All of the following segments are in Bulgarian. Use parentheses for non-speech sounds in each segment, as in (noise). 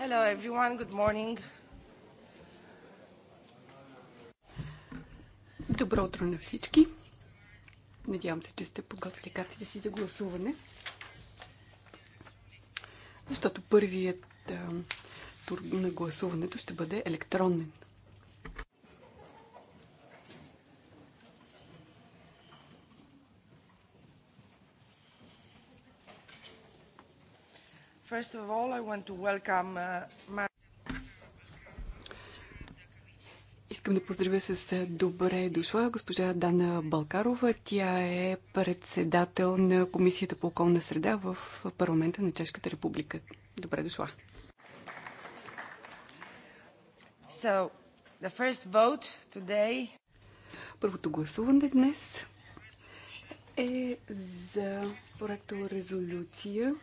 Hello everyone, good morning. Добро утро на всички. Надявам се, че сте подготвили картите си за гласуване. Защото първият тур на гласуването ще бъде електронен. First of all, I want to welcome uh, my... Искам да поздравя с е, добре дошла госпожа Дана Балкарова. Тя е председател на Комисията по околна среда в парламента на Чешката република. Добре дошла. So, the first vote today... Първото гласуване днес е за проекто резолюция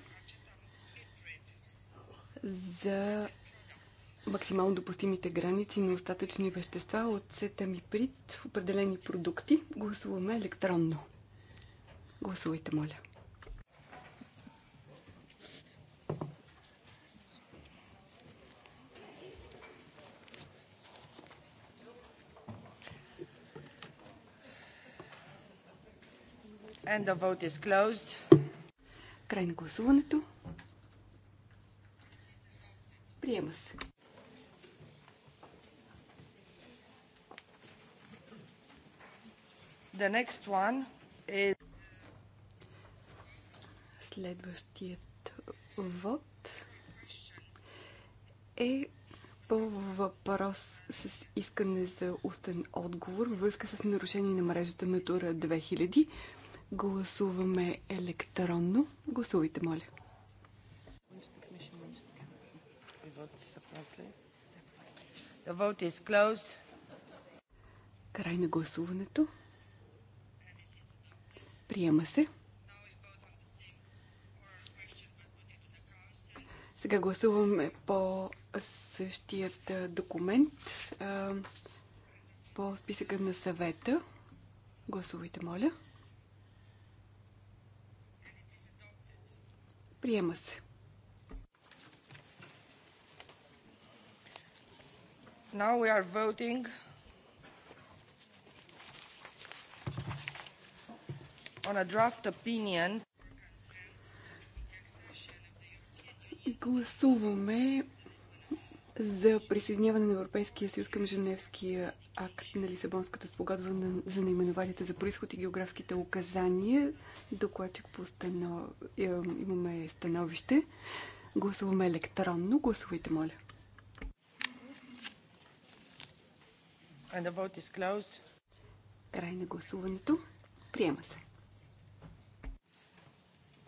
за максимално допустимите граници на остатъчни вещества от сетамиприт в определени продукти. Гласуваме електронно. Гласувайте, моля. End of vote is closed. Край на гласуването. Приема се. The next one is... Следващият вод е по въпрос с искане за устен отговор във връзка с нарушение на мрежата Натура 2000. Гласуваме електронно. Гласувайте, моля. The vote is closed. Край на гласуването. Приема се. Сега гласуваме по същият документ, по списъка на съвета. Гласувайте, моля. Приема се. now we are voting on a draft opinion. Гласуваме за присъединяване на Европейския съюз към Женевския акт на Лисабонската спогодба за наименованията за происход и географските указания. Докладчик по стано... Е, имаме становище. Гласуваме електронно. Гласувайте, моля. And the vote is closed. Край на гласуването. Приема се.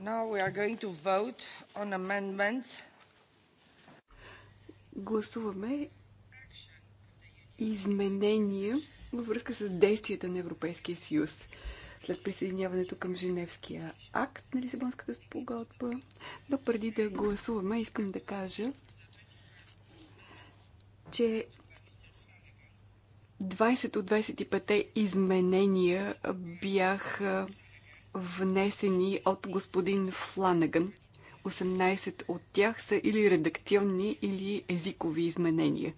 Now we are going to vote on amendments. Гласуваме изменения във връзка с действията на Европейския съюз след присъединяването към Женевския акт на Лисабонската спогодба. Но преди да гласуваме, искам да кажа, че 20 от 25-те изменения бяха внесени от господин Фланаган. 18 от тях са или редакционни, или езикови изменения.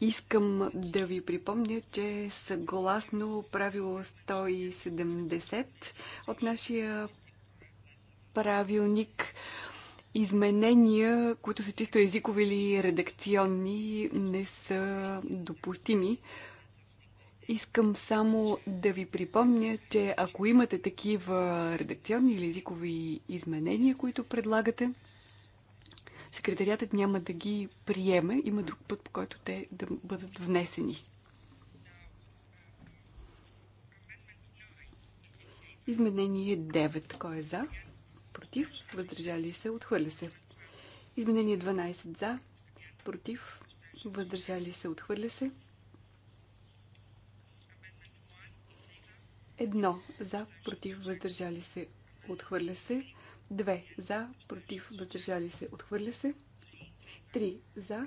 Искам да ви припомня, че съгласно правило 170 от нашия правилник, изменения, които са чисто езикови или редакционни, не са допустими. Искам само да ви припомня, че ако имате такива редакционни или езикови изменения, които предлагате, секретариатът няма да ги приеме. Има друг път, по който те да бъдат внесени. Изменение 9. Кой е за? Против? Въздържали се? Отхвърля се. Изменение 12 за? Против? Въздържали се? Отхвърля се. Едно за, против, въздържали се, отхвърля се. Две за, против, въздържали се, отхвърля се. Три за,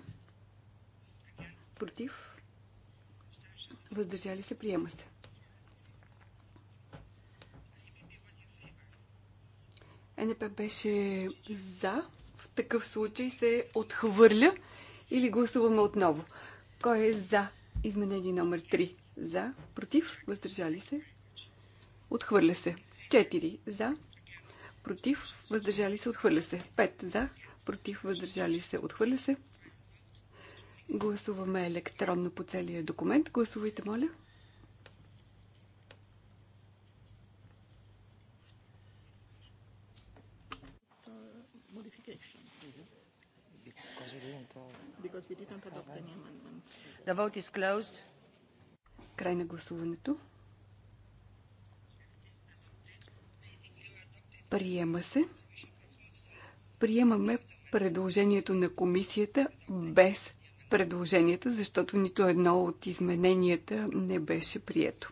против, въздържали се, приема се. НП беше за. В такъв случай се отхвърля или гласуваме отново. Кой е за изменение номер 3? За, против, въздържали се, Отхвърля се. 4 за. Против. Въздържали се. Отхвърля се. 5 за. Против. Въздържали се. Отхвърля се. Гласуваме електронно по целия документ. Гласувайте, моля. The vote is closed. Край на гласуването. Приема се. Приемаме предложението на комисията без предложенията, защото нито едно от измененията не беше прието.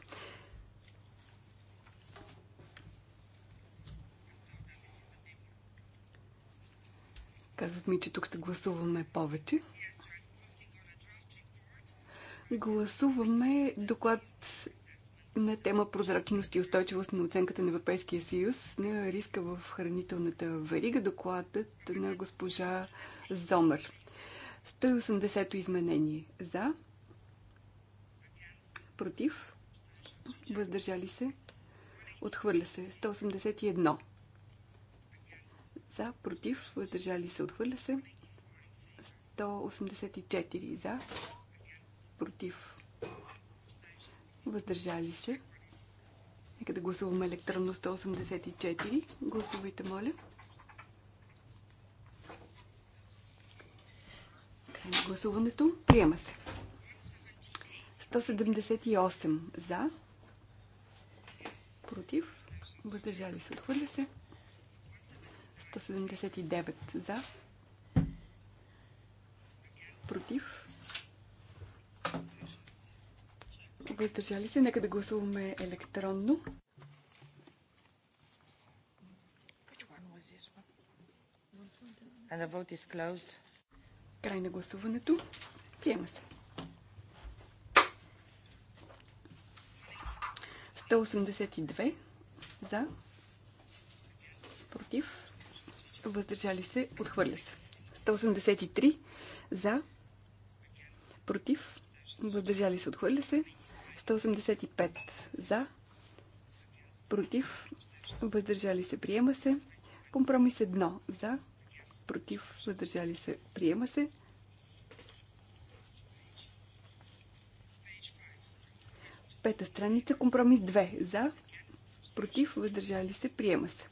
Казват ми, че тук ще гласуваме повече. Гласуваме доклад на тема прозрачност и устойчивост на оценката на Европейския съюз на риска в хранителната верига, докладът на госпожа Зомер. 180-то изменение. За. Против. Въздържали се. Отхвърля се. 181. За. Против. Въздържали се. Отхвърля се. 184. За. Против въздържали се. Нека да гласуваме електронно 184. Гласувайте, моля. Край на гласуването. Приема се. 178 за. Против. Въздържали се. Отхвърля се. 179 за. Против Въздържали се? Нека да гласуваме електронно. Край на гласуването. Приема се. 182 за, против, въздържали се, отхвърля се. 183 за, против, въздържали се, отхвърля се. 185 за, против, въздържали се, приема се. Компромис 1 за, против, въздържали се, приема се. Пета страница, компромис 2 за, против, въздържали се, приема се.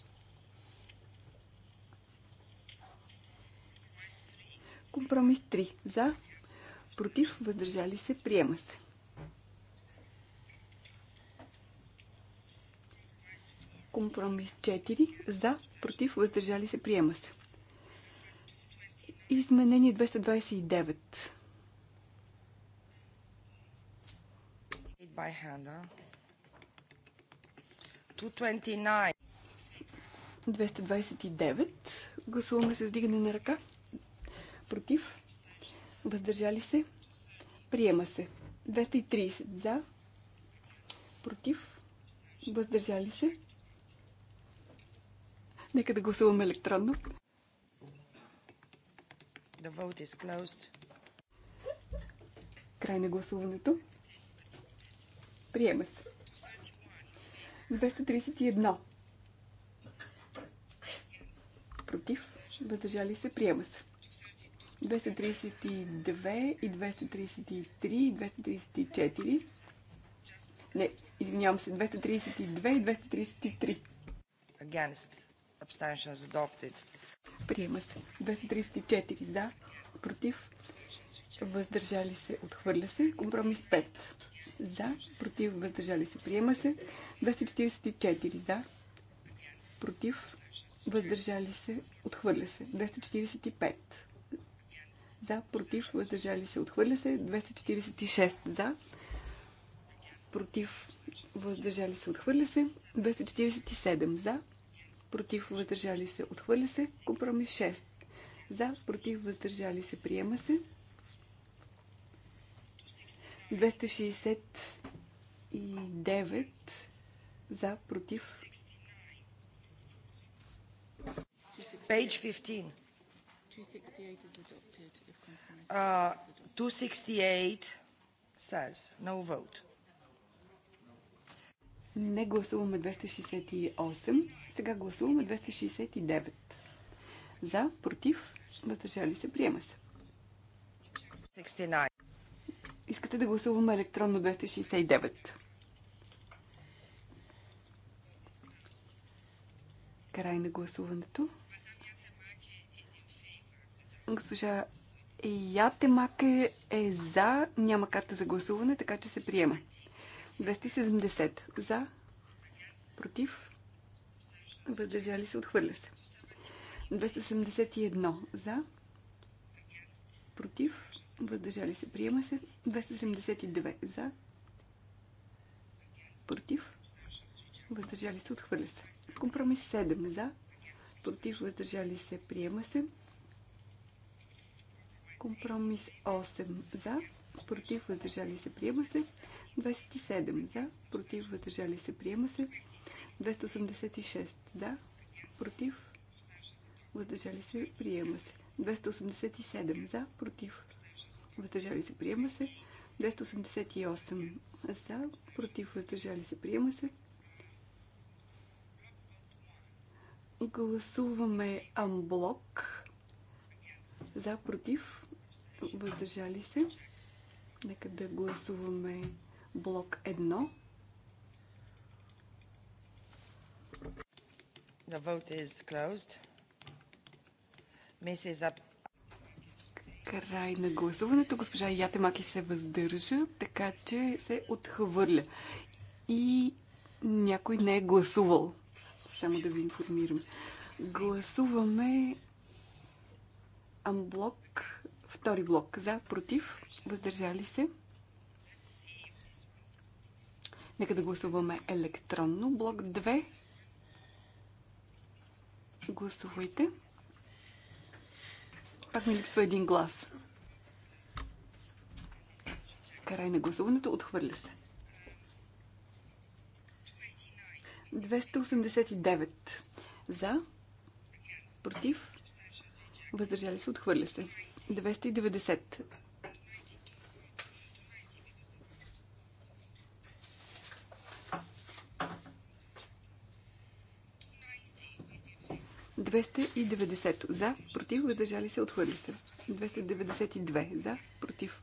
Компромис 3 за, против, въздържали се, приема се. Компромис 4 за, против, въздържали се, приема се. Изменение 229. by hand, huh? 229. 229. Гласуваме с вдигане на ръка. Против. Въздържали се. Приема се. 230 за. Против. Въздържали се. Нека да гласуваме електронно. The vote is closed. Край на гласуването. Приема се. 231. Против. Въздържали се. Приема се. 232 и 233 и 234. Не, извинявам се, 232 и 233. Against. Abstentions adopted. Приема се. 234 за, против, въздържали се, отхвърля се. Компромис 5 за, против, въздържали се, приема се. 244 за, против, въздържали се, отхвърля се. 245 за, против, въздържали се, отхвърля се. 246 за, против, въздържали се, отхвърля се. 247 за, против, въздържали се, отхвърля се. Компромис 6. За, против, въздържали се, приема се. 269 за, против. Page 15. 268 is adopted if uh, 268 says no vote. Не гласуваме 268. Сега гласуваме 269. За, против, въздържали се, приема се. 69. Искате да гласуваме електронно 269. Край на гласуването. Госпожа Ятемаке е за, няма карта за гласуване, така че се приема. 270 за, против, Въздържали се, отхвърля се. 271 за. Против. Въздържали се, приема се. 272 за. Против. Въздържали се, отхвърля се. Компромис 7 за. Против. Въздържали се, приема се. Компромис 8 за. Против. Въздържали се, приема се. 27 за. Против. Въздържали се, приема се. 286 за, против, въздържали се, приема се. 287 за, против, въздържали се, приема се. 288 за, против, въздържали се, приема се. Гласуваме амблок. За, против, въздържали се. Нека да гласуваме блок 1. The vote is closed. Mrs. Край на гласуването. Госпожа Ятемаки се въздържа, така че се отхвърля. И някой не е гласувал. Само да ви информирам. Гласуваме амблок, втори блок. За, против, въздържали се. Нека да гласуваме електронно. Блок 2. Гласувайте. Пак ми липсва един глас. Край на гласуването. Отхвърля се. 289 за, против, въздържали се, отхвърля се. 290 290 за, против, въздържали се, отхвърли се. 292 за, против,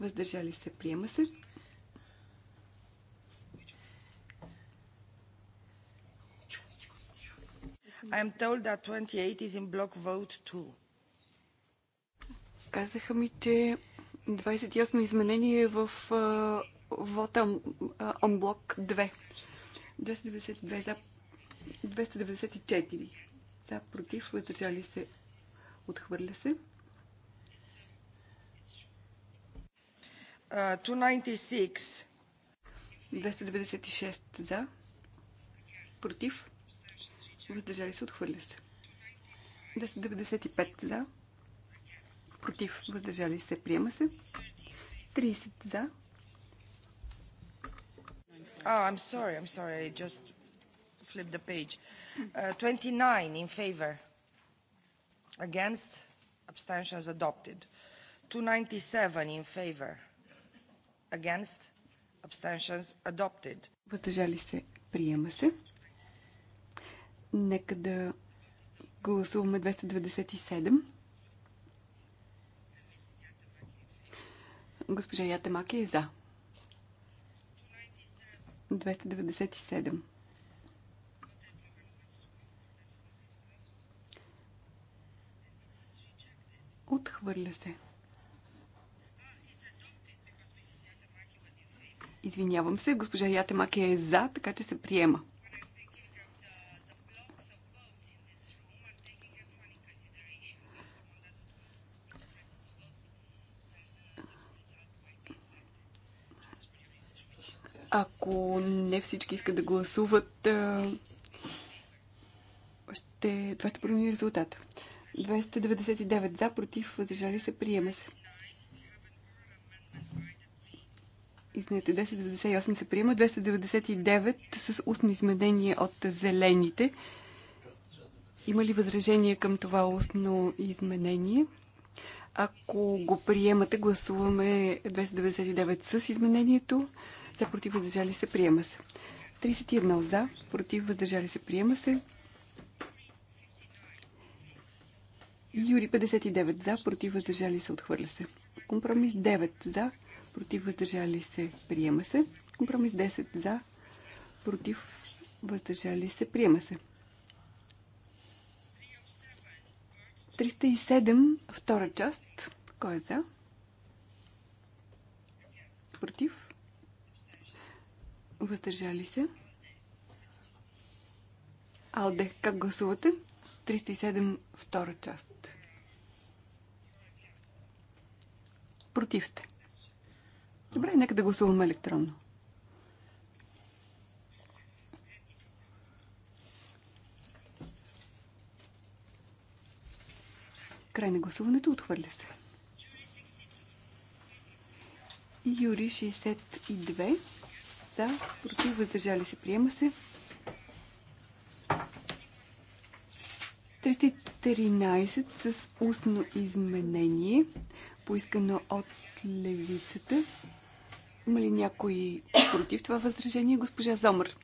въздържали се, приема се. I am told that 28 is in block vote Казаха ми, че 28 изменение е в uh, вота uh, блок 2. 292 за 294 за, против, въздържали се, отхвърля се. 296. 296 за, против, въздържали се, отхвърля се. 295 за, против, въздържали се, приема се. 30 за. Oh, I'm sorry, I'm sorry, I just flip the page. Uh, 29 in favor, against, abstentions adopted. 297 in favor, against, abstentions adopted. Въздържали се, приема се. Нека да гласуваме 297. Госпожа Ятемаки е за. 297. Отхвърля се. Извинявам се, госпожа Ятемаки е за, така че се приема. Ако не всички искат да гласуват, ще, това ще промени резултата. 299 за, против, въздържали се, приема се. Извинете, 298 се приема, 299 с устно изменение от зелените. Има ли възражение към това устно изменение? Ако го приемате, гласуваме 299 с изменението. За против въздържали се, приема се. 31 за, против въздържали се, приема се. Юри 59 за, против въздържали се, отхвърля се. Компромис 9 за, против въздържали се, приема се. Компромис 10 за, против въздържали се, приема се. 307, втора част. Кой е за? Против? Въздържали се? Алде, как гласувате? 307 втора част. Против сте. Добре, нека да гласуваме електронно. Край на гласуването отхвърля се. Юри 62 за, против, въздържали се, приема се. 313 с устно изменение, поискано от левицата. Има ли някой против това възражение? Госпожа Зомър,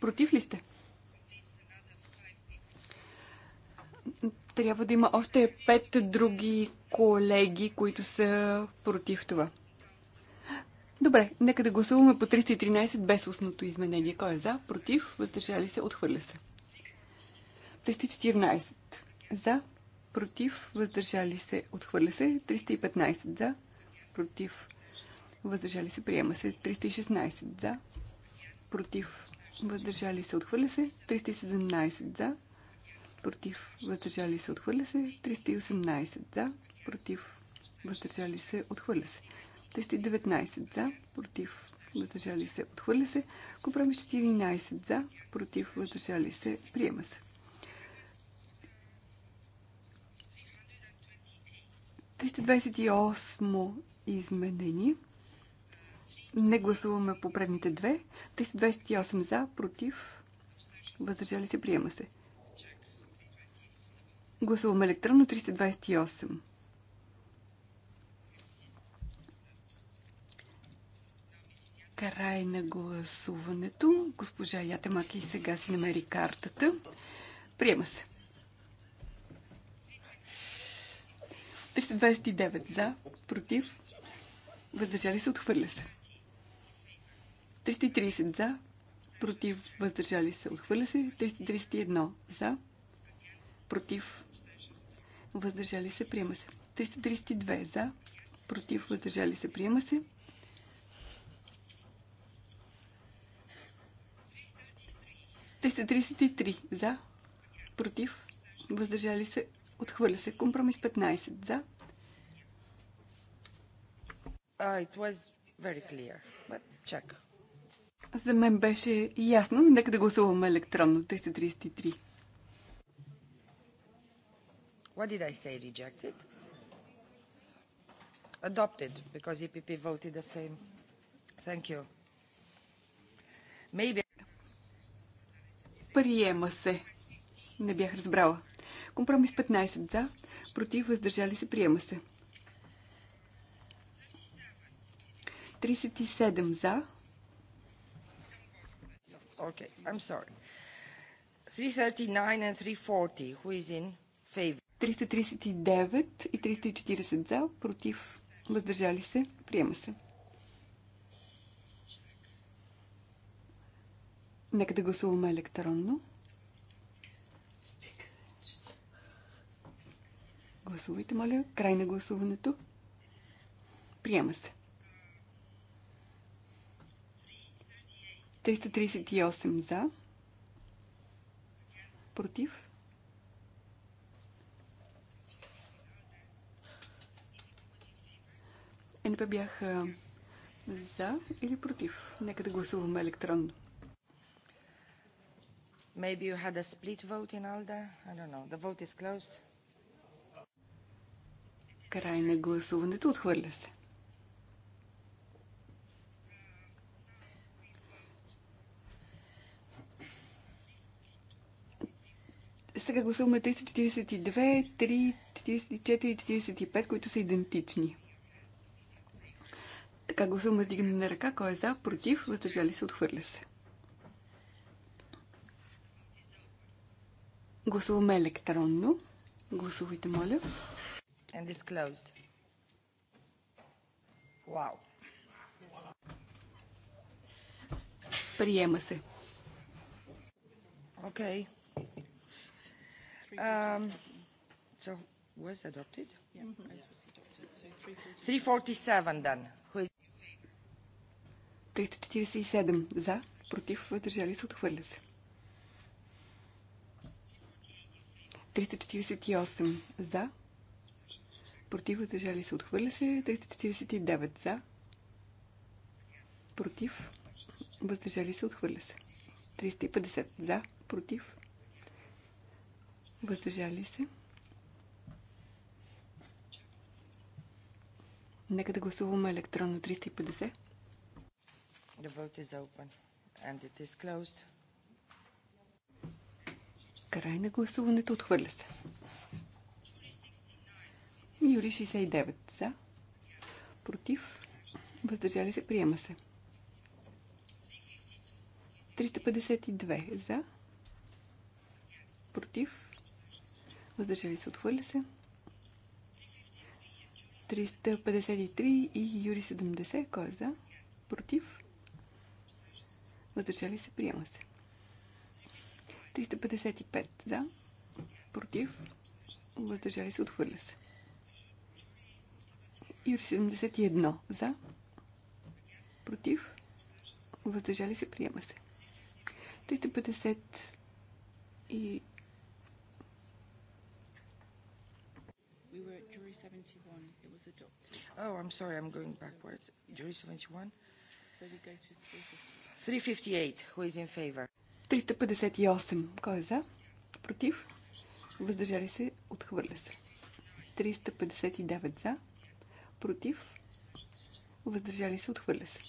против ли сте? Трябва да има още пет други колеги, които са против това. Добре, нека да гласуваме по 313 без устното изменение. Кой е за, против, въздържали се, отхвърля се. 314 за, против, въздържали се, отхвърля се. 315 за, против, въздържали се, приема се. 316 за, против, въздържали се, отхвърля се. 317 за, против, въздържали се, отхвърля се. 318 за, против, въздържали се, отхвърля се. 319 за, против, въздържали се, отхвърля се. Компромис 14 за, против, въздържали се, приема се. 328 изменение. Не гласуваме по предните две. 328 за, против, въздържали се, приема се. Гласуваме електронно 328. Край на гласуването. Госпожа Ятемаки сега си намери картата. Приема се. 329 за, против, въздържали се, отхвърля се. 330 за, против, въздържали се, отхвърля се. 331 за, против, въздържали се, приема се. 332 за, против, въздържали се, приема се. 333 за, против, въздържали се, Отхвърля се. Компромис 15 за. Uh, it was very clear, but check. За мен беше ясно. Нека да гласуваме електронно. 333. What did I say rejected? Adopted, because EPP voted the same. Thank you. Maybe... Приема се. Не бях разбрала. Компромис 15 за, против, въздържали се, приема се. 37 за. Okay, I'm sorry. 339 and 340, who is in favor? 339 и 340 за, против, въздържали се, приема се. Нека да гласуваме електронно. Гласувайте, моля. Край на гласуването. Приема се. 338 за. Против. НП бяха за или против. Нека да гласуваме електронно. Maybe you had a split vote in ALDA. I don't know. The vote is closed. Край на гласуването. Отхвърля се. Сега гласуваме 342, 3, 44 и 45, които са идентични. Така гласуваме с дигане на ръка. Кой е за, против, въздържали се, отхвърля се. Гласуваме електронно. Гласувайте, моля and is closed. Wow. Приема се. Okay. Um, so, was adopted? Yeah, mm-hmm. it was adopted. So 347 then. Who is... 347 за, против, въздържали се, отхвърля се. 348 за, Против, въздържали се, отхвърля се. 349 за. Против, въздържали се, отхвърля се. 350 за. Против, въздържали се. Нека да гласуваме електронно 350. The vote is open and it is closed. Край на гласуването отхвърля се. Юри 69 за. Против. Въздържали се. Приема се. 352 за. Против. Въздържали се. Отхвърля се. 353 и Юри 70. Кой е за? Против. Въздържали се. Приема се. 355 за. Против. Въздържали се. Отхвърля се. Юр 71. За. Против. Въздържали се. Приема се. 350 и... Oh, I'm sorry, I'm going backwards. Jury 71. 358. Who is in favor? 358. Кой е за? Против? Въздържали се. Отхвърля се. 359 за против, въздържали се, отхвърля се.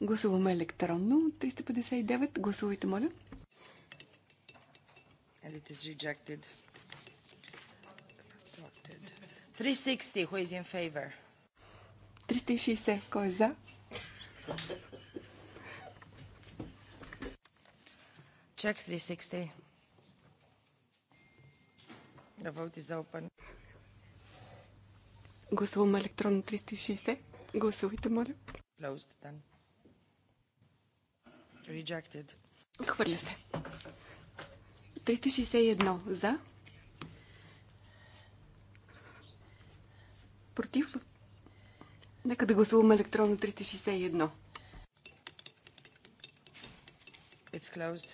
Гласуваме електронно. 359. Гласувайте, моля. And it is rejected. 360. Who is in favor? 360. Кой е за? Check 360. The Гласуваме електронно 360. Гласувайте, моля. Closed then. Rejected. Отхвърля се. 361 за. Против. Нека да гласуваме електронно 361. It's closed.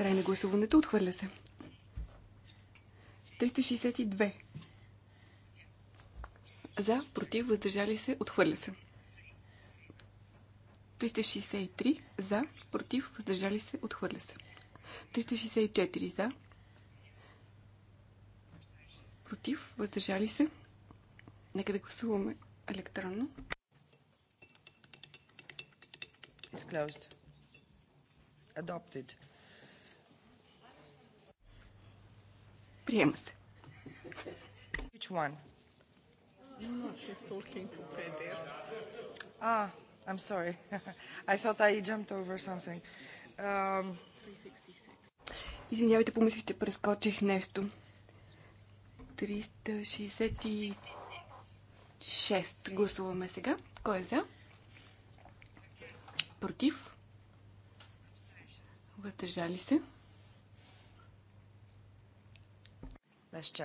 Край на гласуването. Отхвърля се. 362. За, против, въздържали се. Отхвърля се. 363. За, против, въздържали се. Отхвърля се. 364. За, против, въздържали се. Нека да гласуваме електронно. It's closed. Adopted. Приема се. Which one? No, she's talking to Peter. Ah, I'm sorry. (laughs) I thought I jumped over something. Um... 366. Извинявайте, помислих, че прескочих нещо. 366 гласуваме сега. Кой е за? Против? Въздържали се? Let's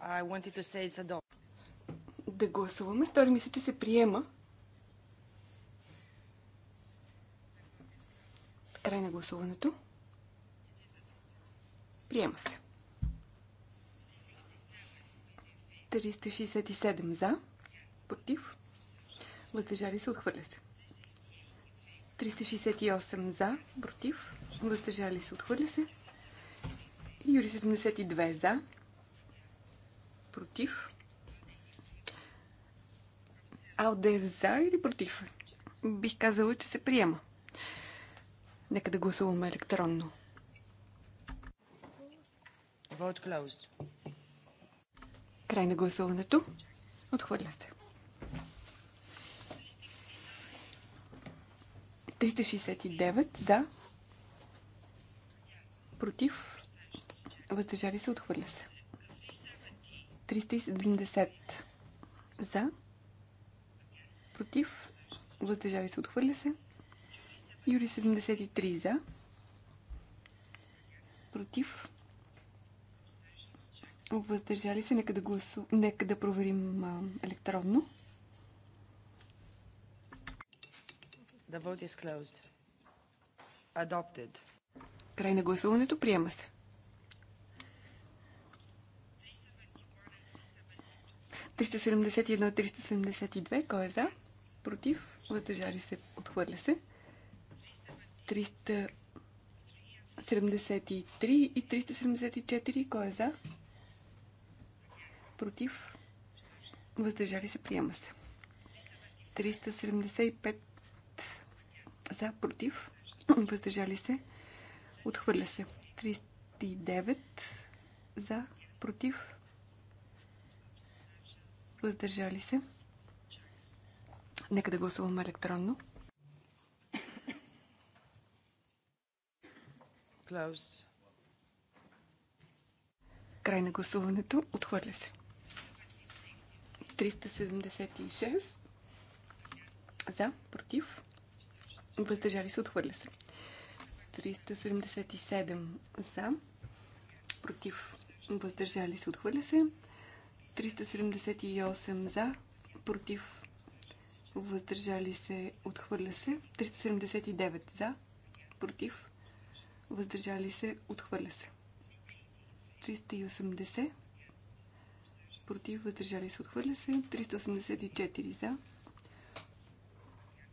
I wanted to say it's да гласуваме. Стори ми се, че се приема. Край на гласуването. Приема се. 367 за. Против. Въздържали се. Отхвърля се. 368 за. Против. Въздържали се. Отхвърля се. Юри 72 за. Против. АОД за или против? Бих казала, че се приема. Нека да гласуваме електронно. Vote closed. Край на гласуването. Отхвърля се. 369 за. Против. Въздържали се, отхвърля се. 370 за. Против. Въздържали се, отхвърля се. Юри 73 за. Против. Въздържали се, нека да, гласу... нека да проверим а, електронно. The vote is closed. Adopted. Край на гласуването приема се. 371-372. Кой е за? Против? Въздържали се? Отхвърля се. 373 и 374. Кой е за? Против? Въздържали се? Приема се. 375 за, против, (clears throat) въздържали се, отхвърля се. 309 за, против, Въздържали се. Нека да гласуваме електронно. Closed. Край на гласуването. Отхвърля се. 376 за, против, въздържали се, отхвърля се. 377 за, против, въздържали се, отхвърля се. 378 за, против, въздържали се, отхвърля се. 379 за, против, въздържали се, отхвърля се. 380 против, въздържали се, отхвърля се. 384 за,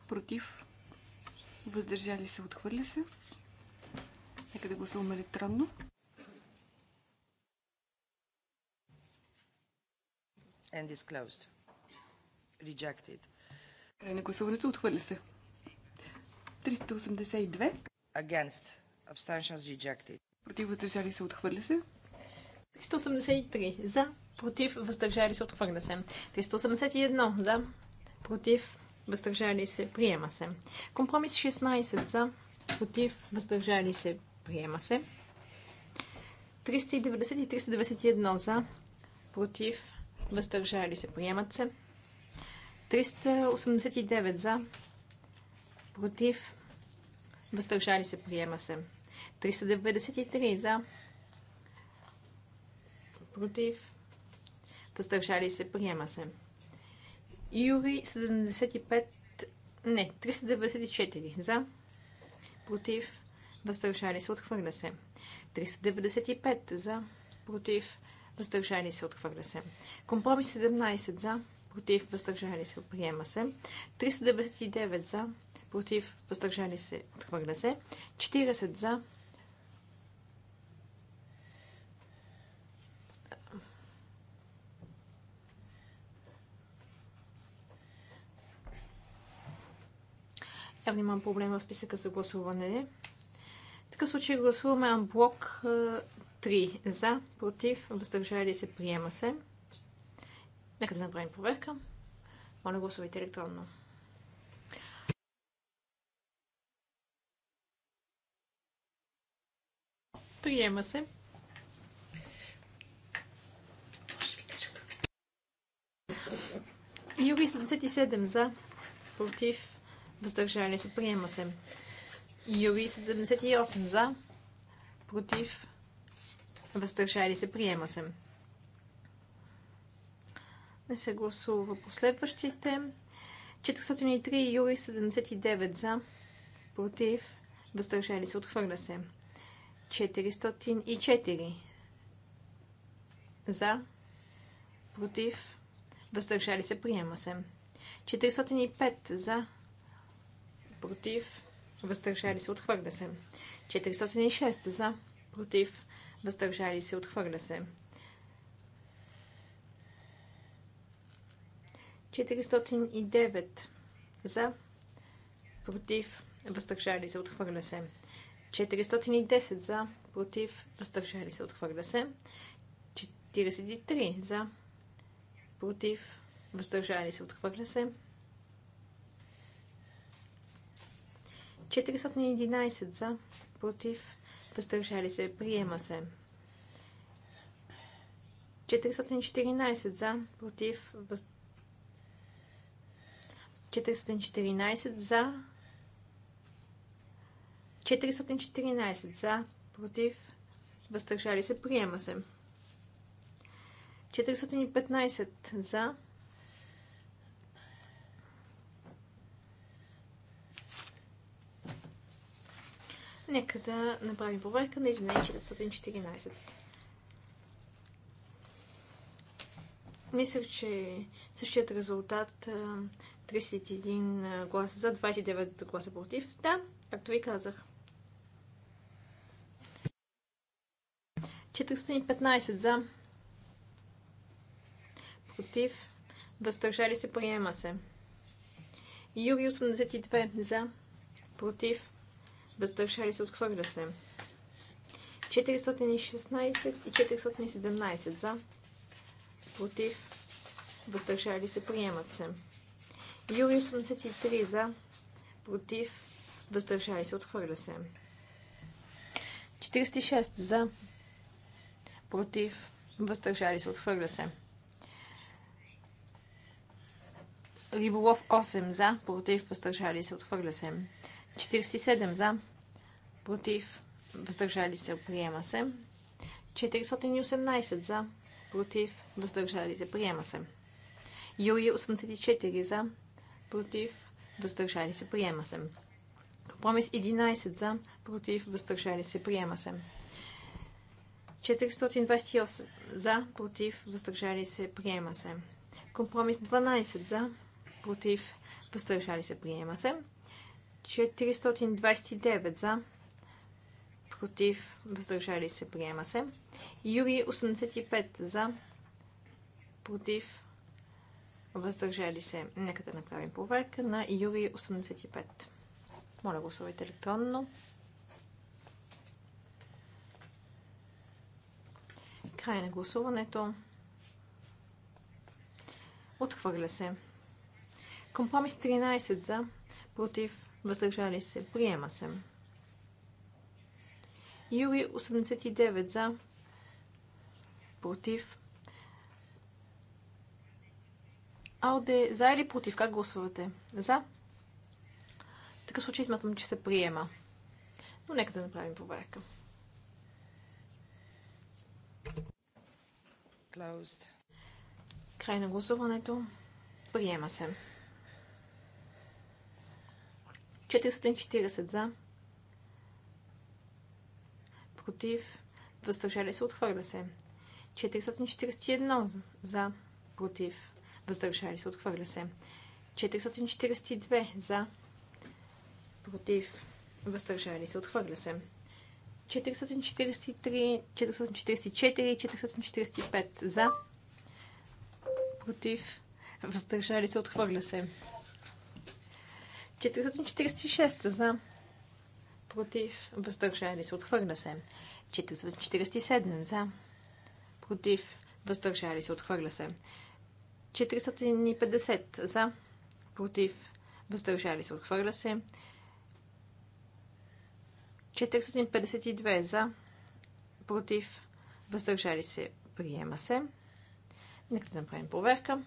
против, въздържали се, отхвърля се. Нека да гласуваме електронно. And is closed. Rejected. Край на гласуването отхвърля се. 382. Against. Abstentions rejected. Против въздържали се отхвърля се. 383. За. Против въздържали се отхвърля се. 381. За. Против въздържали се приема се. Компромис 16. За. Против въздържали се приема се. 390 и 391 за. Против въздържали се, приемат се. 389 за, против, въздържали се, приема се. 393 за, против, въздържали се, приема се. Юри 75, не, 394 за, против, въздържали се, отхвърля се. 395 за, против, въздържали се, отхвърля се. Компромис 17 за, против, въздържали се, приема се. 399 за, против, въздържали се, отхвърля се. 40 за, Явно имам проблема в списъка за гласуване. В такъв случай гласуваме анблок 3 за, против, въздържали се, приема се. Нека да направим проверка. Моля, гласувайте електронно. Приема се. Юри 77 за, против, въздържали се, приема се. Юри 78 за, против, въздържали се, приема се. Не се гласува последващите. 403 юри 79 за, против, въздържали се, отхвърля се. 404 за, против, въздържали се, приема се. 405 за, против, въздържали се, отхвърля се. 406 за, против, въздържали се, отхвърля се. 409 за, против, въздържали се, отхвърля се. 410 за, против, въздържали се, отхвърля се. 43 за, против, въздържали се, отхвърля се. 411 за, против, въздържали се, приема се. 414 за, против, въз... 414 за, 414 за, против, въздържали се, приема се. 415 за, Нека да направим проверка на изменение 414. Мисля, че същият резултат 31 гласа за, 29 гласа против. Да, както ви казах. 415 за. Против. Въздържали се, приема се. Юри 82 за. Против въздържали се, отхвърля се. 416 и 417 за, против, въздържали се, приемат се. Юри 83 за, против, въздържали се, отхвърля се. 46 за, против, въздържали се, отхвърля се. Риболов 8 за, против, въздържали се, отхвърля се. 47 за, против, въздържали се, приема се. 418 за, против, въздържали се, приема се. Юрий 84 за, против, въздържали се, приема се. Компромис 11 за, против, въздържали се, приема се. 428 за, против, въздържали се, приема се. Компромис 12 за, против, въздържали се, приема се. 429 за, против, въздържали се, приема се. Юри 85 за, против, въздържали се. Нека да направим проверка на Юри 85. Моля, гласувайте електронно. Край на гласуването. Отхвърля се. Компромис 13 за, против, въздържали се, приема се. Юри 89 за, против. Алде, за или против? Как гласувате? За? В такъв случай смятам, че се приема. Но нека да направим проверка. Closed. Край на гласуването. Приема се. 440 за. Против. Въздържали се. Отхвърля се. 441 за. Против. Въздържали се. Отхвърля се. 442 за. Против. Въздържали се. Отхвърля се. 443, 444 445 за. Против. Въздържали се. Отхвърля се. 446 за. Против. Въздържали се. Отхвърля се. 447 за. Против. Въздържали се. Отхвърля се. 450 за. Против. Въздържали се. Отхвърля се. 452 за. Против. Въздържали се. Приема се. Нека да направим проверка.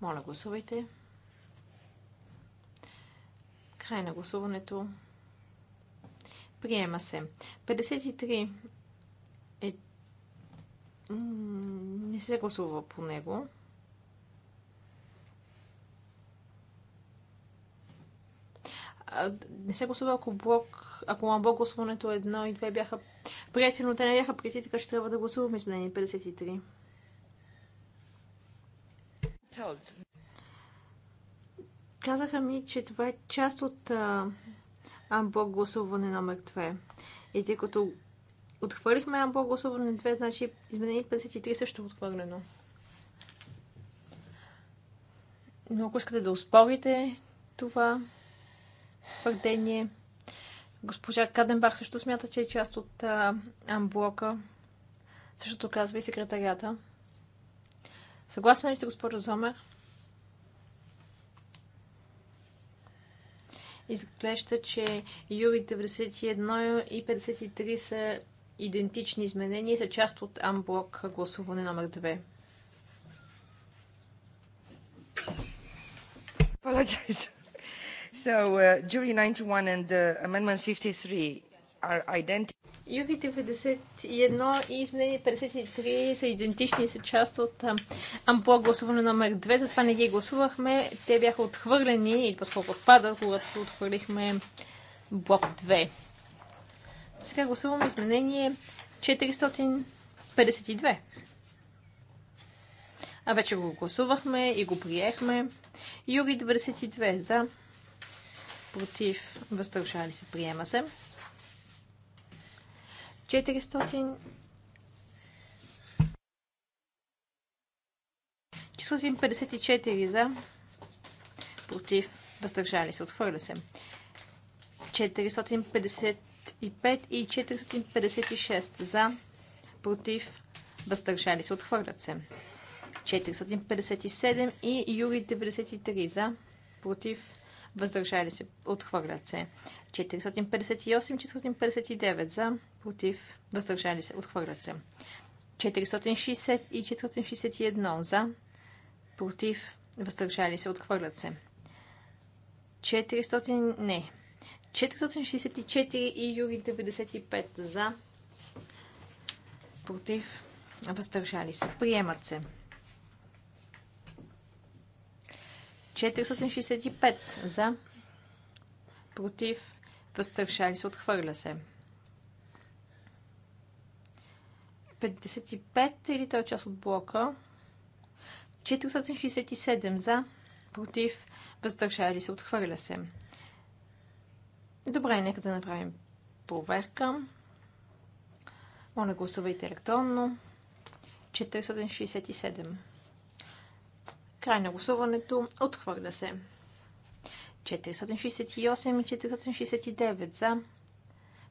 Моля, гласувайте. Край на гласуването. Приема се. 53 е... Не се гласува по него. не се гласува, ако блок, ако на блок гласуването е едно и две бяха приятели, но те не бяха приятели, така ще трябва да гласуваме изменение 53. Казаха ми, че това е част от амблок гласуване номер 2. И тъй като отхвърлихме амблок гласуване 2, значи изменени 53 също е отхвърлено. Но ако искате да успорите това твърдение, госпожа Каденбах също смята, че е част от а, амблока. Същото казва и секретарията. Съгласна ли сте, госпожо Зомер? изглежда, че Юри 91 и 53 са идентични изменения и са част от Амблок гласуване номер 2. Apologize. (laughs) So, uh, jury 91 and uh, amendment 53 are Юри 91 и изменение 53 са идентични и са част от ампула гласуване номер 2, затова не ги гласувахме. Те бяха отхвърлени и по-скоро отпадат, когато отхвърлихме блок 2. Сега гласуваме изменение 452. А вече го гласувахме и го приехме. Юри 92 за, против, въздържали се, приема се. 454 за, против, въздържали се, отхвърля се. 455 и 456 за, против, въздържали се, отхвърлят се. 457 и Юри 93 за, против, въздържали се, отхвърлят се. 458, 459 за, против, въздържали се, отхвърлят се. 460 и 461 за, против, въздържали се, отхвърлят се. 400, не. 464 и Юри 95 за, против, въздържали се, приемат се. 465 за, против, въздържали се, отхвърля се. 55 или той е част от блока. 467 за, против, въздържали се, отхвърля се. Добре, нека да направим проверка. Моля, гласувайте електронно. 467. Край на гласуването. Отхвърля се. 468 и 469 за.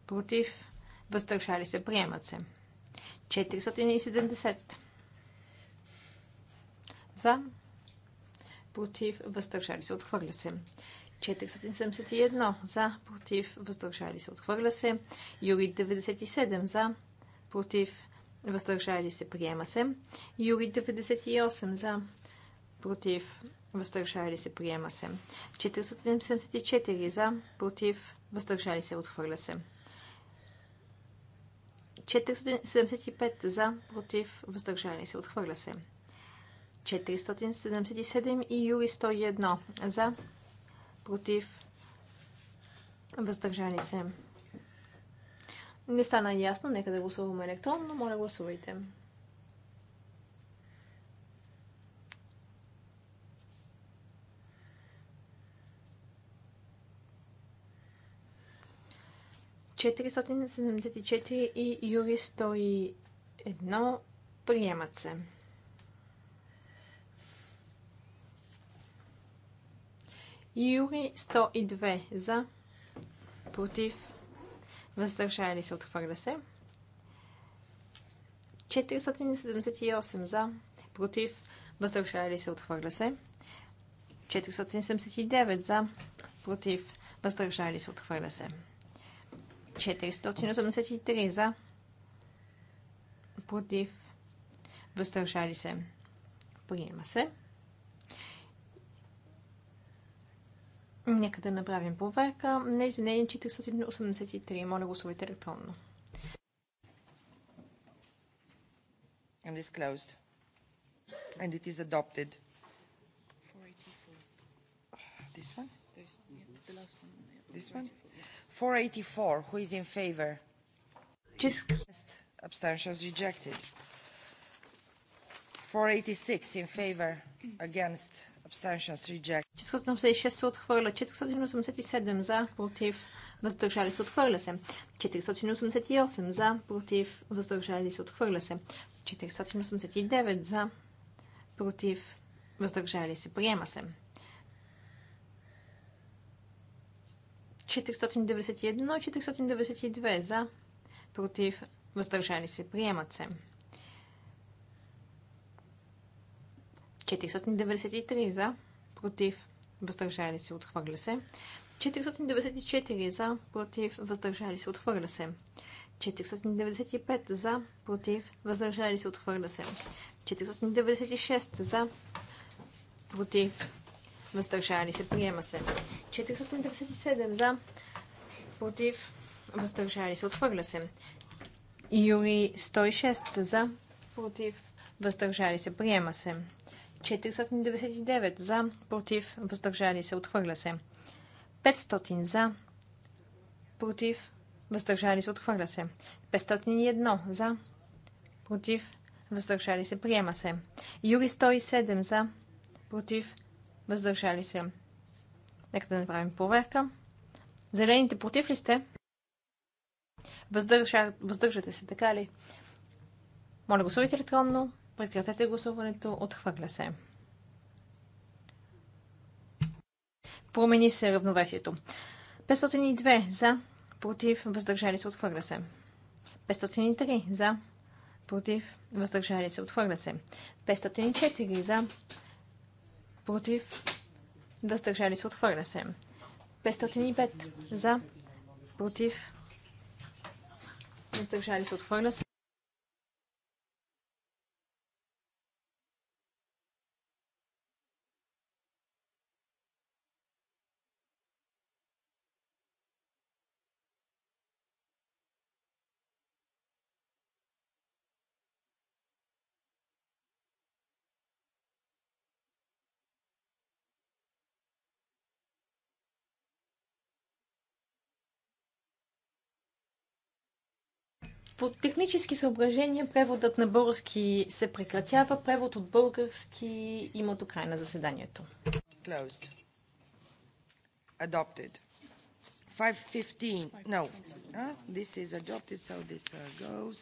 Против. Въздържали се. Приемат се. 470 за. Против. Въздържали се. Отхвърля се. 471 за. Против. Въздържали се. Отхвърля се. Юри 97 за. Против. Въздържали се. Приема се. Юри 98 за против, въздържали се, приема се. 474 за, против, въздържали се, отхвърля се. 475 за, против, въздържали се, отхвърля се. 477 и Юри 101 за, против, въздържали се. Не стана ясно, нека да гласуваме електронно, моля гласувайте. 474 и Юри 101 приемат се. Юри 102 за, против, въздържали се, отхвърля се. 478 за, против, въздържали се, отхвърля се. 479 за, против, въздържали се, отхвърля се. 483 за, против, въздържали се, приема се. Нека да направим проверка Не изменение 483. Моля, гласувайте електронно. And is closed. And it is adopted. This one? This one? 484, who is in favor? Just. Abstentions rejected. 486 in favor, against, abstentions rejected. 486 се отхвърля, 487 за, против, въздържали се, отхвърля се. 488 за, против, въздържали се, отхвърля се. 489 за, против, въздържали се, приема се. 491 и 492 за, против, въздържали се, приемат се. 493 за, против, въздържали се, отхвърля се. 494 за, против, въздържали се, отхвърля се. 495 за, против, въздържали се, отхвърля се. 496 за, против, въздържали се, приема се. 497 за, против, въздържали се, отхвърля се. Юри 106 за, против, въздържали се, приема се. 499 за, против, въздържали се, отхвърля се. 500 за, против, въздържали се, отхвърля се. 501 за, против, въздържали се, приема се. Юри 107 за, против, въздържали се. Нека да направим проверка. Зелените против ли сте? Въздържа, въздържате се, така ли? Моля, гласувайте електронно. Прекратете гласуването. Отхвърля се. Промени се равновесието. 502 за, против, въздържали се, отхвърля се. 503 за, против, въздържали се, отхвърля се. 504 за, против, въздържали се, отхвърля се. 505 за, против, въздържали се, отхвърля се. По технически съображения преводът на български се прекратява. Превод от български има до край на заседанието. Closed. Adopted. 515. No. Uh, This is adopted, so this uh, goes.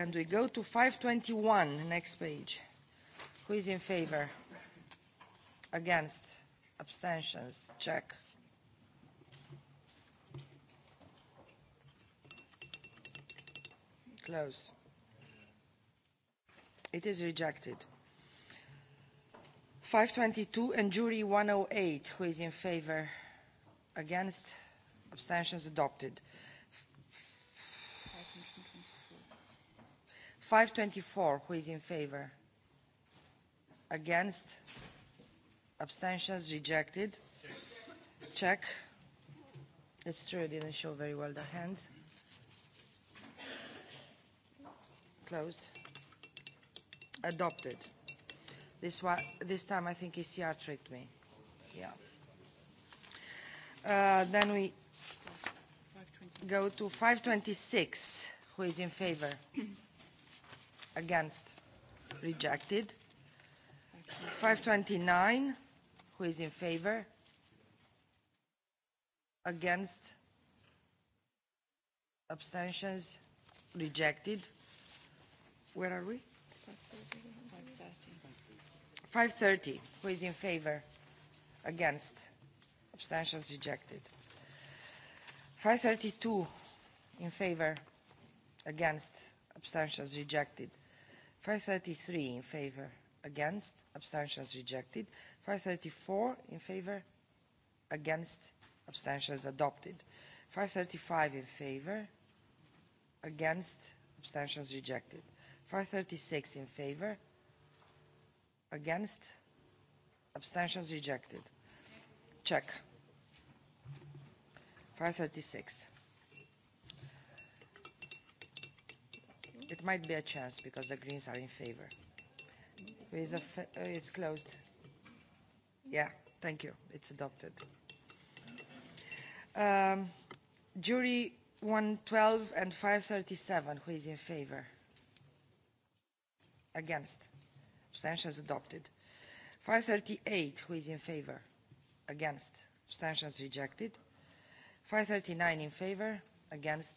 And we go to 521, next page. Who is in favor? Against? Abstentions? Check. 5.21. Close. It is rejected. 522 and jury 108. Who is in favor? Against? Abstentions adopted. 524. Who is in favor? Against? Abstentions rejected. Check. It's true, I didn't show very well the hands. closed. Adopted. This, one, this time I think ECR tricked me. Yeah. Uh, then we go to 526. Who is in favor? Against? Rejected. 529. Who is in favor? Against? Abstentions? Rejected. Where are we? 530. Who is in favor? Against? Abstentions rejected. 532 in favor? Against? Abstentions rejected. 533 in favor? Against? Abstentions rejected. 534 in favor? Against? Abstentions adopted. 535 in favor? Against? Abstentions rejected. 536 in favor, against, abstentions rejected. Check. 536. It might be a chance because the Greens are in favor. It's, a fa uh, it's closed. Yeah, thank you. It's adopted. Um, jury 112 and 537, who is in favor? Against. Abstentions adopted. 538, who is in favor? Against. is rejected. 539 in favor. Against.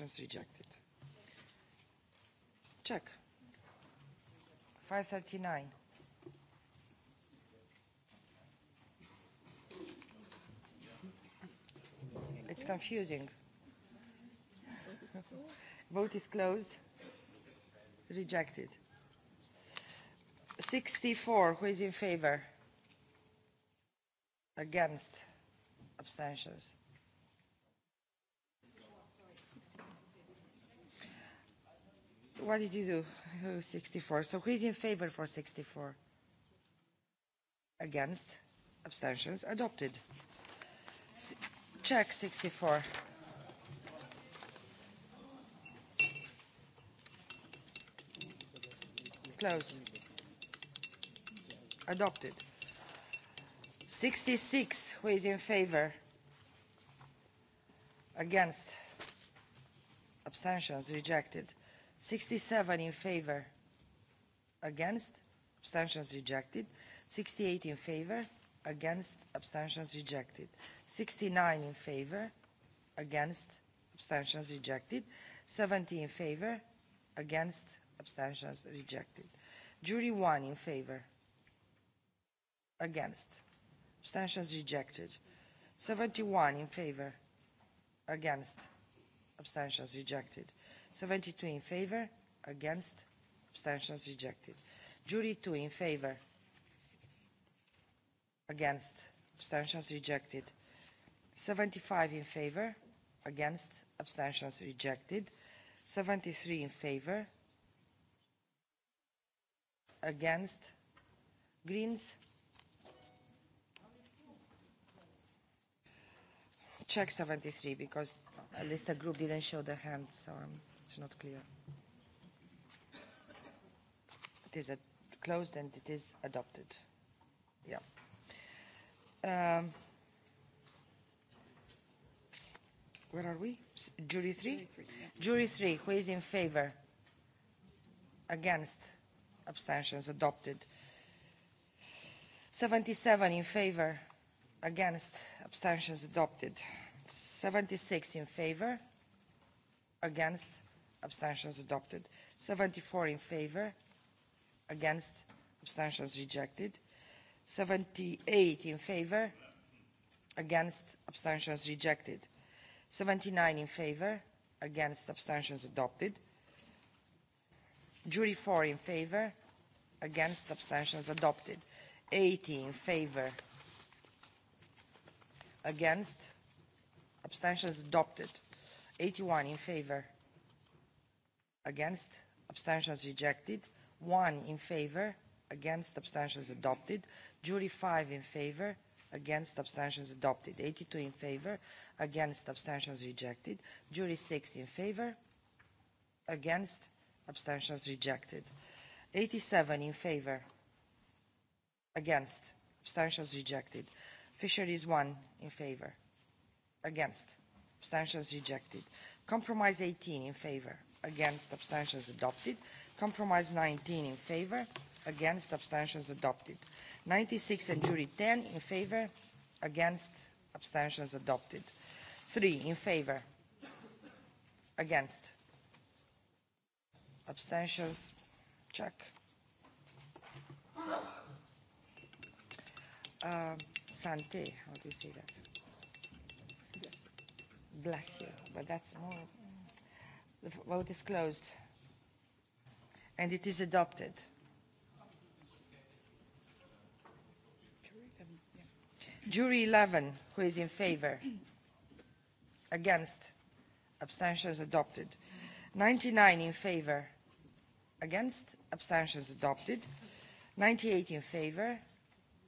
is rejected. Check. 539. It's confusing. Vote is closed. Rejected. 64, who is in favor? Against? Abstentions? What did you do? Oh, 64. So who is in favor for 64? Against? Abstentions? Adopted. S check 64. Close adopted. 66, who is in favor? Against? Abstentions rejected. 67 in favor? Against? Abstentions rejected. 68 in favor? Against? Abstentions rejected. 69 in favor? Against? Abstentions rejected. 70 in favor? Against? Abstentions rejected. Jury 1 in favor? Against. Abstentions rejected. 71 in favor. Against. Abstentions rejected. 72 in favor. Against. Abstentions rejected. Jury 2 in favor. Against. Abstentions rejected. 75 in favor. Against. Abstentions rejected. 73 in favor. Against. Greens check 73 because at least a group didn't show their hand, so um, it's not clear. It is a closed and it is adopted. Yeah. Um, where are we? Jury three? Jury three, who is in favor? Against? Abstentions adopted. 77 in favor. Against? Abstentions adopted. 76 in favor, against, abstentions adopted. 74 in favor, against, abstentions rejected. 78 in favor, against, abstentions rejected. 79 in favor, against, abstentions adopted. Jury 4 in favor, against, abstentions adopted. 80 in favor, against, abstentions adopted. 81 in favor, against, abstentions rejected. 1 in favor, against, abstentions adopted. Jury 5 in favor, against, abstentions adopted. 82 in favor, against, abstentions rejected. Jury 6 in favor, against, abstentions rejected. 87 in favor, against, abstentions rejected. Fisheries 1 in favor, Against. Abstentions rejected. Compromise 18 in favor. Against. Abstentions adopted. Compromise 19 in favor. Against. Abstentions adopted. 96 and jury 10 in favor. Against. Abstentions adopted. 3 in favor. Against. Abstentions. Check. Uh, Sante, how do you say that? Bless you. But that's more. The vote is closed. And it is adopted. Jury 11, who is in favor? Against? Abstentions adopted. 99 in favor? Against? Abstentions adopted. 98 in favor?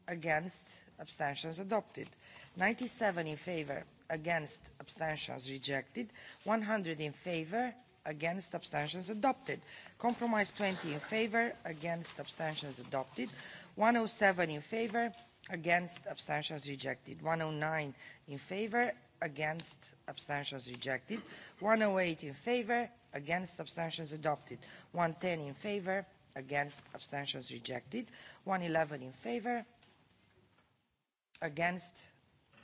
Against? Abstentions adopted. 97 in favor? against abstentions rejected 100 in favor against abstentions adopted compromise 20 in favor against abstentions adopted 107 in favor against abstentions rejected 109 in favor against abstentions rejected 108 in favor against abstentions adopted 110 in favor against abstentions rejected 111 in favor against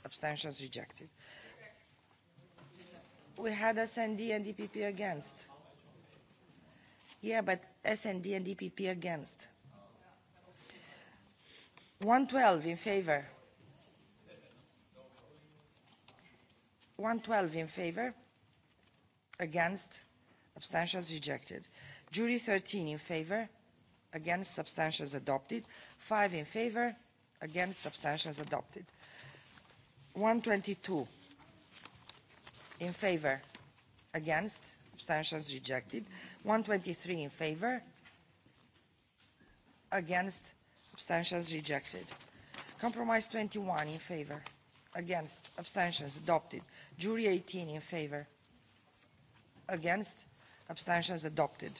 Abstentions rejected. We had SND and DPP against. Yeah, but SND and DPP against. 112 in favor. 112 in favor. Against. Abstentions rejected. Jury 13 in favor. Against. Abstentions adopted. 5 in favor. Against. Abstentions adopted. 122 in favor, against, abstentions rejected. 123 in favor, against, abstentions rejected. Compromise 21 in favor, against, abstentions adopted. Jury 18 in favor, against, abstentions adopted.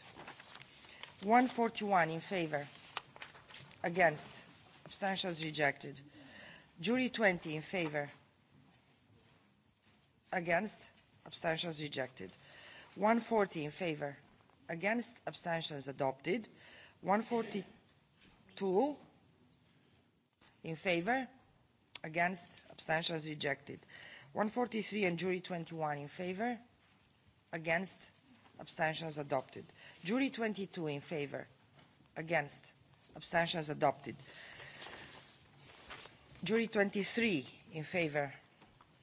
141 in favor, against, abstentions rejected. Jury 20 in favor, Against? Abstentions rejected. 140 in favor. Against? Abstentions adopted. 142 in favor. Against? Abstentions rejected. 143 and jury 21 in favor. Against? Abstentions adopted. Jury 22 in favor. Against? Abstentions adopted. Jury 23 in favor.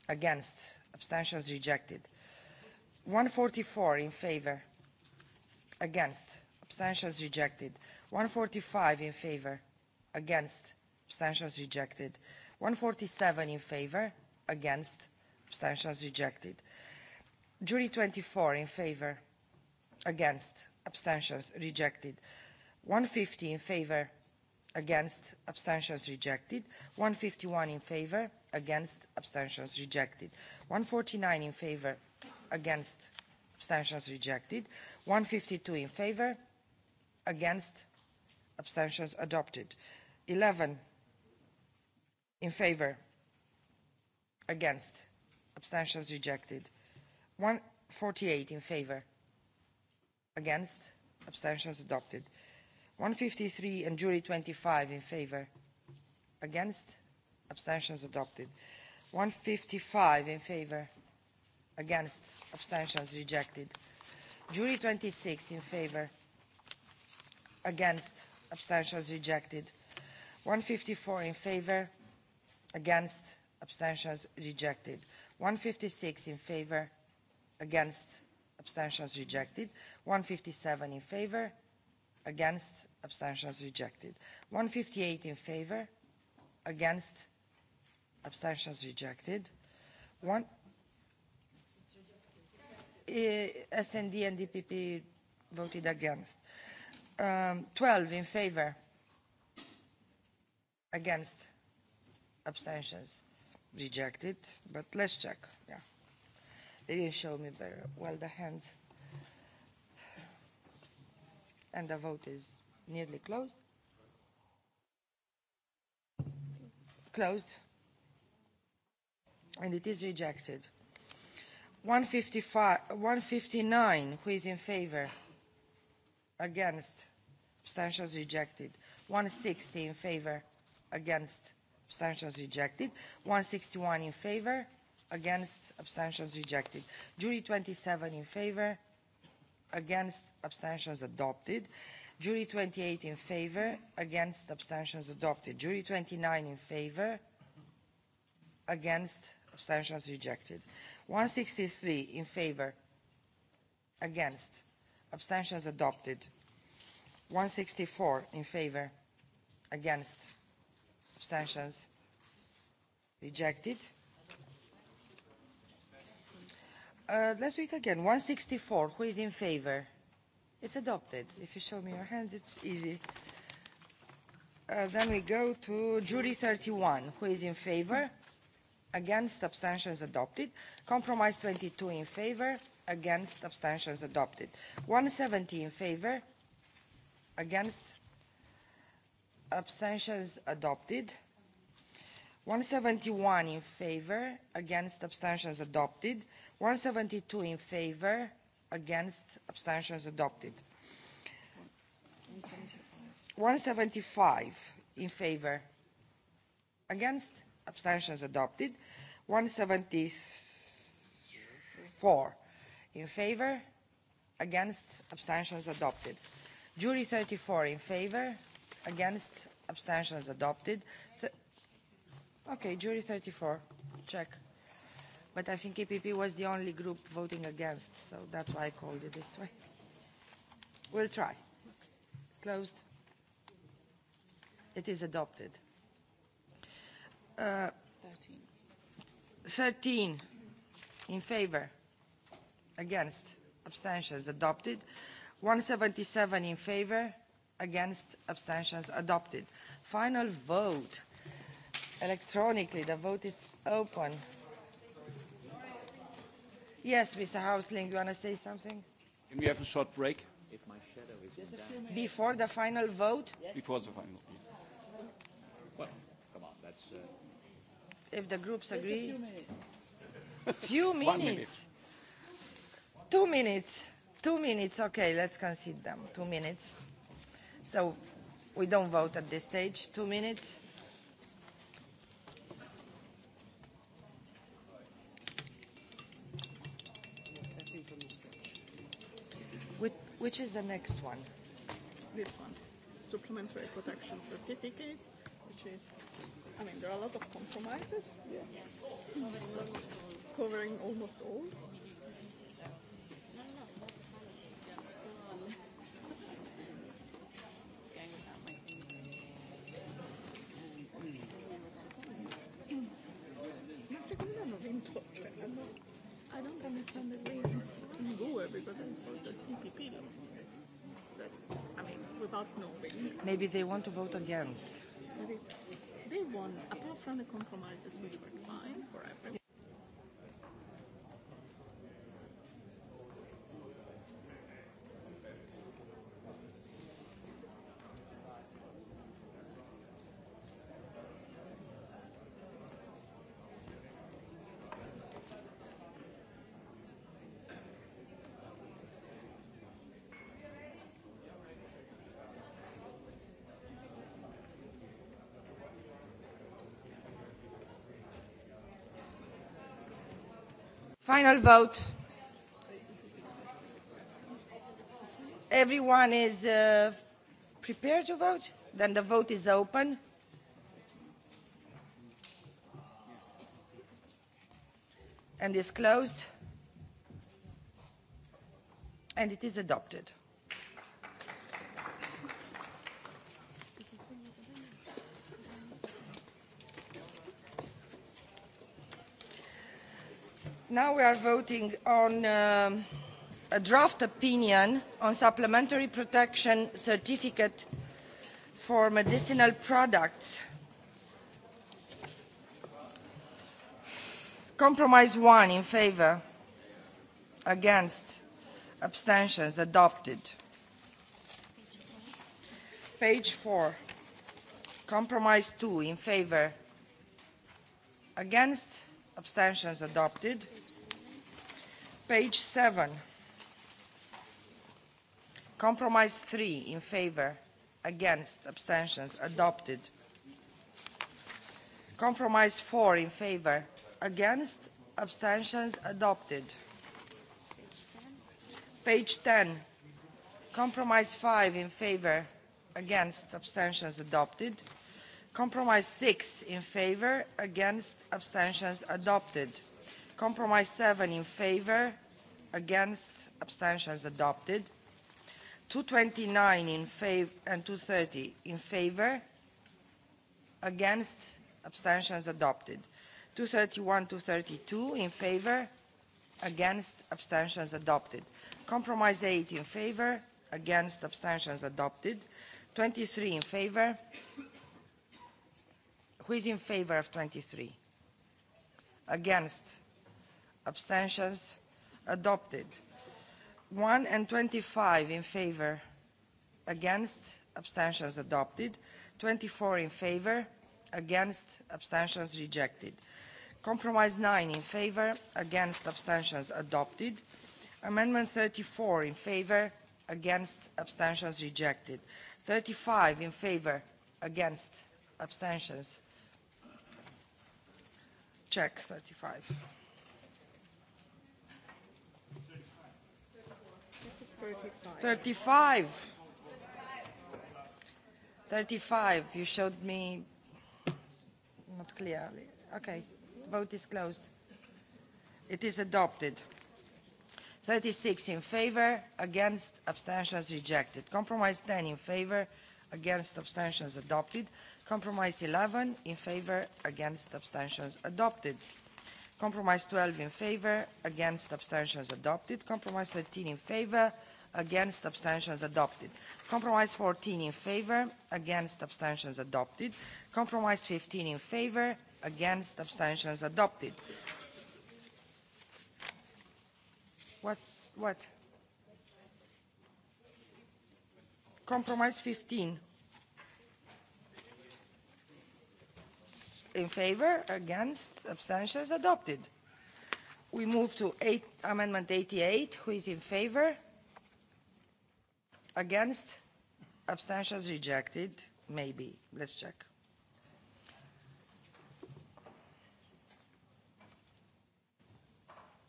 Against? abstentions rejected 144 in favor against abstentions rejected 145 in favor against abstentions rejected 147 in favor against abstentions rejected jury 24 in favor against abstentions rejected 150 in favor against abstentions rejected 151 in favor against abstentions rejected 149 in favor against abstentions rejected 152 in favor against abstentions adopted 11 in favor against abstentions rejected 148 in favor against abstentions adopted 153 and jury 25 in favor against abstentions adopted. 155 in favor, against, abstentions rejected. Jury 26 in favor, against, abstentions rejected. 154 in favor, against, abstentions rejected. 156 in favor, against, abstentions rejected. 157 in favor, against, abstentions rejected. 158 in favor, against, Abstentions rejected. One. SND and DPP voted against. Um, 12 in favor. Against. Abstentions rejected. But let's check. Yeah. They didn't show me very well the hands. And the vote is nearly closed. Closed and it is rejected. 159, who is in favor? Against. Abstentions rejected. 160 in favor. Against. Abstentions rejected. 161 in favor. Against. Abstentions rejected. Jury 27 in favor. Against. Abstentions adopted. Jury 28 in favor. Against. Abstentions adopted. Jury 29 in favor. Against abstentions rejected. 163 in favor, against, abstentions adopted. 164 in favor, against, abstentions rejected. Uh, let's read again. 164, who is in favor? It's adopted. If you show me your hands, it's easy. Uh, then we go to jury 31. Who is in favor? against abstentions adopted compromise 22 in favor against abstentions adopted 170 in favor against abstentions adopted 171 in favor against abstentions adopted 172 in favor against abstentions adopted 175 in favor against abstentions adopted. 174 in favor, against, abstentions adopted. Jury 34 in favor, against, abstentions adopted. So, okay, jury 34, check. But I think EPP was the only group voting against, so that's why I called it this way. We'll try. Closed. It is adopted. Uh, 13 in favor, against, abstentions adopted. 177 in favor, against, abstentions adopted. Final vote. Electronically, the vote is open. Yes, Mr. Hausling, you want to say something? Can we have a short break? If my shadow is Before the final vote? Before the final. Well, come on, that's... Uh if the groups agree. Few minutes. Two minutes. Two minutes. Okay, let's concede them. Two minutes. So we don't vote at this stage. Two minutes. Which, which is the next one? This one. Supplementary protection certificate, which is I mean, there are a lot of compromises, yes. covering almost all. Jag tycker det där med vindtorkar, I don't understand the reasons in Goa because I thought that EPP lost. That, I mean, without knowing. Maybe they want to vote against. Maybe they won, apart from the compromises which were fine, Final vote. Everyone is uh, prepared to vote? Then the vote is open. And is closed. And it is adopted. Now we are voting on um, a draft opinion on supplementary protection certificate for medicinal products. Compromise one in favor, against, abstentions adopted. Page four. Compromise two in favor, against, abstentions adopted. Page 7. Compromise 3 in favor, against, abstentions adopted. Compromise 4 in favor, against, abstentions adopted. Page 10. Compromise 5 in favor, against, abstentions adopted. Compromise 6 in favor, against, abstentions adopted. Compromise 7 in favor, against, abstentions adopted. 229 in favor and 230 in favor, against, abstentions adopted. 231, 232 in favor, against, abstentions adopted. Compromise 8 in favor, against, abstentions adopted. 23 in favor, Who is in favor of 23? Against? Abstentions? Adopted. 1 and 25 in favor? Against? Abstentions adopted. 24 in favor? Against? Abstentions rejected. Compromise 9 in favor? Against? Abstentions adopted. Amendment 34 in favor? Against? Abstentions rejected. 35 in favor? Against? Abstentions Check 35. 35. 35. You showed me not clearly. Okay. Vote is closed. It is adopted. 36 in favor, against, abstentions rejected. Compromise 10 in favor, against abstentions adopted. Compromise 11 in favor, against abstentions adopted. Compromise 12 in favor, against abstentions adopted. Compromise 13 in favor, against abstentions adopted. Compromise 14 in favor, against abstentions adopted. Compromise 15 in favor, against abstentions adopted. What? What? Compromise 15. In favor, against, abstentions adopted. We move to eight, Amendment 88. Who is in favor? Against? Abstentions rejected? Maybe. Let's check.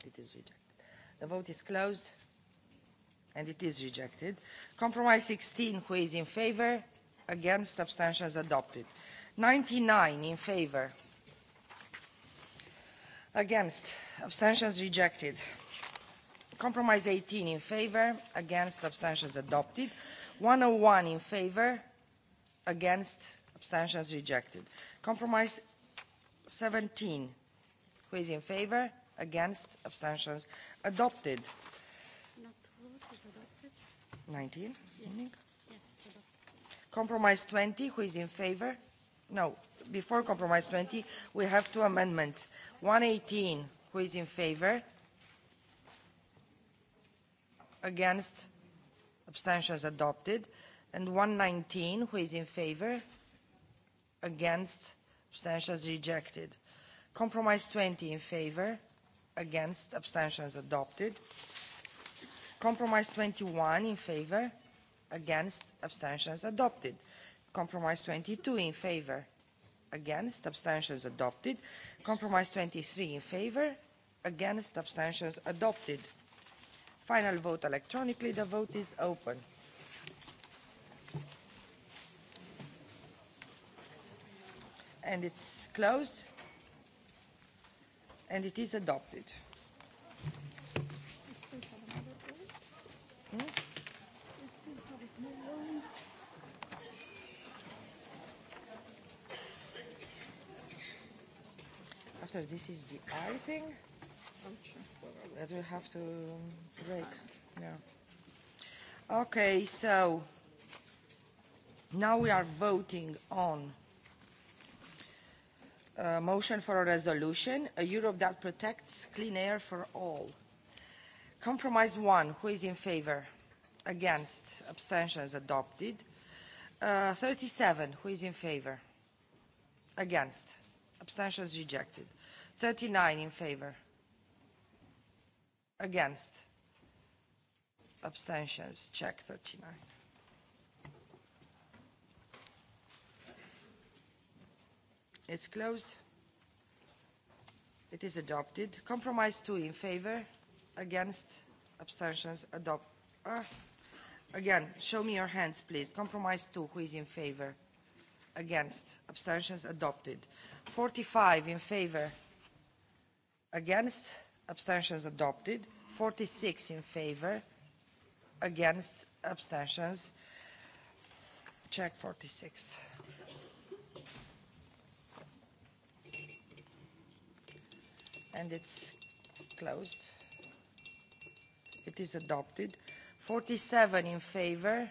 It is rejected. The vote is closed and it is rejected. Compromise 16, who is in favor? Against, abstentions adopted. 99 in favor. Against, abstentions rejected. Compromise 18 in favor, against, abstentions adopted. 101 in favor, against, abstentions rejected. Compromise 17, who is in favor? Against, abstentions adopted. 19? Compromise 20, who is in favor? No, before compromise 20, we have two amendments. 118, who is in favor? Against? Abstentions adopted. And 119, who is in favor? Against? Abstentions rejected. Compromise 20 in favor? Against? Abstentions adopted. Compromise 21 in favor, against, abstentions adopted. Compromise 22 in favor, against, abstentions adopted. Compromise 23 in favor, against, abstentions adopted. Final vote electronically. The vote is open. And it's closed. And it is adopted. after this is the eye thing that we have to break. Yeah. Okay, so now we are voting on a motion for a resolution, a Europe that protects clean air for all. Compromise one, who is in favor? Against, abstentions adopted. Uh, 37, who is in favor? Against, abstentions rejected. 39 in favor. Against. Abstentions. Check 39. It's closed. It is adopted. Compromise 2 in favor. Against. Abstentions. Adopt. Uh, again, show me your hands, please. Compromise 2. Who is in favor? Against. Abstentions. Adopted. 45 in favor. Against? Abstentions adopted. 46 in favor. Against? Abstentions. Check 46. And it's closed. It is adopted. 47 in favor.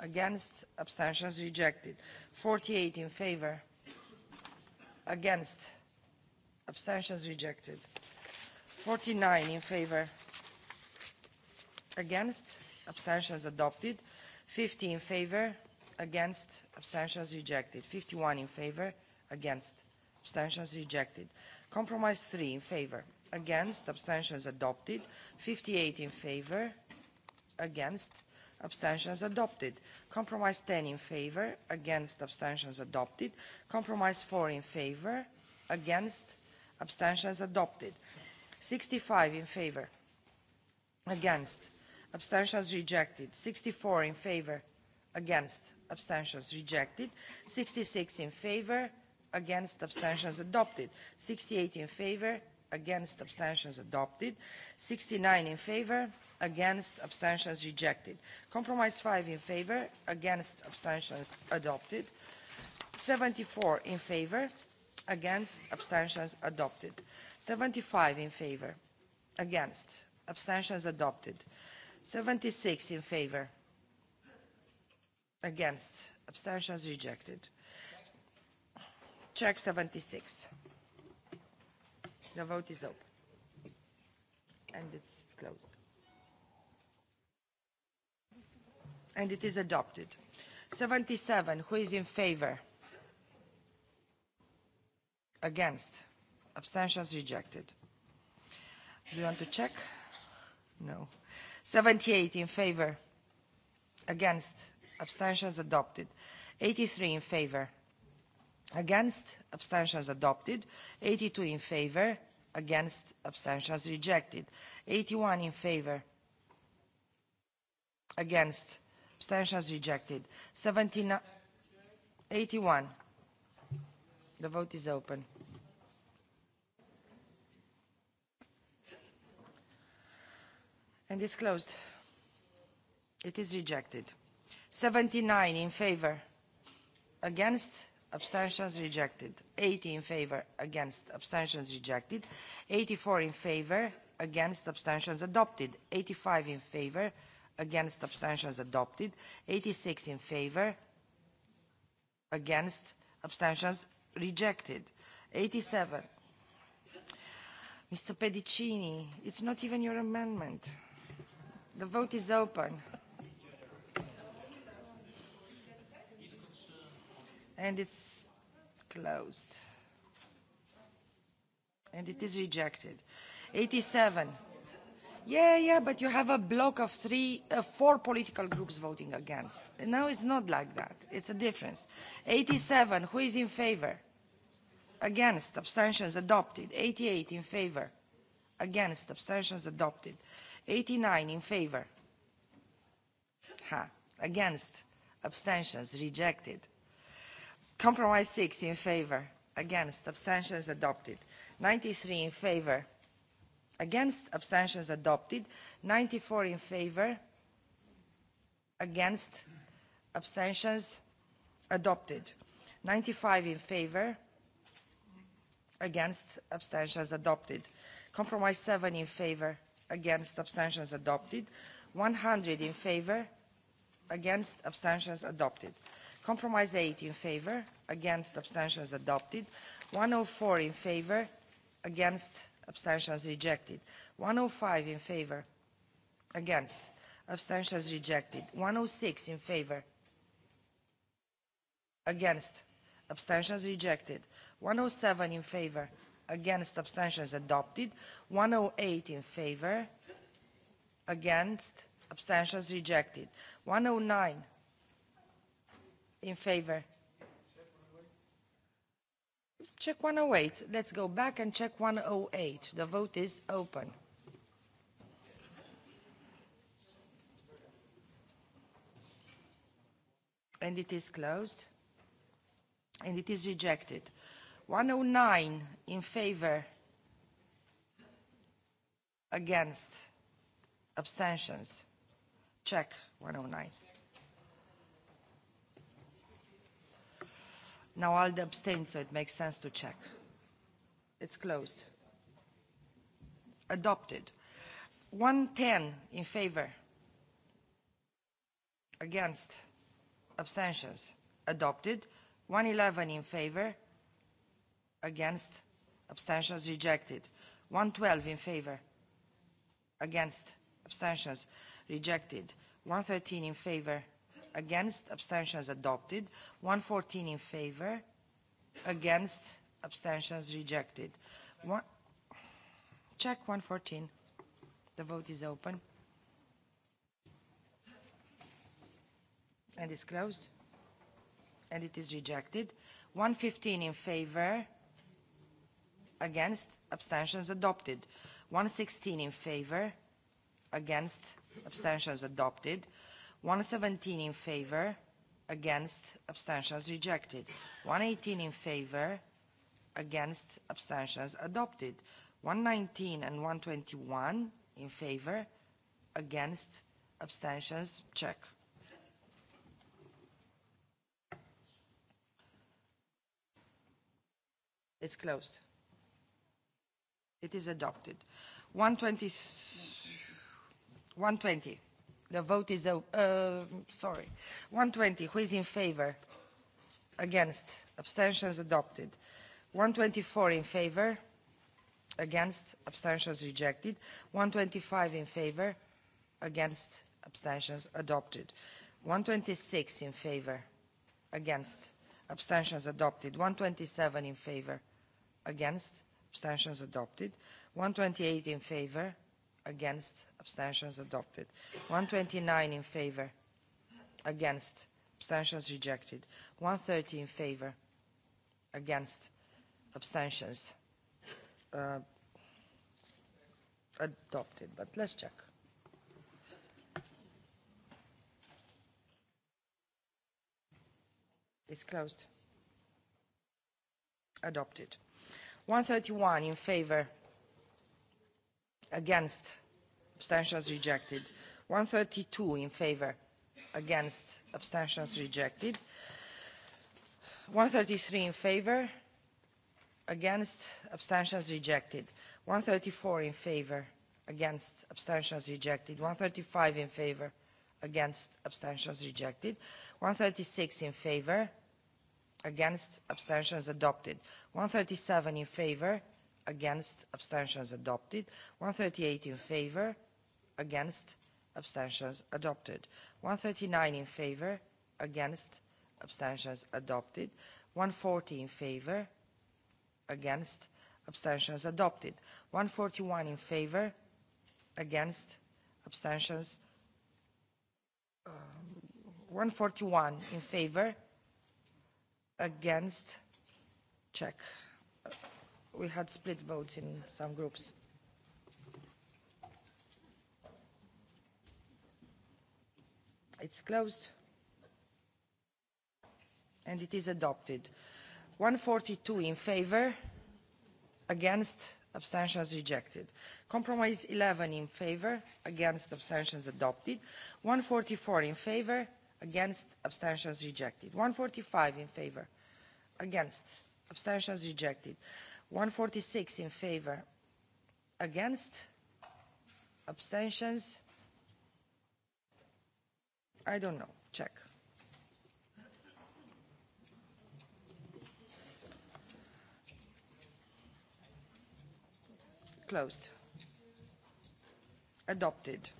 Against? Abstentions rejected. 48 in favor. Against? abstentions rejected. 49 in favor, against, abstentions adopted. 50 in favor, against, abstentions rejected. 51 in favor, against, abstentions rejected. Compromise 3 in favor, against, abstentions adopted. 58 in favor, against, abstentions adopted. Compromise 10 in favor, against, abstentions adopted. Compromise 4 in favor, against, abstentions adopted. 65 in favor, against, abstentions rejected. 64 in favor, against, abstentions rejected. 66 in favor, against, abstentions adopted. 68 in favor, against, abstentions adopted. 69 in favor, against, abstentions rejected. Compromise 5 in favor, against, abstentions adopted. 74 in favor, against, abstentions adopted. 75 in favor, against, abstentions adopted. 76 in favor, against, abstentions rejected. Check 76. The vote is open. And it's closed. And it is adopted. 77, who is in favor? Against. Abstentions rejected. Do you want to check? No. 78 in favor. Against. Abstentions adopted. 83 in favor. Against. Abstentions adopted. 82 in favor. Against. Abstentions rejected. 81 in favor. Against. Abstentions rejected. 79. 81. The vote is open. And is closed. It is rejected. 79 in favor, against, abstentions rejected. 80 in favor, against, abstentions rejected. 84 in favor, against, abstentions adopted. 85 in favor, against, abstentions adopted. 86 in favor, against, abstentions rejected 87 Mr. Pedicini it's not even your amendment the vote is open and it's closed and it is rejected 87 yeah yeah but you have a block of three uh, four political groups voting against no it's not like that it's a difference 87 who is in favor against, abstentions adopted. 88 in favor, against, abstentions adopted. 89 in favor, ha, against, abstentions rejected. Compromise 6 in favor, against, abstentions adopted. 93 in favor, against, abstentions adopted. 94 in favor, against, abstentions adopted. 95 in favor, against, abstentions adopted. Compromise 7 in favor, against, abstentions adopted. 100 in favor, against, abstentions adopted. Compromise 8 in favor, against, abstentions adopted. 104 in favor, against, abstentions rejected. 105 in favor, against, abstentions rejected. 106 in favor, against, abstentions rejected. 107 in favor, against abstentions adopted. 108 in favor, against abstentions rejected. 109 in favor. Check 108. Let's go back and check 108. The vote is open. And it is closed. And it is rejected. 109 in favor, against, abstentions. Check 109. Now I'll abstain, so it makes sense to check. It's closed. Adopted. 110 in favor, against, abstentions. Adopted. 111 in favor, against, abstentions rejected. 112 in favor, against, abstentions rejected. 113 in favor, against, abstentions adopted. 114 in favor, against, abstentions rejected. One, check 114. The vote is open. And it's closed. And it is rejected. 115 in favor, against, abstentions adopted. 116 in favor, against, abstentions adopted. 117 in favor, against, abstentions rejected. 118 in favor, against, abstentions adopted. 119 and 121 in favor, against, abstentions check. It's closed. It is adopted. 120. 120. The vote is, uh, sorry, 120. Who is in favor? Against. Abstentions adopted. 124 in favor. Against. Abstentions rejected. 125 in favor. Against. Abstentions adopted. 126 in favor. Against. Abstentions adopted. 127 in favor. Against abstentions adopted. 128 in favor, against, abstentions adopted. 129 in favor, against, abstentions rejected. 130 in favor, against, abstentions uh, adopted. But let's check. It's closed. Adopted. 131 in favor, against, abstentions rejected. 132 in favor, against, abstentions rejected. 133 in favor, against, abstentions rejected. 134 in favor, against, abstentions rejected. 135 in favor, against, abstentions rejected. 136 in favor, against, abstentions adopted. 137 in favor, against, abstentions adopted. 138 in favor, against, abstentions adopted. 139 in favor, against, abstentions adopted. 140 in favor, against, abstentions adopted. 141 in favor, against, abstentions. 141 in favor, against, Czech. We had split votes in some groups. It's closed, and it is adopted. 142 in favor, against, abstentions rejected. Compromise 11 in favor, against, abstentions adopted. 144 in favor, against, abstentions rejected. 145 in favor, against, abstentions rejected. 146 in favor, against, abstentions, I don't know, check. Closed. Adopted.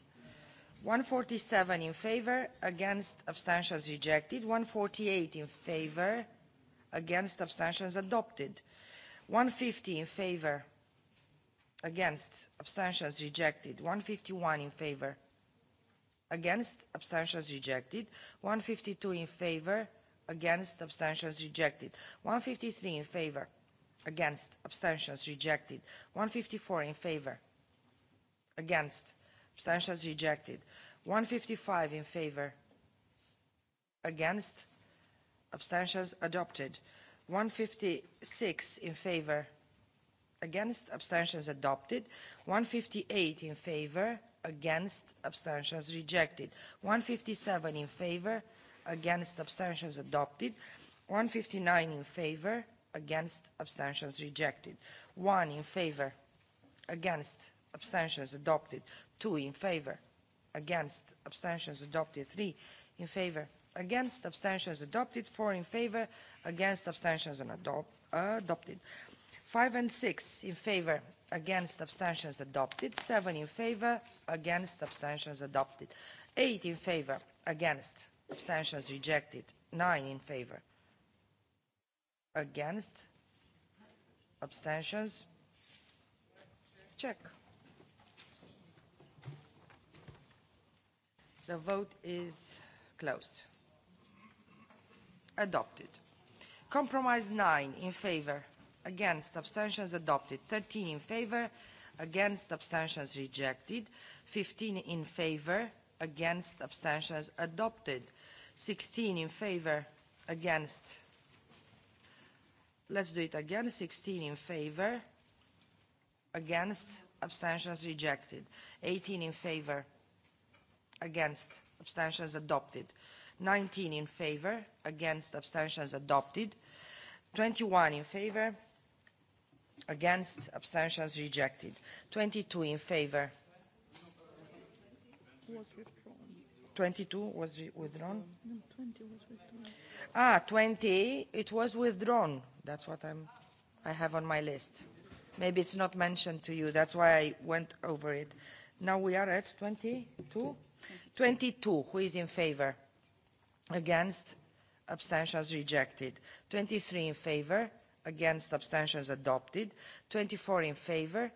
147 in favor, against abstentions rejected. 148 in favor, against abstentions adopted. 150 in favor, against abstentions rejected. 151 in favor, against abstentions rejected. 152 in favor, against abstentions rejected. 153 in favor, against abstentions rejected. 154 in favor, against abstentions Abstentions rejected. 155 in favor. Against. Abstentions adopted. 156 in favor. Against. Abstentions adopted. 158 in favor. Against. Abstentions rejected. 157 in favor. Against. Abstentions adopted. 159 in favor. Against. Abstentions rejected. 1 in favor. Against. Abstentions adopted. 2 in favor, against, abstentions adopted. 3 in favor, against, abstentions adopted. 4 in favor, against, abstentions and adopt, uh, adopted. 5 and 6 in favor, against, abstentions adopted. 7 in favor, against, abstentions adopted. 8 in favor, against, abstentions rejected. 9 in favor, against, abstentions. Check. The vote is closed. Adopted. Compromise 9 in favor, against, abstentions adopted. 13 in favor, against, abstentions rejected. 15 in favor, against, abstentions adopted. 16 in favor, against. Let's do it again. 16 in favor, against, abstentions rejected. 18 in favor, against, abstentions adopted. 19 in favor, against, abstentions adopted. 21 in favor, against, abstentions rejected. 22 in favor. 22 was withdrawn? was withdrawn. Ah, 20, it was withdrawn. That's what I'm, I have on my list. Maybe it's not mentioned to you, that's why I went over it. Now we are at 22? 22, who is in favor? Against? Abstentions rejected. 23 in favor? Against? Abstentions adopted. 24 in favor?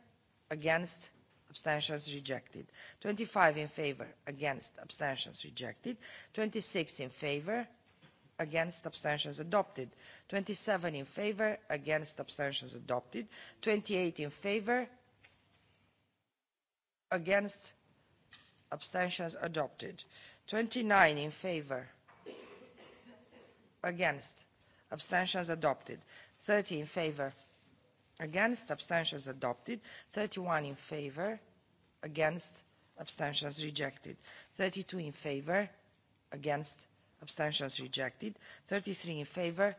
Against? Abstentions rejected. 25 in favor? Against? Abstentions rejected. 26 in favor? against abstentions adopted 27 in favor against abstentions adopted 28 in favor against abstentions adopted. 29 in favor, against, abstentions adopted. 30 in favor, against, abstentions adopted. 31 in favor, against, abstentions rejected. 32 in favor, against, abstentions rejected. 33 in favor,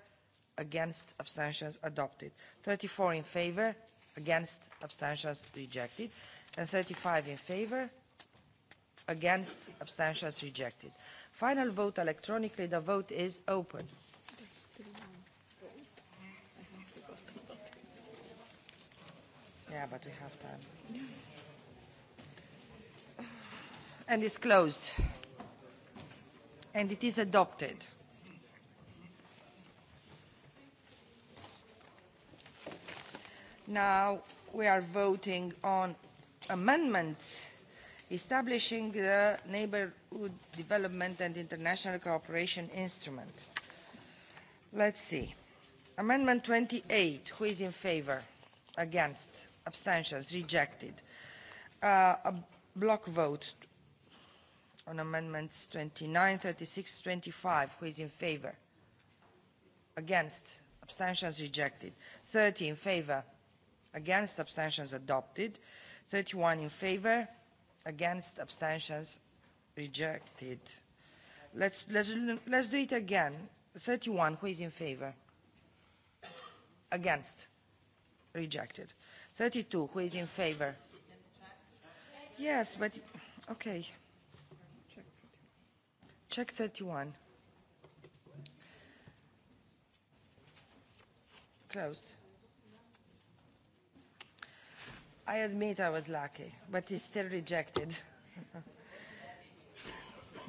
against, abstentions adopted. 34 in favor, against, abstentions rejected. And 35 in favor, against abstentions rejected final vote electronically the vote is open yeah but we have time and it's closed and it is adopted now we are voting on amendments establishing the Neighborhood Development and International Cooperation Instrument. Let's see. Amendment 28, who is in favor? Against? Abstentions? Rejected. Uh, a block vote on amendments 29, 36, 25. Who is in favor? Against? Abstentions? Rejected. 30 in favor? Against? Abstentions? Adopted. 31 in favor? Against? Abstentions? Rejected. Let's, let's, let's do it again. 31, who is in favor? Against? Rejected. 32, who is in favor? Yes, but, okay. Check 31. Closed. I admit I was lucky, but it's still rejected.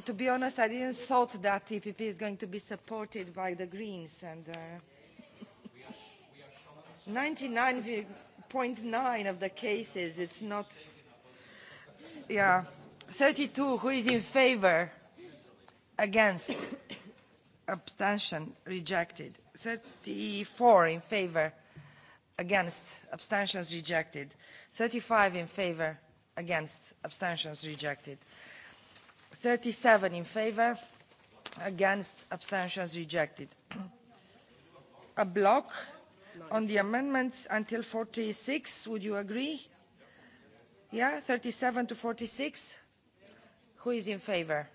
to be honest, I didn't thought that TPP is going to be supported by the Greens and uh, of the cases it's not. Yeah, 32. Who is in favor? Against? Abstention rejected. 34 in favor. Against? Abstentions rejected. 35 in favor, against, abstentions rejected. 37 in favor, against, abstentions rejected. A block on the amendments until 46, would you agree? Yeah, 37 to 46? Who is in favor?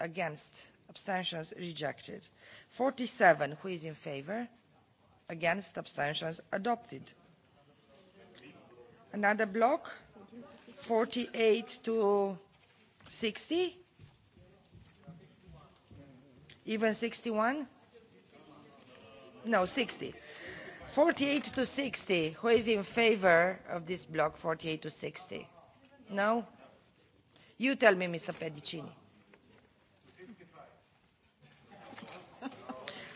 Against, abstentions rejected. 47, who is in favor? Against, abstentions adopted another block 48 to 60 even 61 no 60 48 to 60 who is in favor of this block 48 to 60 no you tell me mr pedicini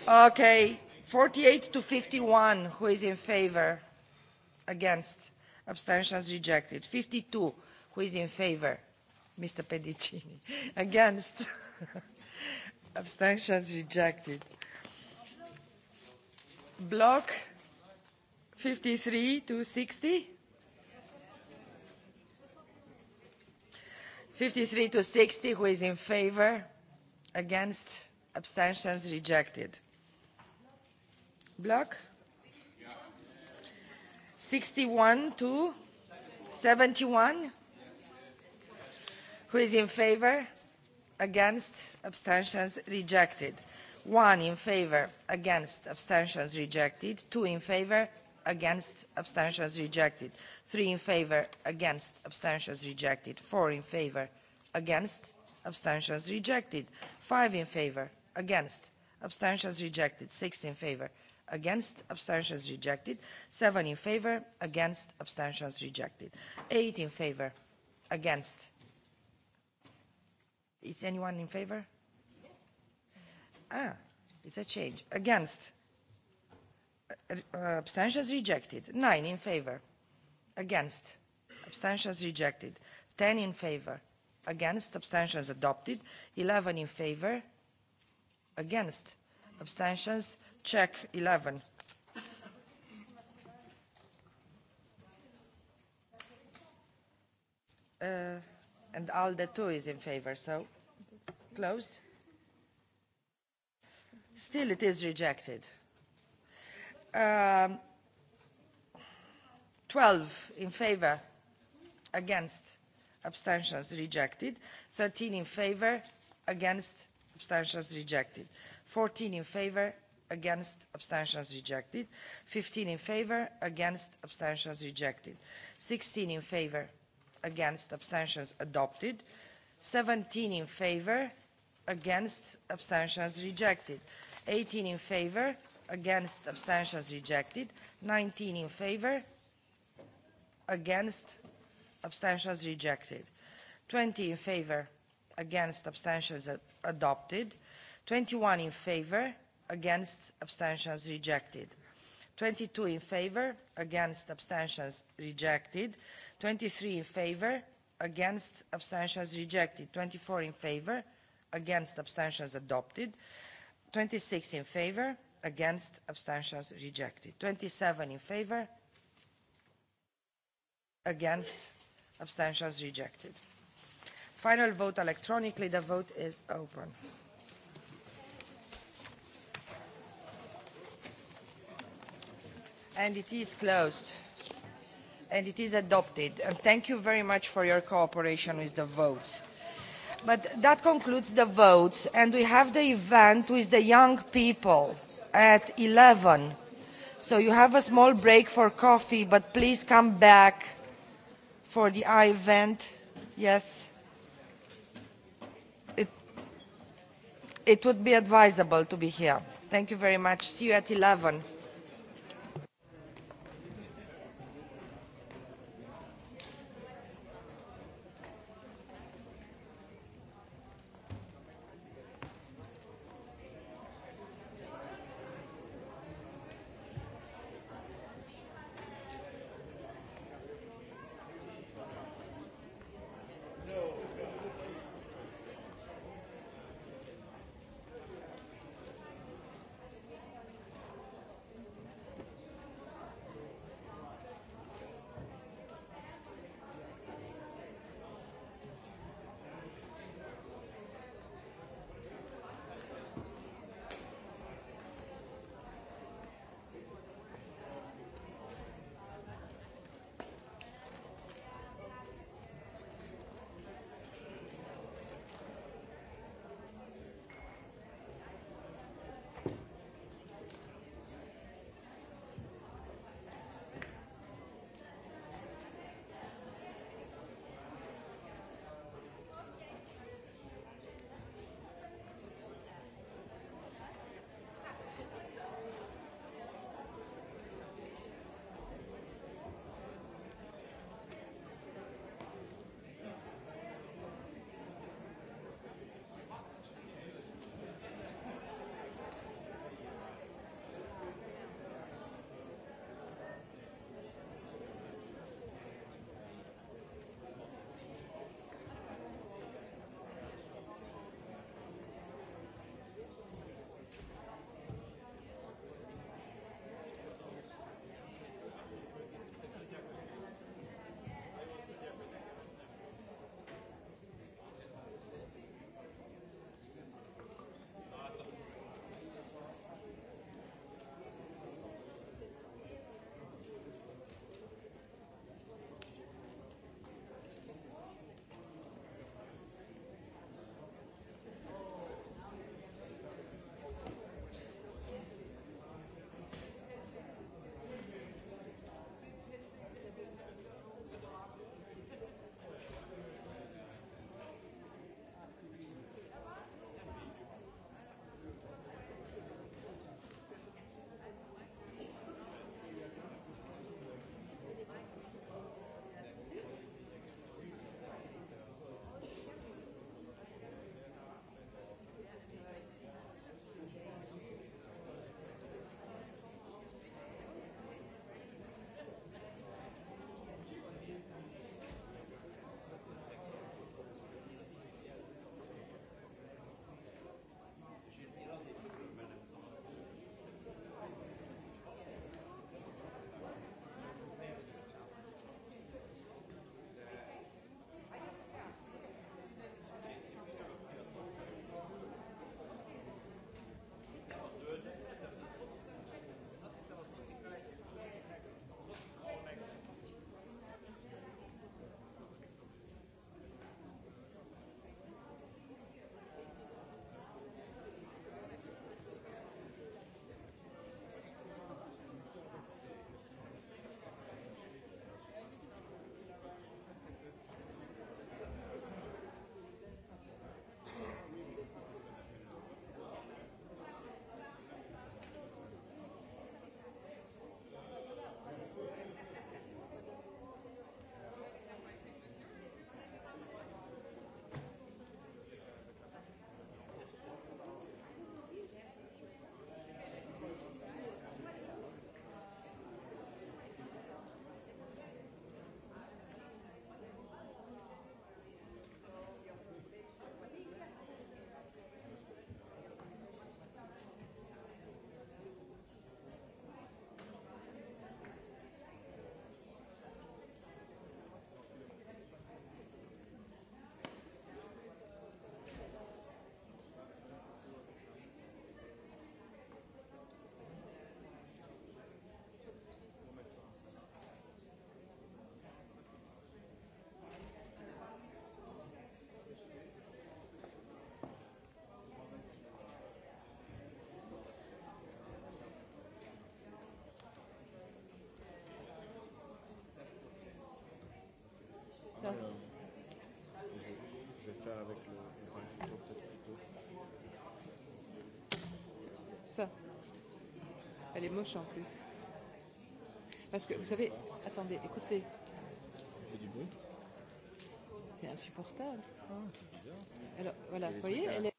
okay 48 to 51 who is in favor against abstentions rejected. 52, who is in favor? Mr. Pedicini. Against? abstentions rejected. Block 53 to 60? 53 to 60, who is in favor? Against? Abstentions rejected. Block 61 to 71? Who is in favor? Against? Abstentions rejected. One in favor, against, abstentions rejected. Two in favor, against, abstentions rejected. Three in favor, against, abstentions rejected. Four in favor, against, abstentions rejected. Five in favor, against, abstentions rejected. Six in favor, against, abstentions rejected. Seven in favor, against, abstentions rejected. Eight in favor, against. Is anyone in favor? Ah, it's a change. Against. Uh, abstentions rejected. Nine in favor, against, abstentions rejected. Ten in favor, against, abstentions adopted. Eleven in favor, against, abstentions rejected check 11. Uh, and ALDE 2 is in favor, so closed. Still it is rejected. Um, 12 in favor, against, abstentions rejected. 13 in favor, against, abstentions rejected. 14 in favor, against, abstentions rejected. 15 in favor, against, abstentions rejected. 16 in favor, against, abstentions adopted. 17 in favor, against, abstentions rejected. 18 in favor, against, abstentions rejected. 19 in favor, against, abstentions rejected. 20 in favor, against, abstentions adopted. 21 in favor, against, abstentions rejected. 22 in favor, against, abstentions rejected. 23 in favor, against, abstentions rejected. 24 in favor, against, abstentions adopted. 26 in favor, against, abstentions rejected. 27 in favor, against, abstentions rejected. Final vote electronically. The vote is open. and it is closed and it is adopted. And thank you very much for your cooperation with the votes. But that concludes the votes, and we have the event with the young people at 11. So you have a small break for coffee, but please come back for the I event. Yes? It, it would be advisable to be here. Thank you very much. See you at 11. ça. Je vais faire avec le, le peut-être plutôt. Ça. Elle est moche en plus. Parce que vous savez, attendez, écoutez. C'est du bruit. C'est insupportable. Ah, c'est bizarre. Alors voilà, vous voyez, elle est.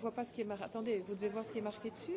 voit pas ce qui est marqué. Attendez, vous devez voir ce qui est marqué dessus.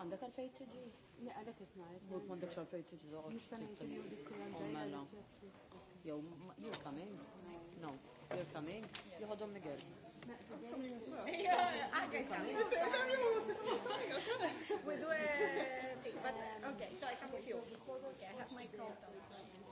Għandek għalfej tiġi? Ne, għalek it-najt. Mut mandek għalfej tiġi doħor. Nistan jitilju dik Yo, you're coming. No, you're coming. You hold on, Miguel. We do a thing, but okay, so I come with you. Okay, I have my coat on.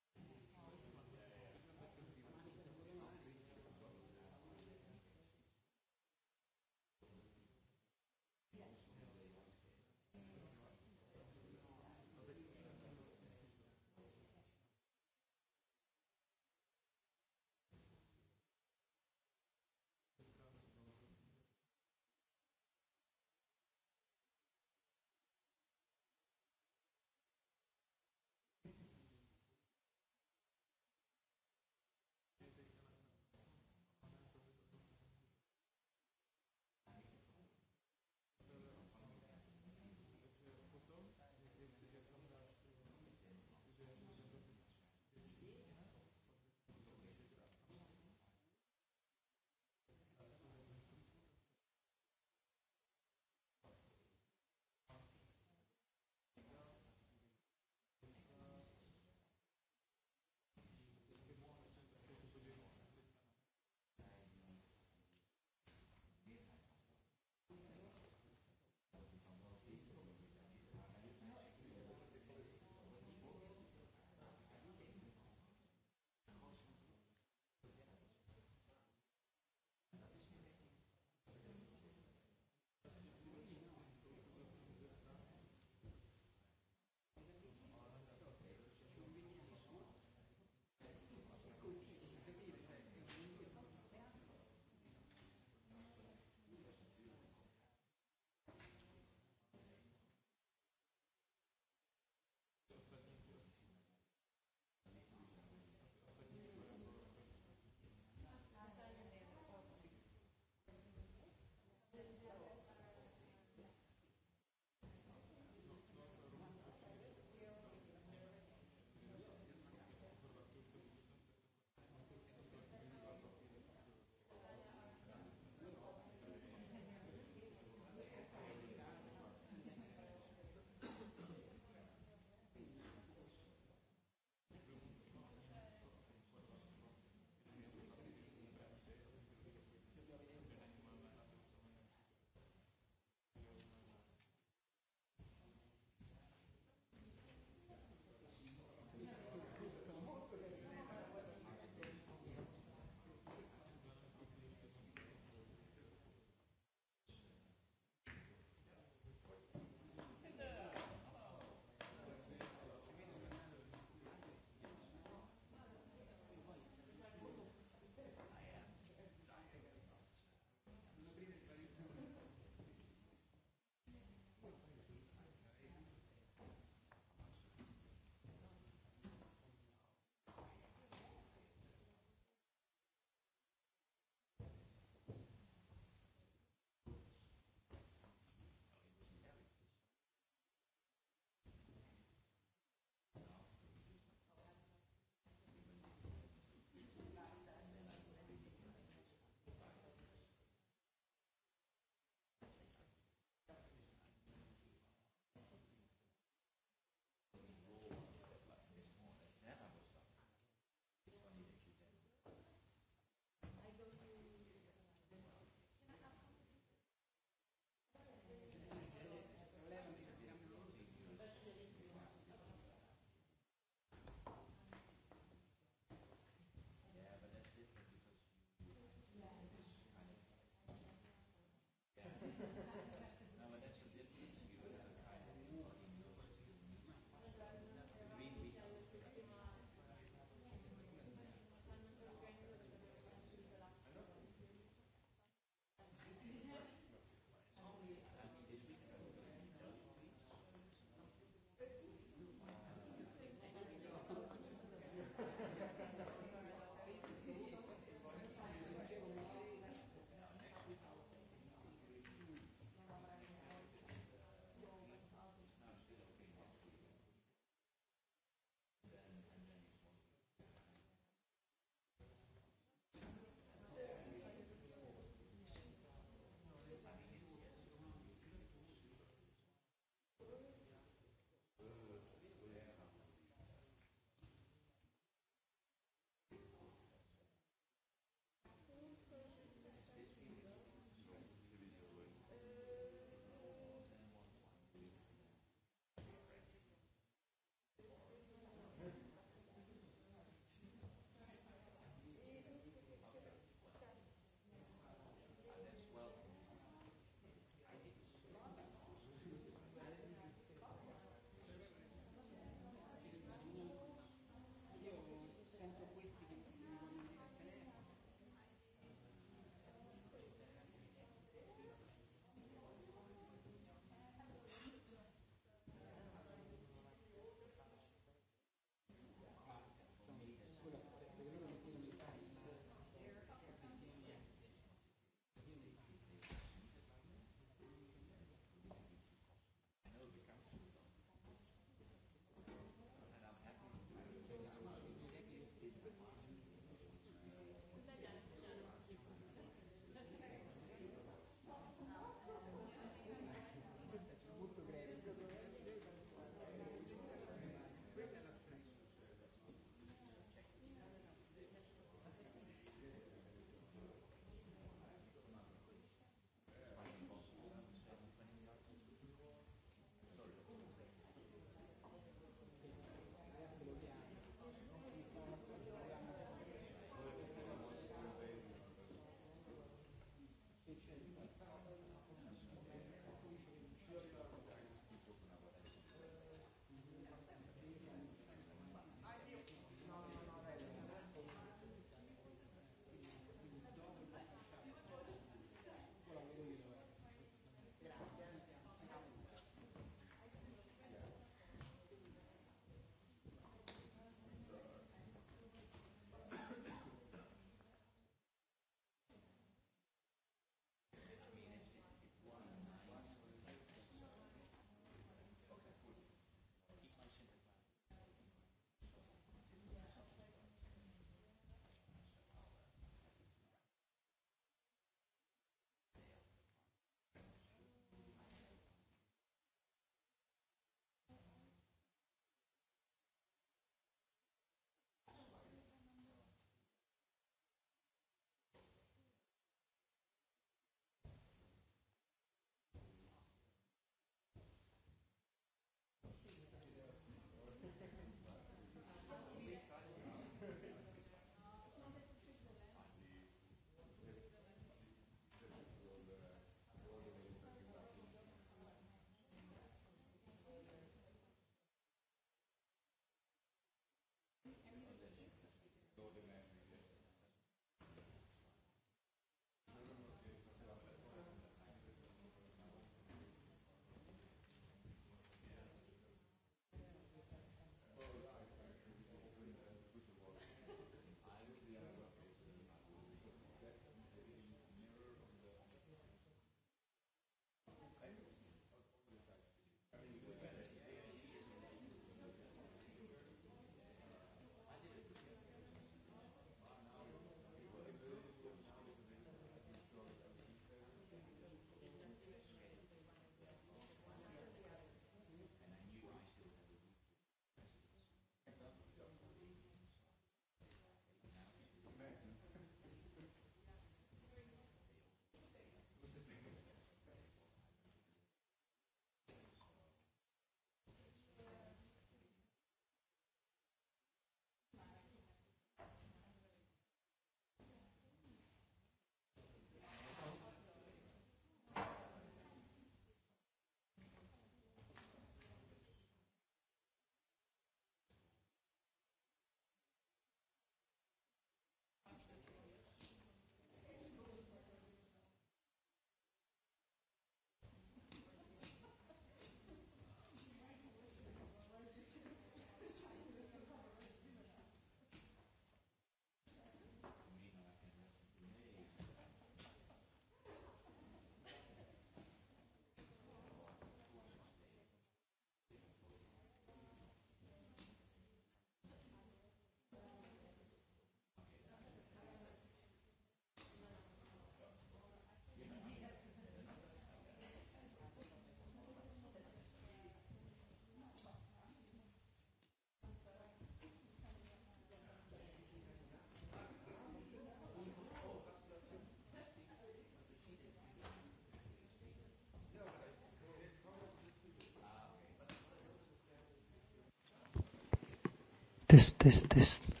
тест, тест, тест.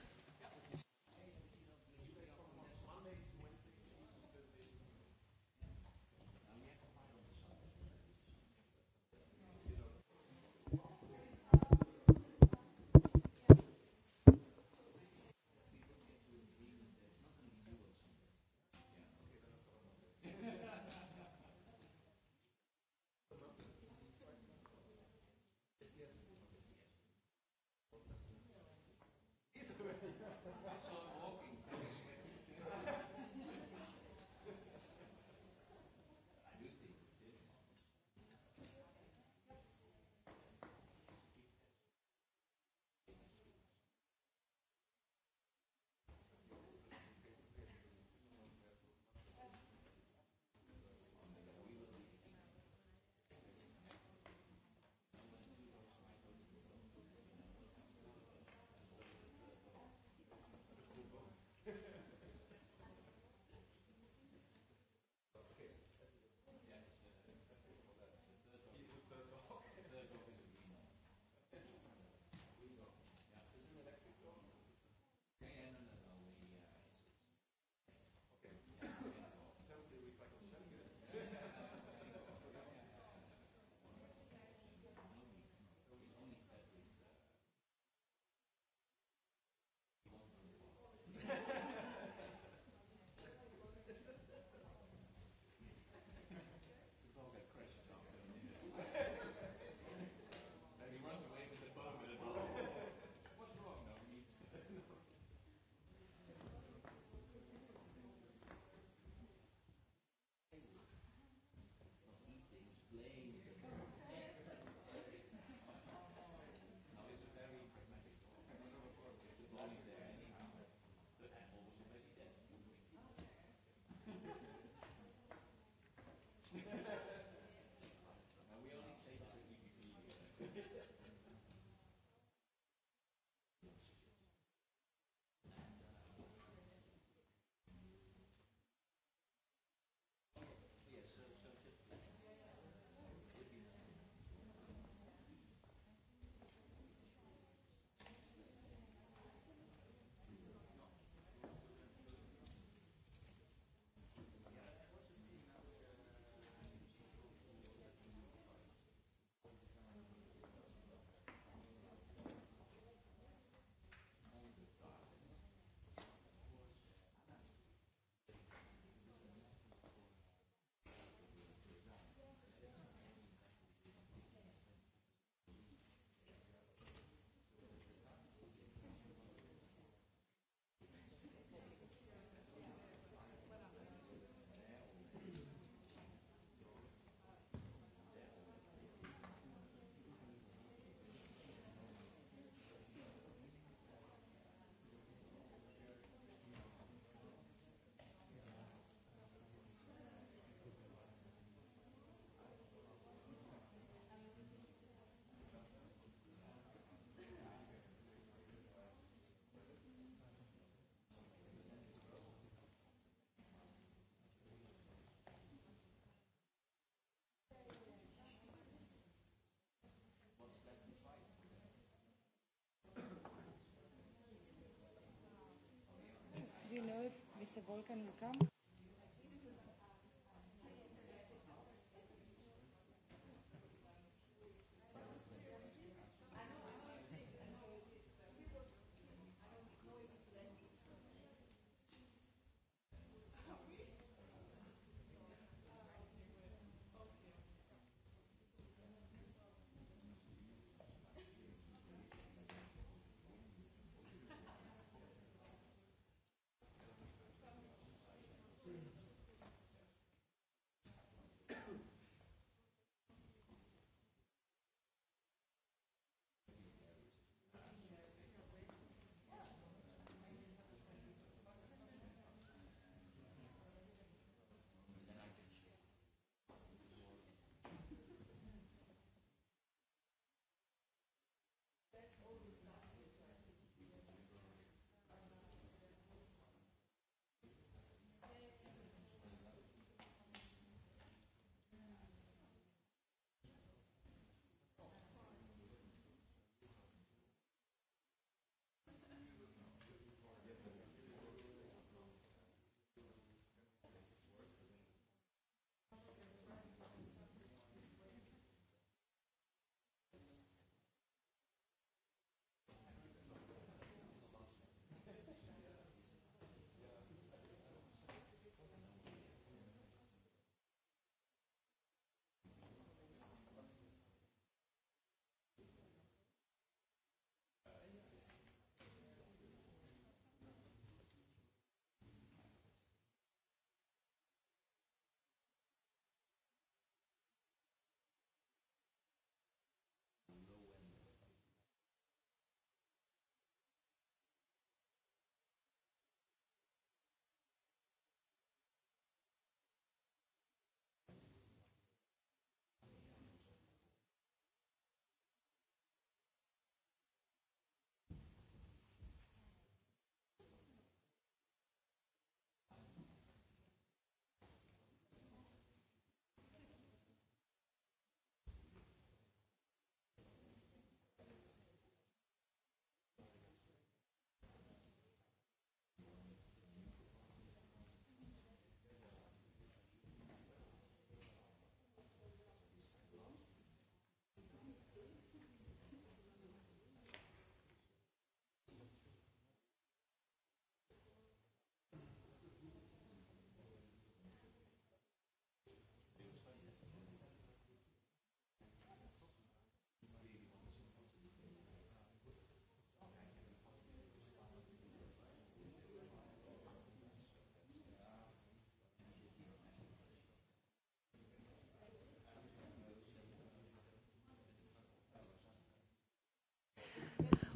Mr. Volkan, you come?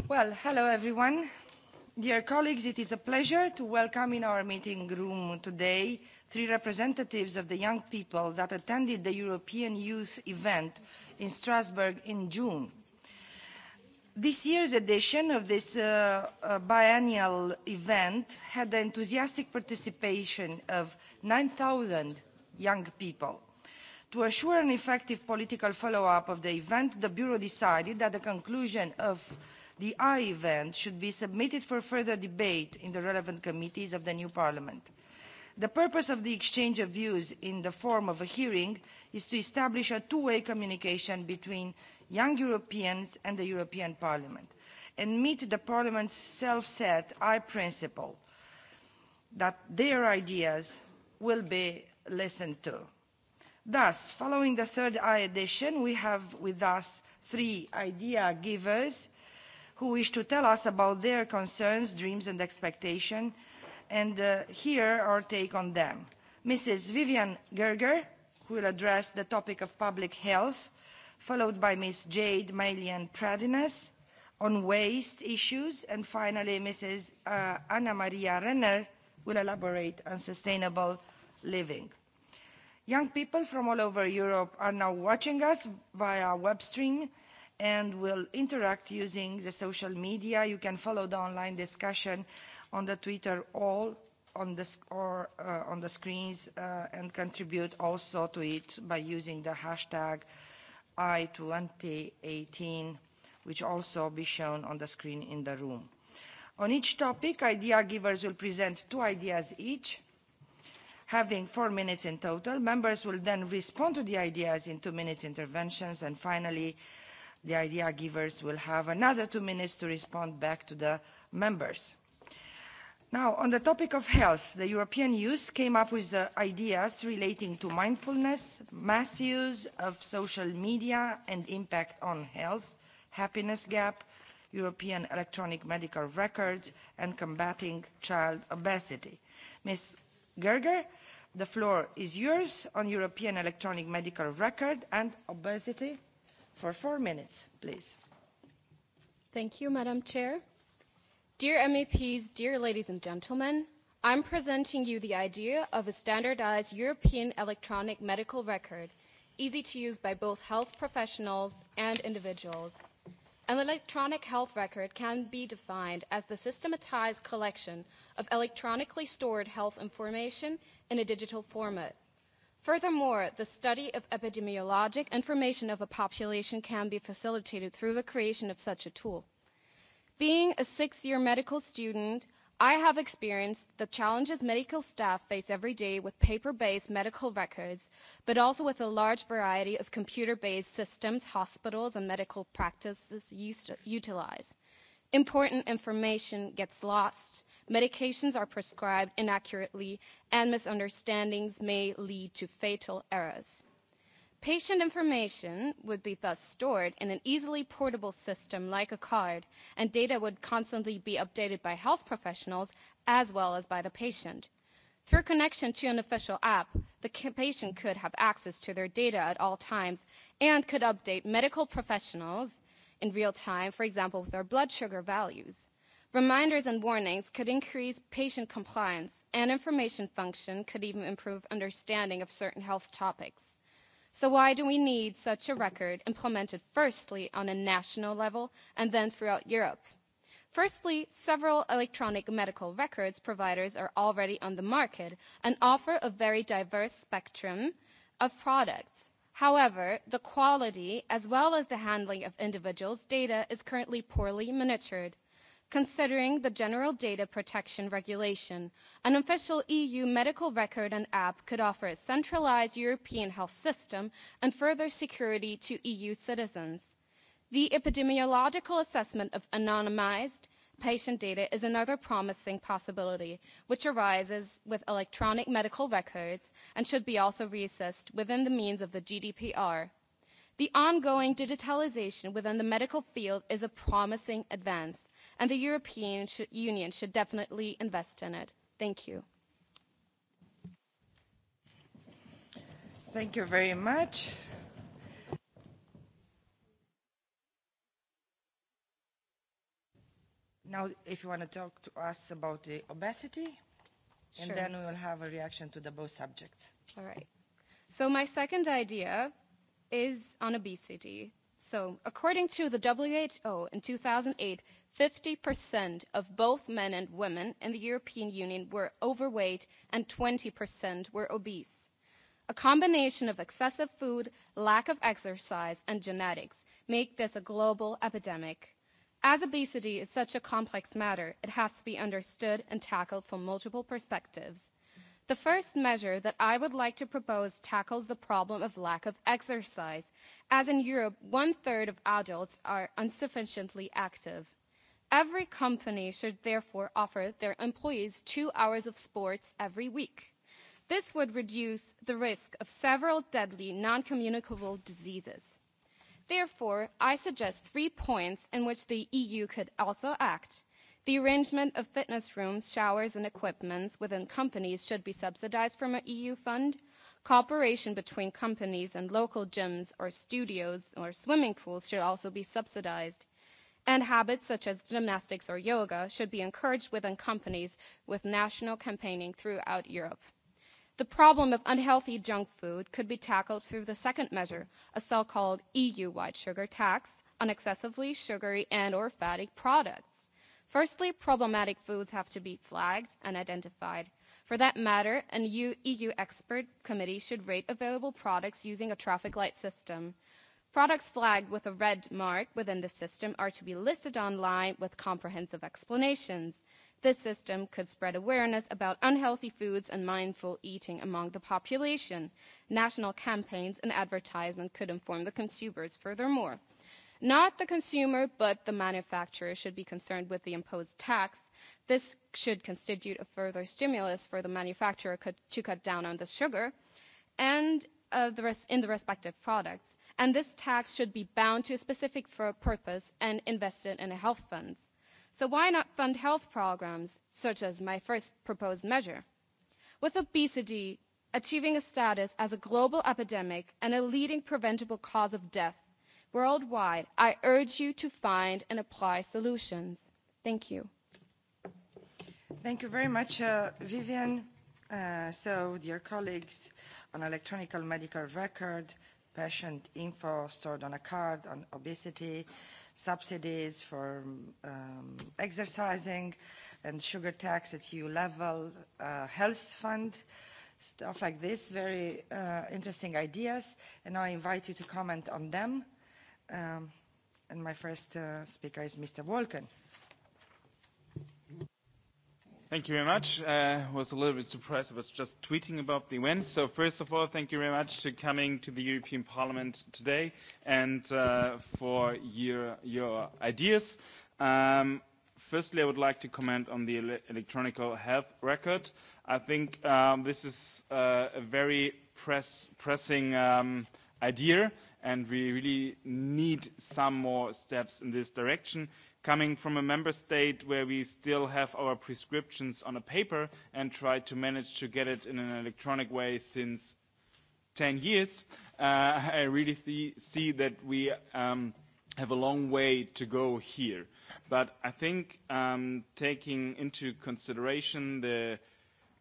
Well, hello everyone. Dear colleagues, it is a pleasure to welcome in our meeting room today three representatives of the young people that attended the European Youth event in Strasbourg in June. This year's edition of this uh, uh, biennial event had the enthusiastic participation of 9,000 young people. To assure an effective political follow-up of the event, the Bureau decided that the conclusion of the eye event should be submitted for further debate in the relevant committees of the new parliament. The purpose of the exchange of views in the form of a hearing is to establish a two-way communication between young Europeans and the European Parliament and meet the Parliament's self-set I principle that their ideas will be listened to. Thus, following the third I edition, we have with us three idea givers who wish to tell us about their concerns, dreams and expectations and uh, hear our take on them. Mrs. Vivian Gerger, who will address the topic of public health, followed by Ms. Jade Malian Pradines on waste issues, and finally Mrs. Uh, Anna Maria Renner will elaborate on sustainable living. Young people from all over Europe are now watching us via web stream and will interact using the social media. You can follow the online discussion on the Twitter all on the, or, uh, on the screens uh, and contribute also to it by using the hashtag I2018, which also be shown on the screen in the room. On each topic, idea givers will present two ideas each, having four minutes in total. Members will then respond to the ideas in two minutes interventions, and finally, the idea givers will have another two minutes to respond back to the members. Now, on the topic of health, the European Youth came up with the ideas relating to mindfulness, mass use of social media and impact on health, happiness gap, European electronic medical records, and combating child obesity. Ms. Gerger, the floor is yours on European electronic medical record and obesity for four minutes, please. Thank you, Madam Chair. Dear MEPs, dear ladies and gentlemen, I'm presenting you the idea of a standardized European electronic medical record, easy to use by both health professionals and individuals. An electronic health record can be defined as the systematized collection of electronically stored health information in a digital format Furthermore, the study of epidemiologic information of a population can be facilitated through the creation of such a tool. Being a six-year medical student, I have experienced the challenges medical staff face every day with paper-based medical records, but also with a large variety of computer-based systems hospitals and medical practices utilize. Important information gets lost Medications are prescribed inaccurately, and misunderstandings may lead to fatal errors. Patient information would be thus stored in an easily portable system like a card, and data would constantly be updated by health professionals as well as by the patient. Through connection to an official app, the patient could have access to their data at all times and could update medical professionals in real time, for example, with their blood sugar values. Reminders and warnings could increase patient compliance, and information function could even improve understanding of certain health topics. So why do we need such a record implemented firstly on a national level and then throughout Europe? Firstly, several electronic medical records providers are already on the market and offer a very diverse spectrum of products. However, the quality as well as the handling of individuals' data is currently poorly monitored considering the General Data Protection Regulation. An official EU medical record and app could offer a centralized European health system and further security to EU citizens. The epidemiological assessment of anonymized patient data is another promising possibility, which arises with electronic medical records and should be also reassessed within the means of the GDPR. The ongoing digitalization within the medical field is a promising advance, and the European sh Union should definitely invest in it. Thank you. Thank you very much. Now, if you want to talk to us about the obesity, sure. and then we will have a reaction to the both subjects. All right. So my second idea is on obesity. So according to the WHO in 2008, 50% of both men and women in the European Union were overweight and 20% were obese. A combination of excessive food, lack of exercise, and genetics make this a global epidemic. As obesity is such a complex matter, it has to be understood and tackled from multiple perspectives. The first measure that I would like to propose tackles the problem of lack of exercise, as in Europe, one third of adults are insufficiently active. Every company should therefore offer their employees two hours of sports every week. This would reduce the risk of several deadly non communicable diseases. Therefore, I suggest three points in which the EU could also act. The arrangement of fitness rooms, showers, and equipment within companies should be subsidized from an EU fund. Cooperation between companies and local gyms or studios or swimming pools should also be subsidized and habits such as gymnastics or yoga should be encouraged within companies with national campaigning throughout Europe. The problem of unhealthy junk food could be tackled through the second measure, a so-called EU-wide sugar tax on excessively sugary and or fatty products. Firstly, problematic foods have to be flagged and identified. For that matter, an EU expert committee should rate available products using a traffic light system. Products flagged with a red mark within the system are to be listed online with comprehensive explanations. This system could spread awareness about unhealthy foods and mindful eating among the population. National campaigns and advertisement could inform the consumers furthermore. Not the consumer, but the manufacturer should be concerned with the imposed tax. This should constitute a further stimulus for the manufacturer to cut down on the sugar and uh, the res- in the respective products and this tax should be bound to a specific purpose and invested in health funds. So why not fund health programs, such as my first proposed measure? With obesity achieving a status as a global epidemic and a leading preventable cause of death worldwide, I urge you to find and apply solutions. Thank you. Thank you very much, uh, Vivian. Uh, so, dear colleagues, on electronic medical record, patient info stored on a card on obesity, subsidies for um, exercising and sugar tax at EU level, uh, health fund, stuff like this, very uh, interesting ideas. And I invite you to comment on them. Um, and my first uh, speaker is Mr. Wolken. Thank you very much. I was a little bit surprised. I was just tweeting about the event. So first of all, thank you very much for coming to the European Parliament today and uh, for your, your ideas. Um, firstly, I would like to comment on the ele electronic health record. I think um, this is uh, a very press pressing um, idea, and we really need some more steps in this direction coming from a member state where we still have our prescriptions on a paper and try to manage to get it in an electronic way since 10 years, uh, I really th- see that we um, have a long way to go here. But I think um, taking into consideration the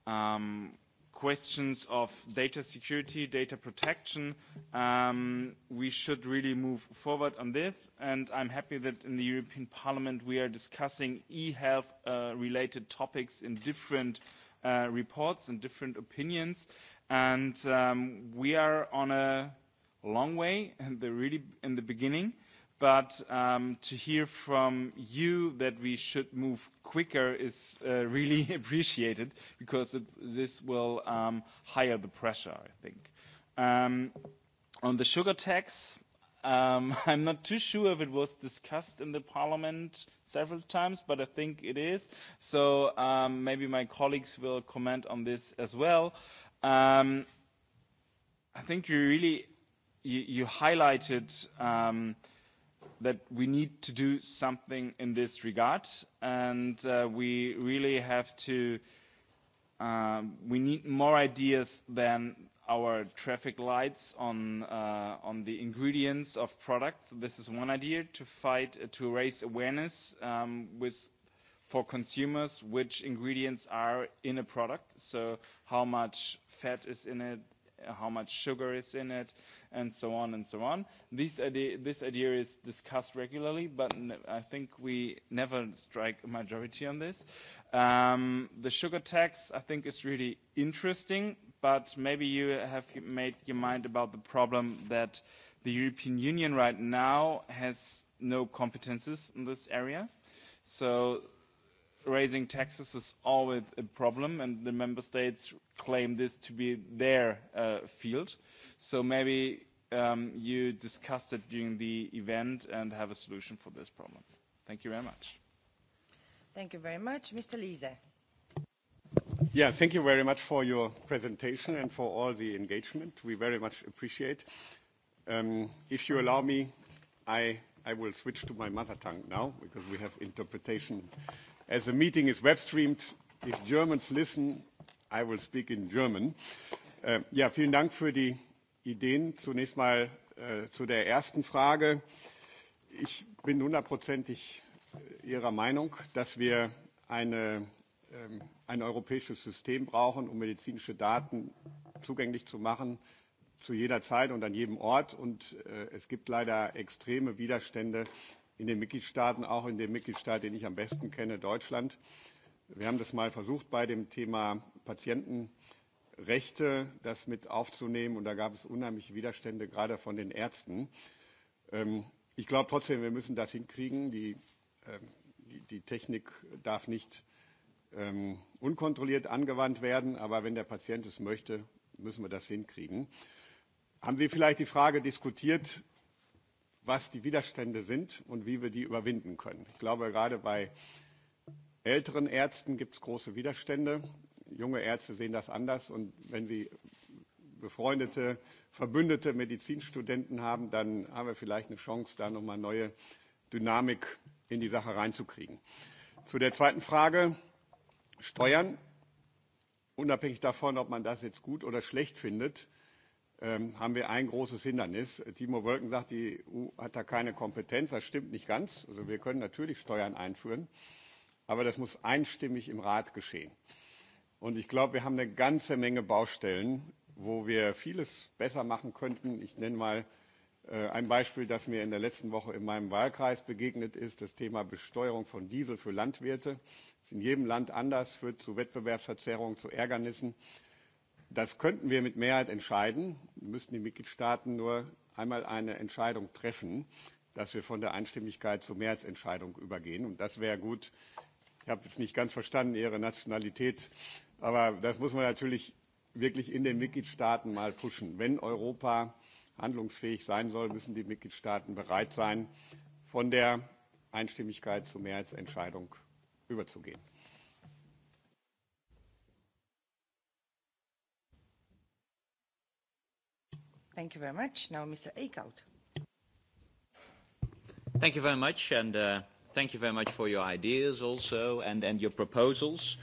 um, questions of data security, data protection. Um, we should really move forward on this, and I'm happy that in the European Parliament we are discussing e-health uh, related topics in different uh, reports and different opinions, and um, we are on a long way in the really in the beginning but um, to hear from you that we should move quicker is uh, really appreciated because it, this will um, higher the pressure, I think. Um, on the sugar tax, um, I'm not too sure if it was discussed in the parliament several times, but I think it is. So um, maybe my colleagues will comment on this as well. Um, I think you really you, you highlighted. Um, that we need to do something in this regard, and uh, we really have to. uh we need more ideas than our traffic lights on uh, on the ingredients of products. This is one idea to fight uh, to raise awareness um, with for consumers which ingredients are in a product. So how much fat is in it, how much sugar is in it, and so on and so on. These idea, this idea is discussed regularly, but I think we never strike a majority on this. Um, the sugar tax, I think, is really interesting, but maybe you have made your mind about the problem that the European Union right now has no competences in this area. So raising taxes is always a problem, and the member states claim this to be their uh, field. So maybe um, you discussed it during the event and have a solution for this problem. Thank you very much. Thank you very much. Mr. Liese. Yeah, thank you very much for your presentation and for all the engagement. We very much appreciate. Um, if you allow me, I, I will switch to my mother tongue now because we have interpretation As the meeting is web streamed, if Germans listen, I will speak in German. Ja, vielen Dank für die Ideen. Zunächst mal zu der ersten Frage. Ich bin hundertprozentig Ihrer Meinung, dass wir eine, ein europäisches System brauchen, um medizinische Daten zugänglich zu machen, zu jeder Zeit und an jedem Ort. Und es gibt leider extreme Widerstände in den Mitgliedstaaten, auch in dem Mitgliedstaat, den ich am besten kenne, Deutschland. Wir haben das mal versucht, bei dem Thema Patientenrechte das mit aufzunehmen. Und da gab es unheimliche Widerstände, gerade von den Ärzten. Ich glaube trotzdem, wir müssen das hinkriegen. Die, die Technik darf nicht unkontrolliert angewandt werden. Aber wenn der Patient es möchte, müssen wir das hinkriegen. Haben Sie vielleicht die Frage diskutiert, was die Widerstände sind und wie wir die überwinden können. Ich glaube, gerade bei älteren Ärzten gibt es große Widerstände. Junge Ärzte sehen das anders. Und wenn sie befreundete, verbündete Medizinstudenten haben, dann haben wir vielleicht eine Chance, da nochmal neue Dynamik in die Sache reinzukriegen. Zu der zweiten Frage, Steuern. Unabhängig davon, ob man das jetzt gut oder schlecht findet, haben wir ein großes Hindernis. Timo Wölken sagt, die EU hat da keine Kompetenz. Das stimmt nicht ganz. Also wir können natürlich Steuern einführen, aber das muss einstimmig im Rat geschehen. Und ich glaube, wir haben eine ganze Menge Baustellen, wo wir vieles besser machen könnten. Ich nenne mal ein Beispiel, das mir in der letzten Woche in meinem Wahlkreis begegnet ist, das Thema Besteuerung von Diesel für Landwirte. Das ist in jedem Land anders, führt zu Wettbewerbsverzerrungen, zu Ärgernissen. Das könnten wir mit Mehrheit entscheiden. Müssten die Mitgliedstaaten nur einmal eine Entscheidung treffen, dass wir von der Einstimmigkeit zur Mehrheitsentscheidung übergehen. Und das wäre gut. Ich habe jetzt nicht ganz verstanden, Ihre Nationalität. Aber das muss man natürlich wirklich in den Mitgliedstaaten mal pushen. Wenn Europa handlungsfähig sein soll, müssen die Mitgliedstaaten bereit sein, von der Einstimmigkeit zur Mehrheitsentscheidung überzugehen. Thank you very much. Now, Mr. Eickhout. Thank you very much, and uh, thank you very much for your ideas also and, and your proposals.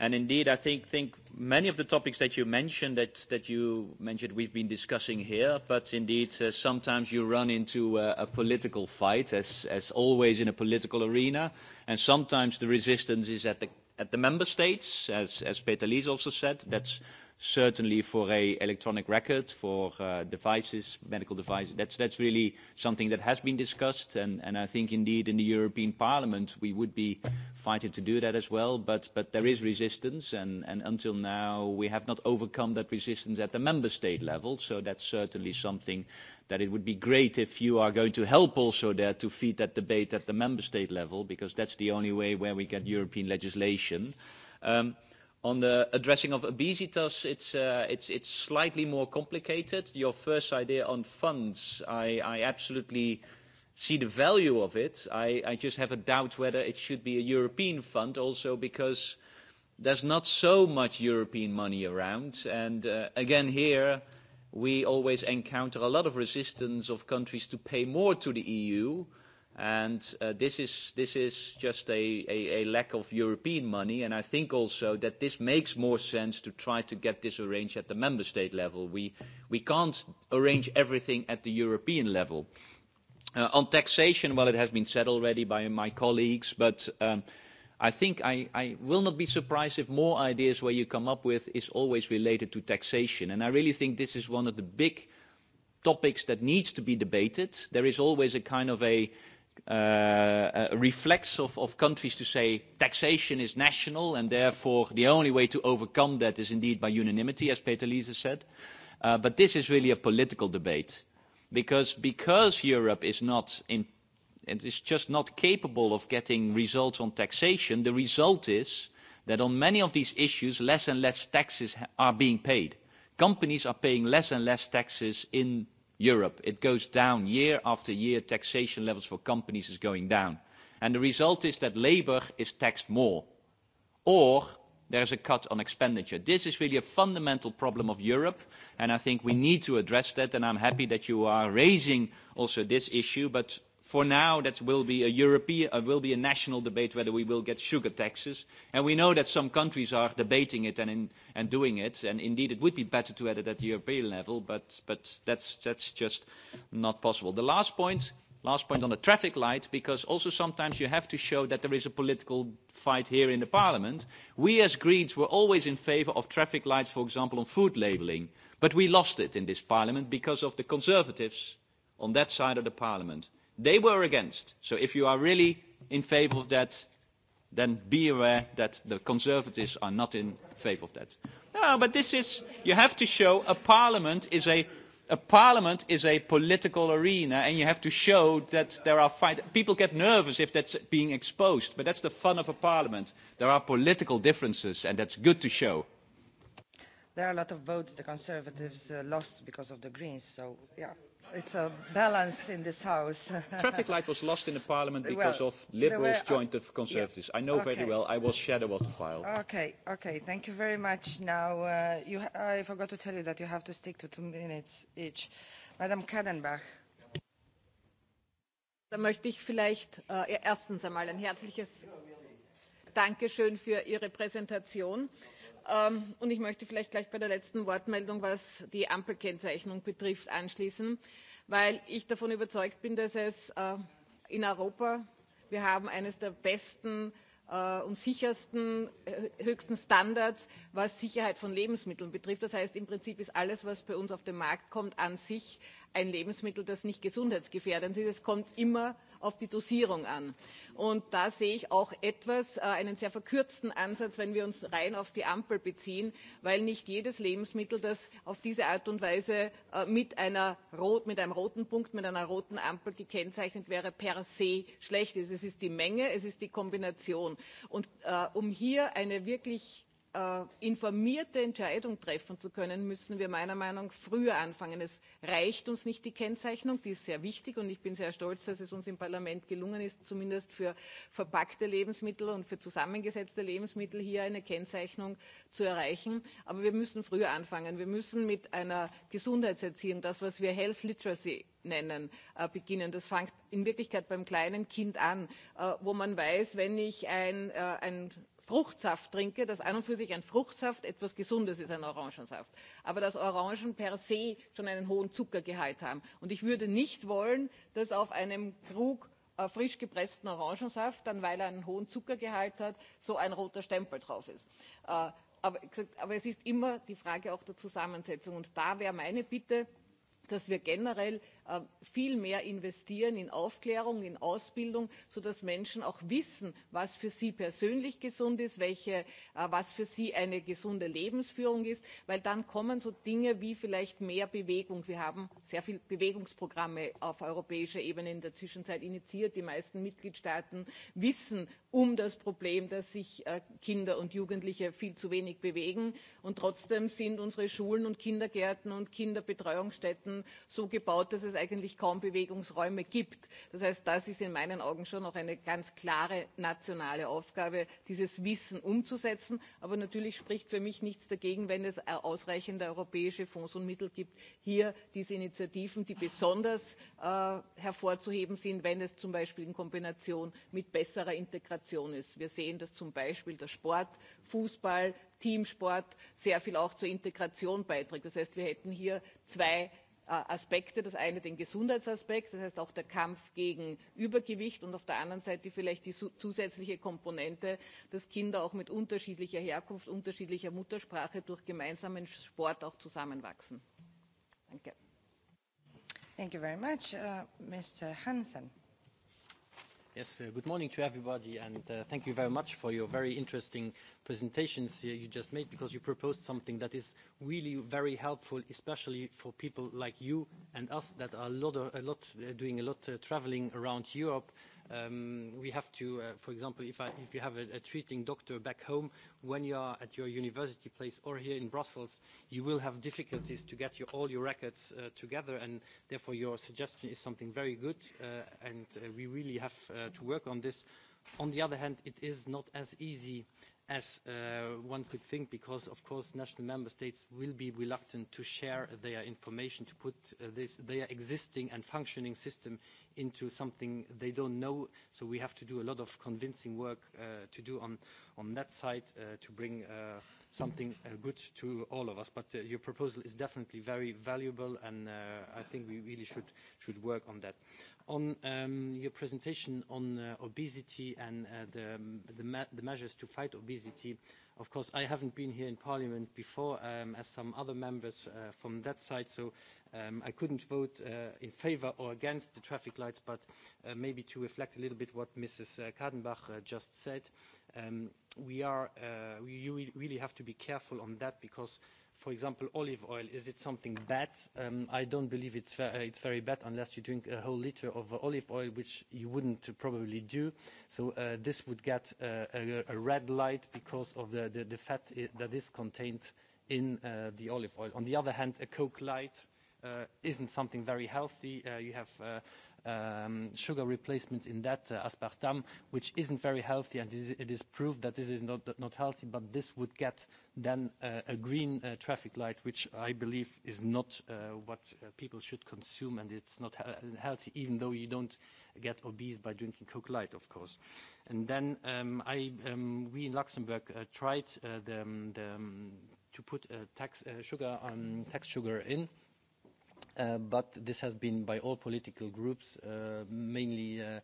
And indeed, I think, think many of the topics that you mentioned, that, that you mentioned we've been discussing here, but indeed uh, sometimes you run into a, a political fight, as, as always in a political arena, and sometimes the resistance is at the, at the member states, as, as Peter Lees also said. That's certainly for a electronic record for uh, devices, medical devices. That's, that's really something that has been discussed, and, and I think indeed in the European Parliament we would be fighting to do that as well, but, but there is resistance, and, and until now we have not overcome that resistance at the member state level, so that's certainly something that it would be great if you are going to help also there to feed that debate at the member state level, because that's the only way where we get European legislation. Um, On the addressing of obesitas, it's, uh, it's, it's slightly more complicated. Your first idea on funds, I, I absolutely see the value of it. I, I just have a doubt whether it should be a European fund also because there's not so much European money around. And uh, again, here we always encounter a lot of resistance of countries to pay more to the EU. And uh, this, is, this is just a, a, a lack of European money. And I think also that this makes more sense to try to get this arranged at the member state level. We, we can't arrange everything at the European level. Uh, on taxation, well, it has been said already by my colleagues, but um, I think I, I will not be surprised if more ideas where you come up with is always related to taxation. And I really think this is one of the big topics that needs to be debated. There is always a kind of a, uh, a reflex of, of countries to say taxation is national and therefore the only way to overcome that is indeed by unanimity, as Peter Liese said. Uh, but this is really a political debate because, because Europe is not in it is just not capable of getting results on taxation. The result is that on many of these issues, less and less taxes are being paid. Companies are paying less and less taxes in Europe. It goes down year after year. Taxation levels for companies is going down. And the result is that labor is taxed more. Or there's a cut on expenditure. This is really a fundamental problem of Europe, and I think we need to address that, and I'm happy that you are raising also this issue, but For now, that will be a European, uh, will be a national debate whether we will get sugar taxes. And we know that some countries are debating it and, in, and doing it. And indeed, it would be better to have it at the European level, but, but that's, that's just not possible. The last point, last point on the traffic light, because also sometimes you have to show that there is a political fight here in the Parliament. We as Greens were always in favour of traffic lights, for example, on food labelling. But we lost it in this Parliament because of the Conservatives on that side of the Parliament They were against. So if you are really in favour of that, then be aware that the Conservatives are not in favour of that. No, but this is, you have to show a parliament is a, a parliament is a political arena and you have to show that there are fight. People get nervous if that's being exposed, but that's the fun of a parliament. There are political differences and that's good to show. There are a lot of votes the Conservatives uh, lost because of the Greens, so yeah it's a balance in this house. Traffic light was lost in the parliament because well, of liberals joined the conservatives. Yeah. I know okay. very well. I was shadow of the file. Okay, okay. Thank you very much. Now, uh, you, ha- I forgot to tell you that you have to stick to two minutes each. Madam Kadenbach. Da möchte ich vielleicht äh, erstens einmal ein herzliches Dankeschön für Ihre Präsentation. Äh, und ich möchte vielleicht gleich bei der letzten wortmeldung was die ampelkennzeichnung betrifft anschließen weil ich davon überzeugt bin dass es in europa wir haben eines der besten und sichersten höchsten standards was sicherheit von lebensmitteln betrifft das heißt im prinzip ist alles was bei uns auf den markt kommt an sich ein Lebensmittel, das nicht gesundheitsgefährdend ist. Es kommt immer auf die Dosierung an. Und da sehe ich auch etwas, einen sehr verkürzten Ansatz, wenn wir uns rein auf die Ampel beziehen, weil nicht jedes Lebensmittel, das auf diese Art und Weise mit, einer rot, mit einem roten Punkt, mit einer roten Ampel gekennzeichnet wäre, per se schlecht ist. Es ist die Menge, es ist die Kombination. Und um hier eine wirklich informierte Entscheidung treffen zu können, müssen wir meiner Meinung nach früher anfangen. Es reicht uns nicht die Kennzeichnung, die ist sehr wichtig und ich bin sehr stolz, dass es uns im Parlament gelungen ist, zumindest für verpackte Lebensmittel und für zusammengesetzte Lebensmittel hier eine Kennzeichnung zu erreichen. Aber wir müssen früher anfangen. Wir müssen mit einer Gesundheitserziehung, das, was wir Health Literacy nennen, beginnen. Das fängt in Wirklichkeit beim kleinen Kind an, wo man weiß, wenn ich ein Fruchtsaft trinke, dass an und für sich ein Fruchtsaft etwas Gesundes ist, ein Orangensaft. Aber dass Orangen per se schon einen hohen Zuckergehalt haben. Und ich würde nicht wollen, dass auf einem Krug frisch gepressten Orangensaft, dann weil er einen hohen Zuckergehalt hat, so ein roter Stempel drauf ist. Aber, aber es ist immer die Frage auch der Zusammensetzung. Und da wäre meine Bitte, dass wir generell viel mehr investieren in Aufklärung, in Ausbildung, sodass Menschen auch wissen, was für sie persönlich gesund ist, welche, was für sie eine gesunde Lebensführung ist, weil dann kommen so Dinge wie vielleicht mehr Bewegung. Wir haben sehr viele Bewegungsprogramme auf europäischer Ebene in der Zwischenzeit initiiert. Die meisten Mitgliedstaaten wissen um das Problem, dass sich Kinder und Jugendliche viel zu wenig bewegen. Und trotzdem sind unsere Schulen und Kindergärten und Kinderbetreuungsstätten so gebaut, dass es eigentlich kaum Bewegungsräume gibt. Das heißt, das ist in meinen Augen schon noch eine ganz klare nationale Aufgabe, dieses Wissen umzusetzen. Aber natürlich spricht für mich nichts dagegen, wenn es ausreichende europäische Fonds und Mittel gibt, hier diese Initiativen, die besonders hervorzuheben sind, wenn es zum Beispiel in Kombination mit besserer Integration ist. Wir sehen, dass zum Beispiel der Sport, Fußball, Teamsport sehr viel auch zur Integration beiträgt. Das heißt, wir hätten hier zwei Aspekte. Das eine den Gesundheitsaspekt, das heißt auch der Kampf gegen Übergewicht und auf der anderen Seite vielleicht die zusätzliche Komponente, dass Kinder auch mit unterschiedlicher Herkunft, unterschiedlicher Muttersprache durch gemeinsamen Sport auch zusammenwachsen. Danke. Thank you very much, uh, Mr. Hansen. Yes, uh, good morning to everybody, and uh, thank you very much for your very interesting presentations you just made, because you proposed something that is really very helpful, especially for people like you and us that are a lot, of a lot uh, doing a lot uh, traveling around Europe um, we have to, uh, for example, if, I, if you have a, a treating doctor back home, when you are at your university place or here in Brussels, you will have difficulties to get your, all your records uh, together, and therefore your suggestion is something very good, uh, and uh, we really have uh, to work on this On the other hand, it is not as easy as uh one could think because, of course, national member states will be reluctant to share their information, to put uh this, their existing and functioning system into something they don't know. So we have to do a lot of convincing work uh, to do on, on that side uh, to bring uh, something uh, good to all of us. But uh, your proposal is definitely very valuable, and uh, I think we really should should work on that. On um, your presentation on uh, obesity and uh, the the, me the measures to fight obesity, of course, I haven't been here in Parliament before, um, as some other members uh, from that side, so um, I couldn't vote uh, in favour or against the traffic lights, but uh, maybe to reflect a little bit what Mrs. Kadenbach uh, just said. Um, we are uh, we really have to be careful on that because for example, olive oil, is it something bad? Um, I don't believe it's, uh, it's very bad unless you drink a whole liter of olive oil, which you wouldn't probably do. So uh, this would get uh, a, a red light because of the, the, the fat I that is contained in uh, the olive oil. On the other hand, a Coke light uh, isn't something very healthy. Uh, you have uh, um, sugar replacements in that uh, aspartame, which isn't very healthy, and it is, it is proved that this is not, not healthy, but this would get then uh, a green uh, traffic light, which I believe is not uh, what uh, people should consume, and it's not he healthy, even though you don't get obese by drinking Coke Light, of course. And then um, I, um, we in Luxembourg uh, tried uh, the, the, um, to put uh, tax, uh, sugar, um, tax sugar in, but this has been by all political groups uh, mainly uh,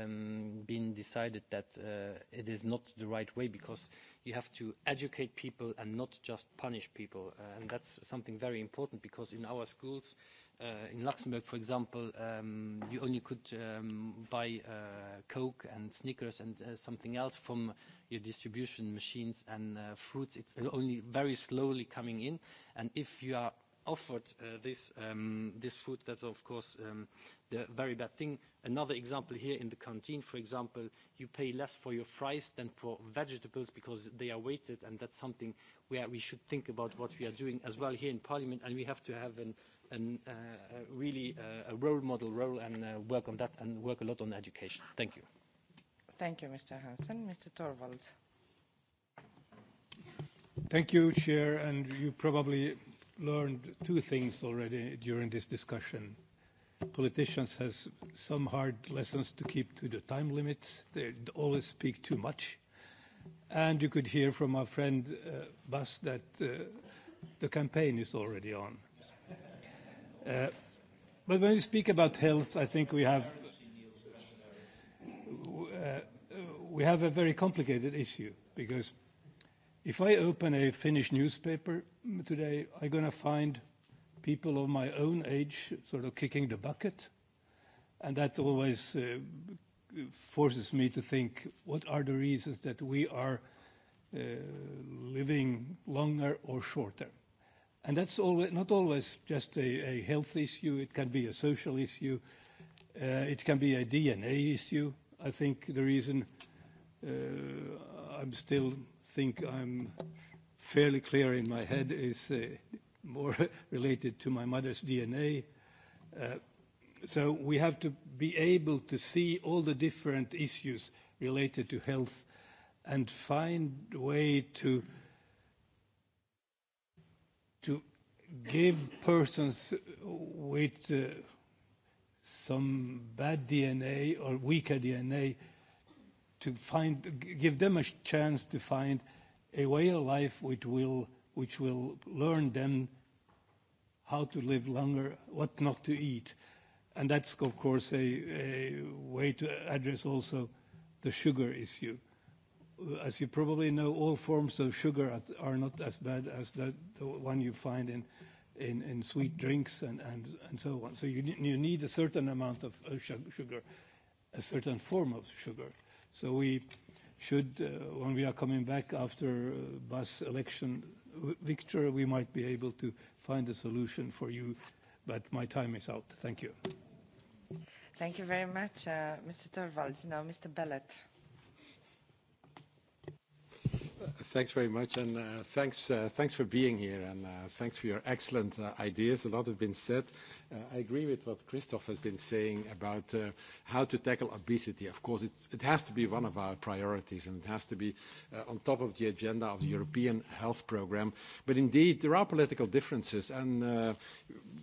um, been decided that uh, it is not the right way because you have to educate people and not just punish people. Uh, and that's something very important because in our schools, uh, in Luxembourg, for example, um, you only could um, buy uh, Coke and Snickers and uh, something else from your distribution machines and uh, fruits. It's only very slowly coming in. And if you are offered uh, this, um, this food, that's of course um, the very bad thing. Another example here in the canteen, for example, you pay less for your fries than for vegetables because they are weighted, and that's something where we should think about what we are doing as well here in Parliament, and we have to have an, an, uh, really uh, a role model role and uh, work on that and work a lot on education. Thank you. Thank you, Mr. Hansen. Mr. Torvalds. Thank you, Chair, and you probably learned two things already during this discussion. Politicians has some hard lessons to keep to the time limits. They always speak too much. And you could hear from our friend uh, Bas that uh, the campaign is already on. Uh, but when we speak about health, I think we have uh, we have a very complicated issue because If I open a Finnish newspaper today, I'm going to find people of my own age sort of kicking the bucket. And that always uh, forces me to think what are the reasons that we are uh, living longer or shorter? And that's always, not always just a, a health issue, it can be a social issue, uh, it can be a DNA issue. I think the reason uh, I'm still think I'm fairly clear in my head is uh, more related to my mother's DNA. Uh, so we have to be able to see all the different issues related to health and find a way to to give persons with uh, some bad DNA or weaker DNA uh, to find, give them a chance to find a way of life which will, which will learn them how to live longer, what not to eat. And that's, of course, a, a way to address also the sugar issue. As you probably know, all forms of sugar are not as bad as the, the one you find in, in, in sweet drinks and, and, and so on. So you, you need a certain amount of sugar, a certain form of sugar. So we should, uh, when we are coming back after uh, bus election victor, we might be able to find a solution for you, but my time is out. Thank you. Thank you very much, uh, Mr. Torvalds. Now, Mr. Bellet. Thanks very much, and uh, thanks, uh, thanks for being here, and uh, thanks for your excellent uh, ideas. A lot have been said. I agree with what Christophe has been saying about uh, how to tackle obesity. Of course, it's, it has to be one of our priorities and it has to be uh, on top of the agenda of the European health program. But indeed, there are political differences and uh,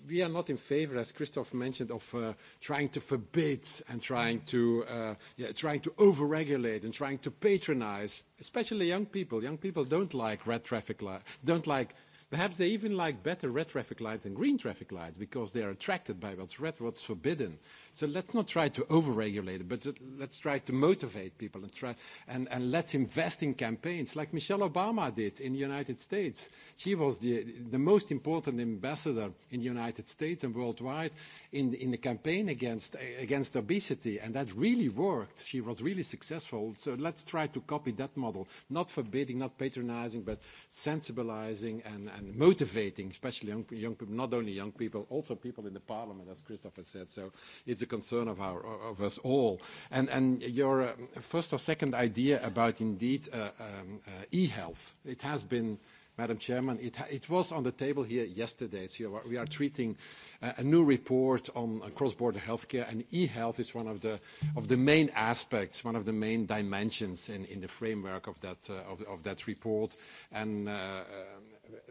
we are not in favor, as Christophe mentioned, of uh, trying to forbid and trying to, uh, yeah, trying to overregulate and trying to patronize, especially young people. Young people don't like red traffic lights, don't like – Perhaps they even like better red traffic lights than green traffic lights because they are attracted by what's red, what's forbidden. So let's not try to overregulate it, but let's try to motivate people and try and, and let's invest in campaigns like Michelle Obama did in the United States. She was the, the most important ambassador in the United States and worldwide in, in the campaign against, against obesity, and that really worked. She was really successful. So let's try to copy that model, not forbidding, not patronizing, but sensibilizing and and motivating, especially young, young people, not only young people, also people in the parliament, as Christopher said. So it's a concern of, our, of us all. And, and your first or second idea about indeed uh, um, uh, e-health, it has been. Madam Chairman, it, it was on the table here yesterday. So we are treating uh a new report on uh cross-border healthcare, and e-health is one of the, of the main aspects, one of the main dimensions in, in the framework of that, uh, of, of that report. And uh,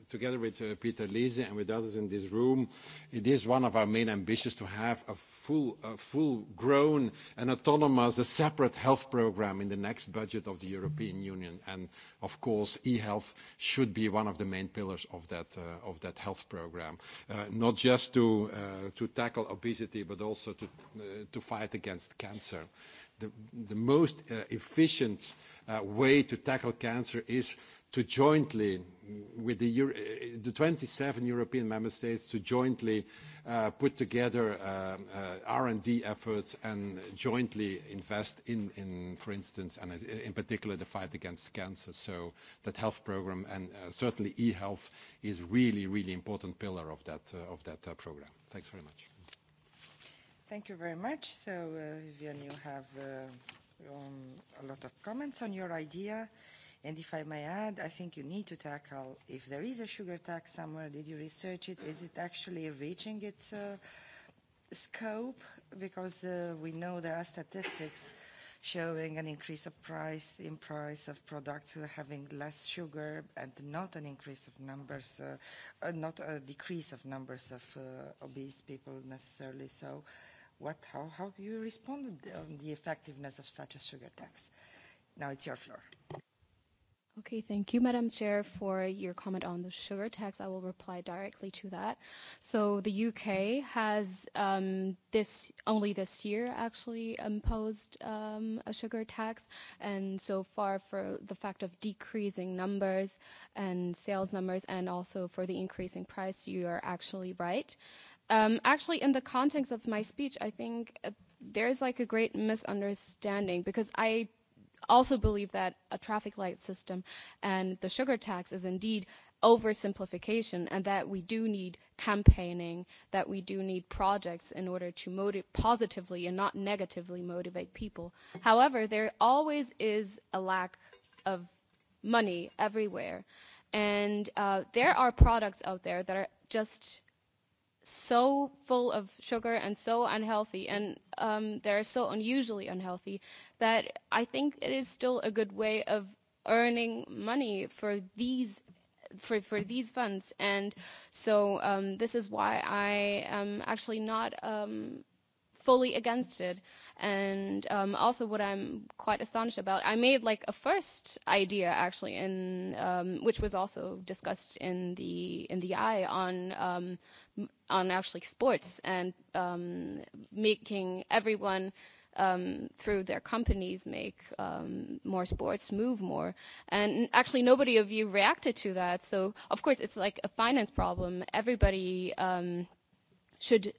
together with uh, Peter Liese and with others in this room, it is one of our main ambitions to have a full, full-grown and autonomous, a separate health program in the next budget of the European Union. And of course, e-health should be one of the main pillars of that, uh, of that health program, uh, not just to, uh, to tackle obesity, but also to, uh, to fight against cancer the, the most uh, efficient uh, way to tackle cancer is to jointly with the, Euro, the 27 European member states to jointly uh, put together um, uh, R&D efforts and jointly invest in, in, for instance, and in particular the fight against cancer. So that health program and uh, certainly e-health is really, really important pillar of that, of that programme. program. Thanks very much. Thank you very much. So, uh, Vivian, you have uh, um, a lot of comments on your idea. And if I may add, I think you need to tackle, if there is a sugar tax somewhere, did you research it? Is it actually reaching its uh, scope? Because uh, we know there are statistics showing an increase of price in price of products having less sugar and not an increase of numbers, uh, uh, not a decrease of numbers of uh, obese people necessarily. So what, how, how do you respond on the effectiveness of such a sugar tax? Now it's your floor. Okay, thank you, Madam Chair, for your comment on the sugar tax. I will reply directly to that. So the UK has um, this only this year actually imposed um, a sugar tax, and so far for the fact of decreasing numbers and sales numbers, and also for the increasing price, you are actually right. Um, actually, in the context of my speech, I think. Uh, there is like a great misunderstanding because I also believe that a traffic light system and the sugar tax is indeed oversimplification and that we do need campaigning, that we do need projects in order to motivate positively and not negatively motivate people. However, there always is a lack of money everywhere. And uh, there are products out there that are just so full of sugar and so unhealthy and um, that are so unusually unhealthy that I think it is still a good way of earning money for these for for these funds and so um, this is why I am actually not um, fully against it and um, also what I'm quite astonished about I made like a first idea actually in um, which was also discussed in the in the eye on um, on actually sports and um, making everyone um, through their companies make um, more sports move more. And actually, nobody of you reacted to that. So of course, it's like a finance problem. Everybody um, should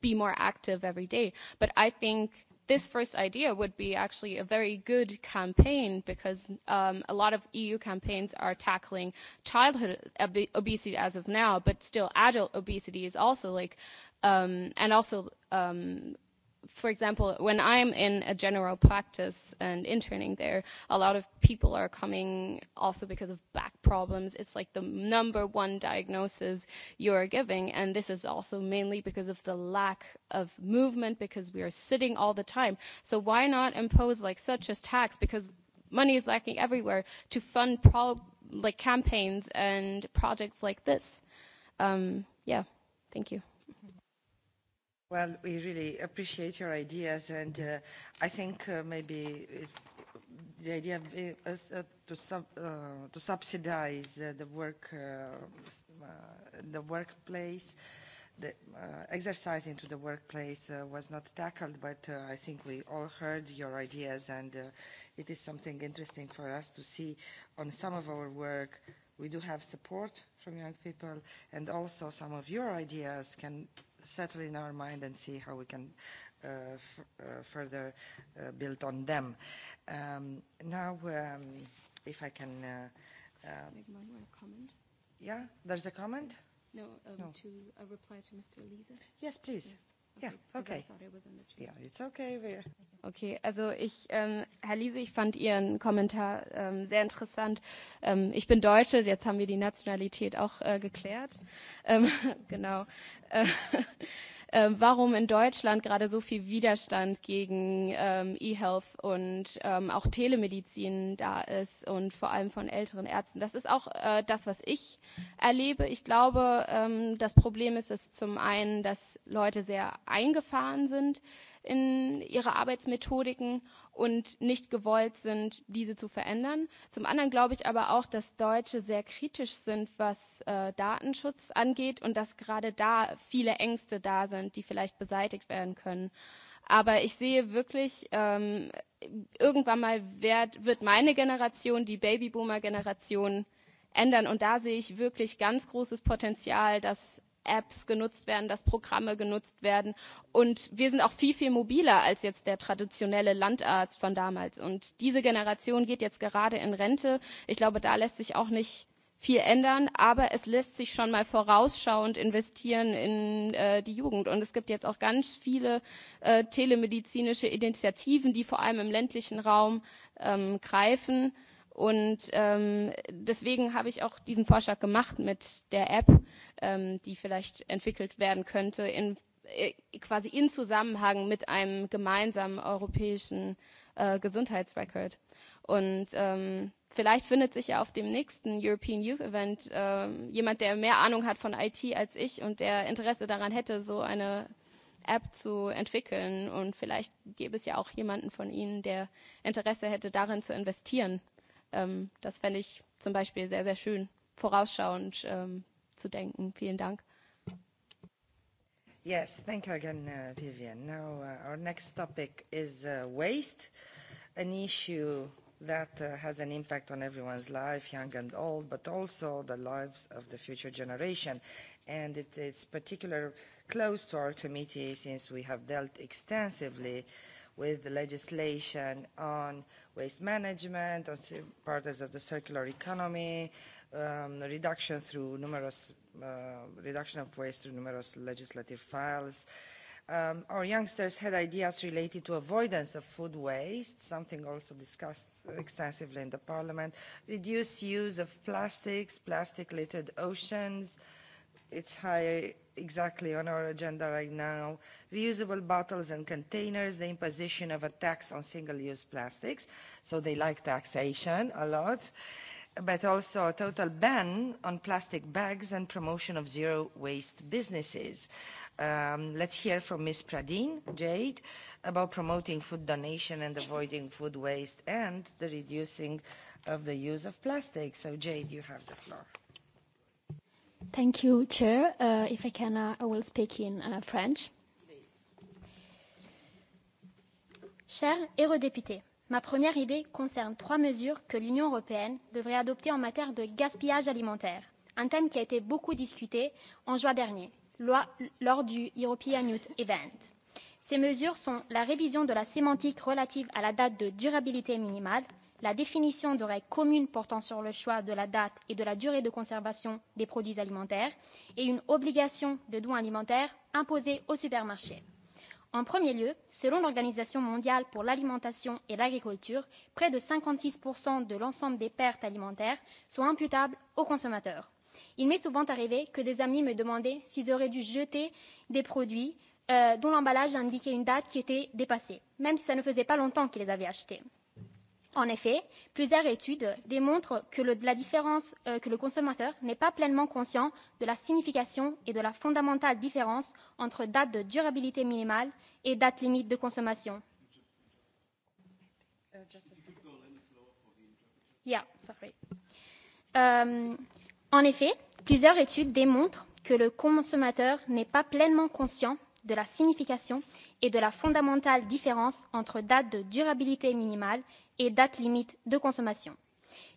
be more active every day. But I think this first idea would be actually a very good campaign because um, a lot of EU campaigns are tackling childhood ob- obesity as of now, but still adult obesity is also like, um, and also um, for example, when I'm in a general practice and interning there, a lot of people are coming also because of back problems. It's like the number one diagnosis you're giving. And this is also mainly because of the lack of movement because we are sitting all the time. So why not impose like such a tax because money is lacking everywhere to fund pro- like campaigns and projects like this? Um, yeah, thank you. Well, we really appreciate your ideas, and uh, I think uh, maybe it, the idea of, uh, to, sub, uh, to subsidize uh, the work, uh, uh, the workplace, the uh, exercise into the workplace uh, was not tackled. But uh, I think we all heard your ideas, and uh, it is something interesting for us to see on some of our work we do have support from young people, and also some of your ideas can settle in our mind and see how we can uh, f uh, further uh, build on them. Um, now, um, if I can... Uh, uh, Make one comment? Yeah, there's a comment? No, um, no. to a reply to Mr. Elisa. Yes, please. Yeah. Yeah, okay. Yeah, it's okay. We're... Okay, also ich, ähm, Herr Liese, ich fand Ihren Kommentar ähm, sehr interessant. Ähm, ich bin Deutsche, jetzt haben wir die Nationalität auch äh, geklärt. Ähm, genau. Äh, äh, warum in Deutschland gerade so viel Widerstand gegen ähm, E-Health und ähm, auch Telemedizin da ist und vor allem von älteren Ärzten. Das ist auch äh, das, was ich erlebe. Ich glaube, ähm, das Problem ist es zum einen, dass Leute sehr eingefahren sind in ihre Arbeitsmethodiken und nicht gewollt sind, diese zu verändern. Zum anderen glaube ich aber auch, dass Deutsche sehr kritisch sind, was äh, Datenschutz angeht und dass gerade da viele Ängste da sind, die vielleicht beseitigt werden können. Aber ich sehe wirklich, ähm, irgendwann mal wird, wird meine Generation, die Babyboomer-Generation, ändern. Und da sehe ich wirklich ganz großes Potenzial, dass Apps genutzt werden, dass Programme genutzt werden. Und wir sind auch viel, viel mobiler als jetzt der traditionelle Landarzt von damals. Und diese Generation geht jetzt gerade in Rente. Ich glaube, da lässt sich auch nicht viel ändern, aber es lässt sich schon mal vorausschauend investieren in äh, die Jugend. Und es gibt jetzt auch ganz viele äh, telemedizinische Initiativen, die vor allem im ländlichen Raum ähm, greifen. Und ähm, deswegen habe ich auch diesen Vorschlag gemacht mit der App, ähm, die vielleicht entwickelt werden könnte, in, äh, quasi in Zusammenhang mit einem gemeinsamen europäischen äh, Gesundheitsrecord. Und ähm, vielleicht findet sich ja auf dem nächsten European Youth Event äh, jemand, der mehr Ahnung hat von IT als ich und der Interesse daran hätte, so eine App zu entwickeln. Und vielleicht gäbe es ja auch jemanden von Ihnen, der Interesse hätte, darin zu investieren. Ähm, das fände ich zum Beispiel sehr, sehr schön, vorausschauend ähm, denken. Vielen Dank. Yes, thank you again, uh, Vivian. Now, uh, our next topic is uh, waste, an issue that uh, has an impact on everyone's life, young and old, but also the lives of the future generation. And it, it's particularly close to our committee since we have dealt extensively with the legislation on waste management, on parts of the circular economy, um, reduction through numerous uh, reduction of waste through numerous legislative files. Um, our youngsters had ideas related to avoidance of food waste, something also discussed extensively in the parliament, Reduced use of plastics, plastic-littered oceans. It's high exactly on our agenda right now, reusable bottles and containers, the imposition of a tax on single-use plastics. So they like taxation a lot. Uh, but also a total ban on plastic bags and promotion of zero-waste businesses. Um, let's hear from Ms. Pradine Jade about promoting food donation and avoiding food waste and the reducing of the use of plastic. So, Jade, you have the floor. Thank you, Chair. Uh, if I can, uh, I will speak in uh, French. Chers eurodéputés, Ma première idée concerne trois mesures que l'Union européenne devrait adopter en matière de gaspillage alimentaire, un thème qui a été beaucoup discuté en juin dernier lors du European Youth Event. Ces mesures sont la révision de la sémantique relative à la date de durabilité minimale, la définition de règles communes portant sur le choix de la date et de la durée de conservation des produits alimentaires et une obligation de don alimentaire imposée aux supermarchés. En premier lieu, selon l'Organisation mondiale pour l'alimentation et l'agriculture, près de 56% de l'ensemble des pertes alimentaires sont imputables aux consommateurs. Il m'est souvent arrivé que des amis me demandaient s'ils auraient dû jeter des produits euh, dont l'emballage indiquait une date qui était dépassée, même si ça ne faisait pas longtemps qu'ils les avaient achetés. En effet, plusieurs études démontrent que le, la différence, euh, que le consommateur n'est pas pleinement conscient de la signification et de la fondamentale différence entre date de durabilité minimale et date limite de consommation. Yeah, sorry. Euh, en effet, plusieurs études démontrent que le consommateur n'est pas pleinement conscient de la signification et de la fondamentale différence entre date de durabilité minimale et date limite de consommation.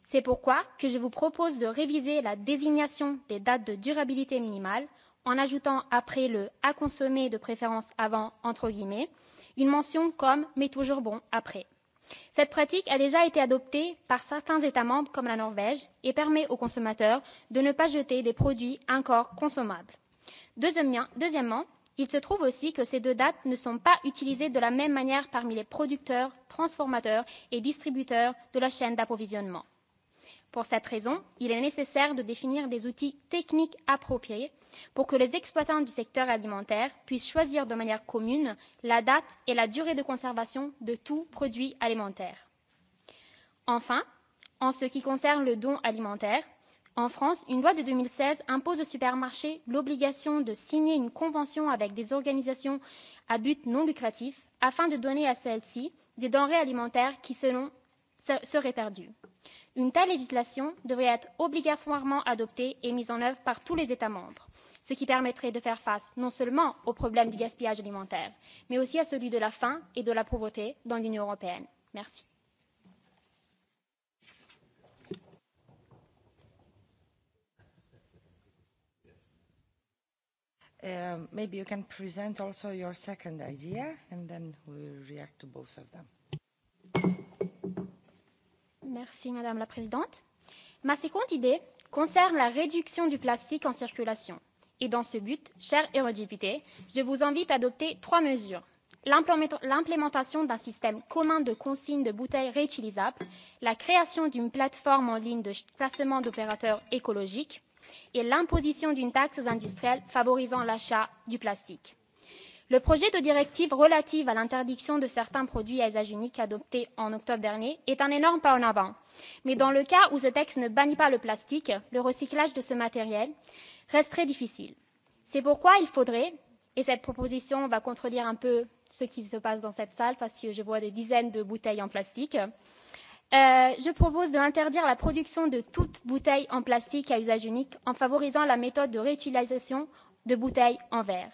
C'est pourquoi que je vous propose de réviser la désignation des dates de durabilité minimale en ajoutant après le à consommer de préférence avant entre guillemets une mention comme mais toujours bon après. Cette pratique a déjà été adoptée par certains États membres comme la Norvège et permet aux consommateurs de ne pas jeter des produits encore consommables. Deuxièmement, il se trouve aussi que ces deux dates ne sont pas utilisées de la même manière parmi les producteurs transformateurs et distributeurs de la chaîne d'approvisionnement. pour cette raison il est nécessaire de définir des outils techniques appropriés pour que les exploitants du secteur alimentaire puissent choisir de manière commune la date et la durée de conservation de tout produit alimentaire. enfin en ce qui concerne le don alimentaire En France, une loi de 2016 impose aux supermarchés l'obligation de signer une convention avec des organisations à but non lucratif afin de donner à celles-ci des denrées alimentaires qui, selon, seraient perdues. Une telle législation devrait être obligatoirement adoptée et mise en œuvre par tous les États membres, ce qui permettrait de faire face non seulement au problème du gaspillage alimentaire, mais aussi à celui de la faim et de la pauvreté dans l'Union européenne. Merci. maybe you can present also your second idea, and then we will react to both of them. Merci, Madame la Présidente. Ma seconde idée concerne la réduction du plastique en circulation. Et dans ce but, chers eurodéputés, je vous invite à adopter trois mesures. L'implémentation d'un système commun de consignes de bouteilles réutilisables, la création d'une plateforme en ligne de classement d'opérateurs écologiques et l'imposition d'une taxe aux industriels favorisant l'achat du plastique. Le projet de directive relative à l'interdiction de certains produits à usage unique adopté en octobre dernier est un énorme pas en avant. Mais dans le cas où ce texte ne bannit pas le plastique, le recyclage de ce matériel reste très difficile. C'est pourquoi il faudrait, et cette proposition va contredire un peu ce qui se passe dans cette salle parce que je vois des dizaines de bouteilles en plastique, je propose d'interdire la production de toute bouteille en plastique à usage unique en favorisant la méthode de réutilisation de bouteilles en verre.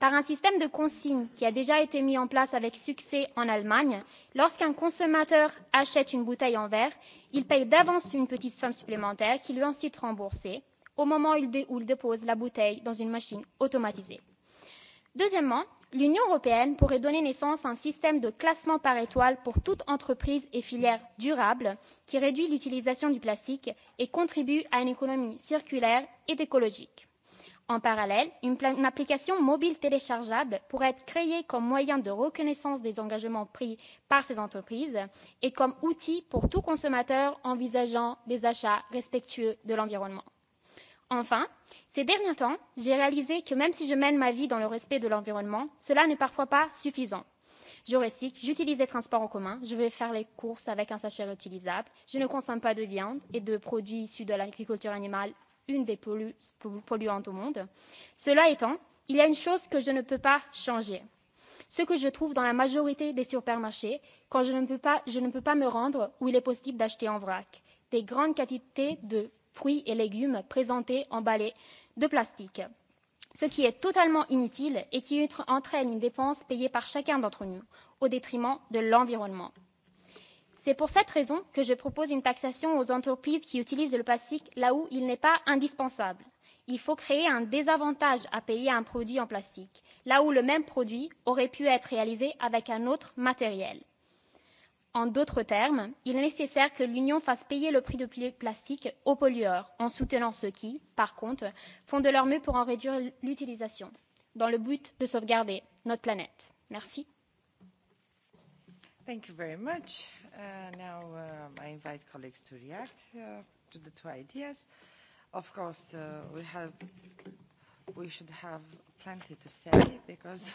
Par un système de consigne qui a déjà été mis en place avec succès en Allemagne, lorsqu'un consommateur achète une bouteille en verre, il paye d'avance une petite somme supplémentaire qui lui est ensuite remboursée au moment où il dépose la bouteille dans une machine automatisée. Deuxièmement, l'union européenne pourrait donner naissance à un système de classement par étoile pour toute entreprise et filière durable qui réduit l'utilisation du plastique et contribue à une économie circulaire et écologique. en parallèle une application mobile téléchargeable pourrait être créée comme moyen de reconnaissance des engagements pris par ces entreprises et comme outil pour tout consommateur envisageant des achats respectueux de l'environnement enfin ces derniers temps j'ai réalisé que même si je mène ma vie dans le respect de l'environnement cela n'est parfois pas suffisant je recycle j'utilise les transports en commun je vais faire les courses avec un sachet réutilisable je ne consomme pas de viande et de produits issus de l'agriculture animale une des plus polluantes au monde. cela étant il y a une chose que je ne peux pas changer ce que je trouve dans la majorité des supermarchés quand je ne peux pas me rendre où il est possible d'acheter en vrac des grandes quantités de fruits et légumes présentés emballés de plastique, ce qui est totalement inutile et qui entraîne une dépense payée par chacun d'entre nous au détriment de l'environnement. C'est pour cette raison que je propose une taxation aux entreprises qui utilisent le plastique là où il n'est pas indispensable. Il faut créer un désavantage à payer un produit en plastique, là où le même produit aurait pu être réalisé avec un autre matériel. En d'autres termes, il est nécessaire que l'Union fasse payer le prix de plastique aux pollueurs en soutenant ceux qui, par contre, font de leur mieux pour en réduire l'utilisation, dans le but de sauvegarder notre planète. Merci. Thank you very much. Uh, now uh, I invite colleagues to react uh, to the two ideas. Of course, uh, we have we should have plenty to say because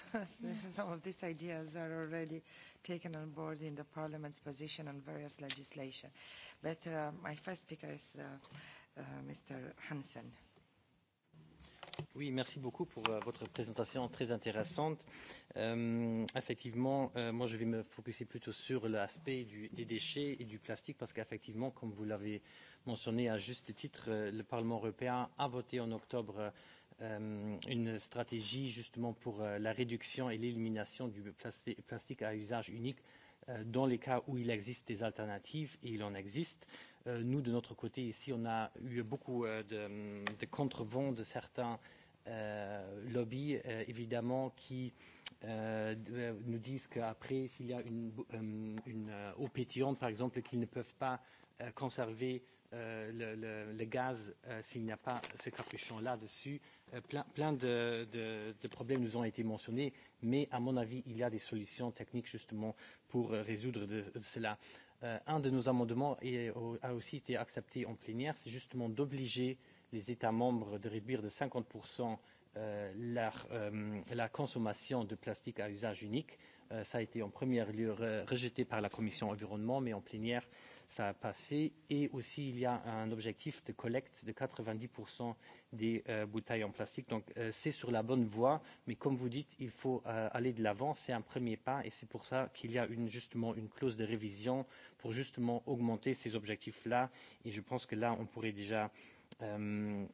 some of these ideas are already taken on board in the Parliament's position on various legislation. But uh, my first speaker is uh, uh, Mr. Hansen. Oui, merci beaucoup pour votre présentation très intéressante. Euh, effectivement, euh, moi je vais me focuser plutôt sur l'aspect des déchets et du plastique parce qu'effectivement, comme vous l'avez mentionné à juste titre, le Parlement européen a voté en octobre euh, euh, une stratégie justement pour euh, la réduction et l'élimination du plastique à usage unique euh, dans les cas où il existe des alternatives, et il en existe. Euh, Nous, de notre côté, ici, on a eu beaucoup euh, de, de contrevents de certains euh, lobbies, euh, évidemment, qui euh, nous disent qu'après, s'il y a une, euh, une eau pétillante, par exemple, qu'ils ne peuvent pas euh, conserver euh, euh, le, le, le gaz euh, s'il n'y a pas ce capuchon-là dessus. Euh, plein plein de, de, de problèmes nous ont été mentionnés, mais à mon avis, il y a des solutions techniques justement pour euh, résoudre de, de cela. Euh, un de nos amendements est, a aussi été accepté en plénière, c'est justement d'obliger les États membres de réduire de 50% euh, leur, euh, la consommation de plastique à usage unique. Euh, ça a été en premier lieu rejeté par la Commission environnement, mais en plénière, euh, ça a passé. Et aussi, il y a un objectif de collecte de 90% des euh, bouteilles en plastique. Donc, euh, c'est sur la bonne voie. Mais comme vous dites, il faut euh, aller de l'avant. C'est un premier pas. Et c'est pour ça qu'il y a une, justement une clause de révision pour justement augmenter ces objectifs-là. Et je pense que là, on pourrait déjà euh,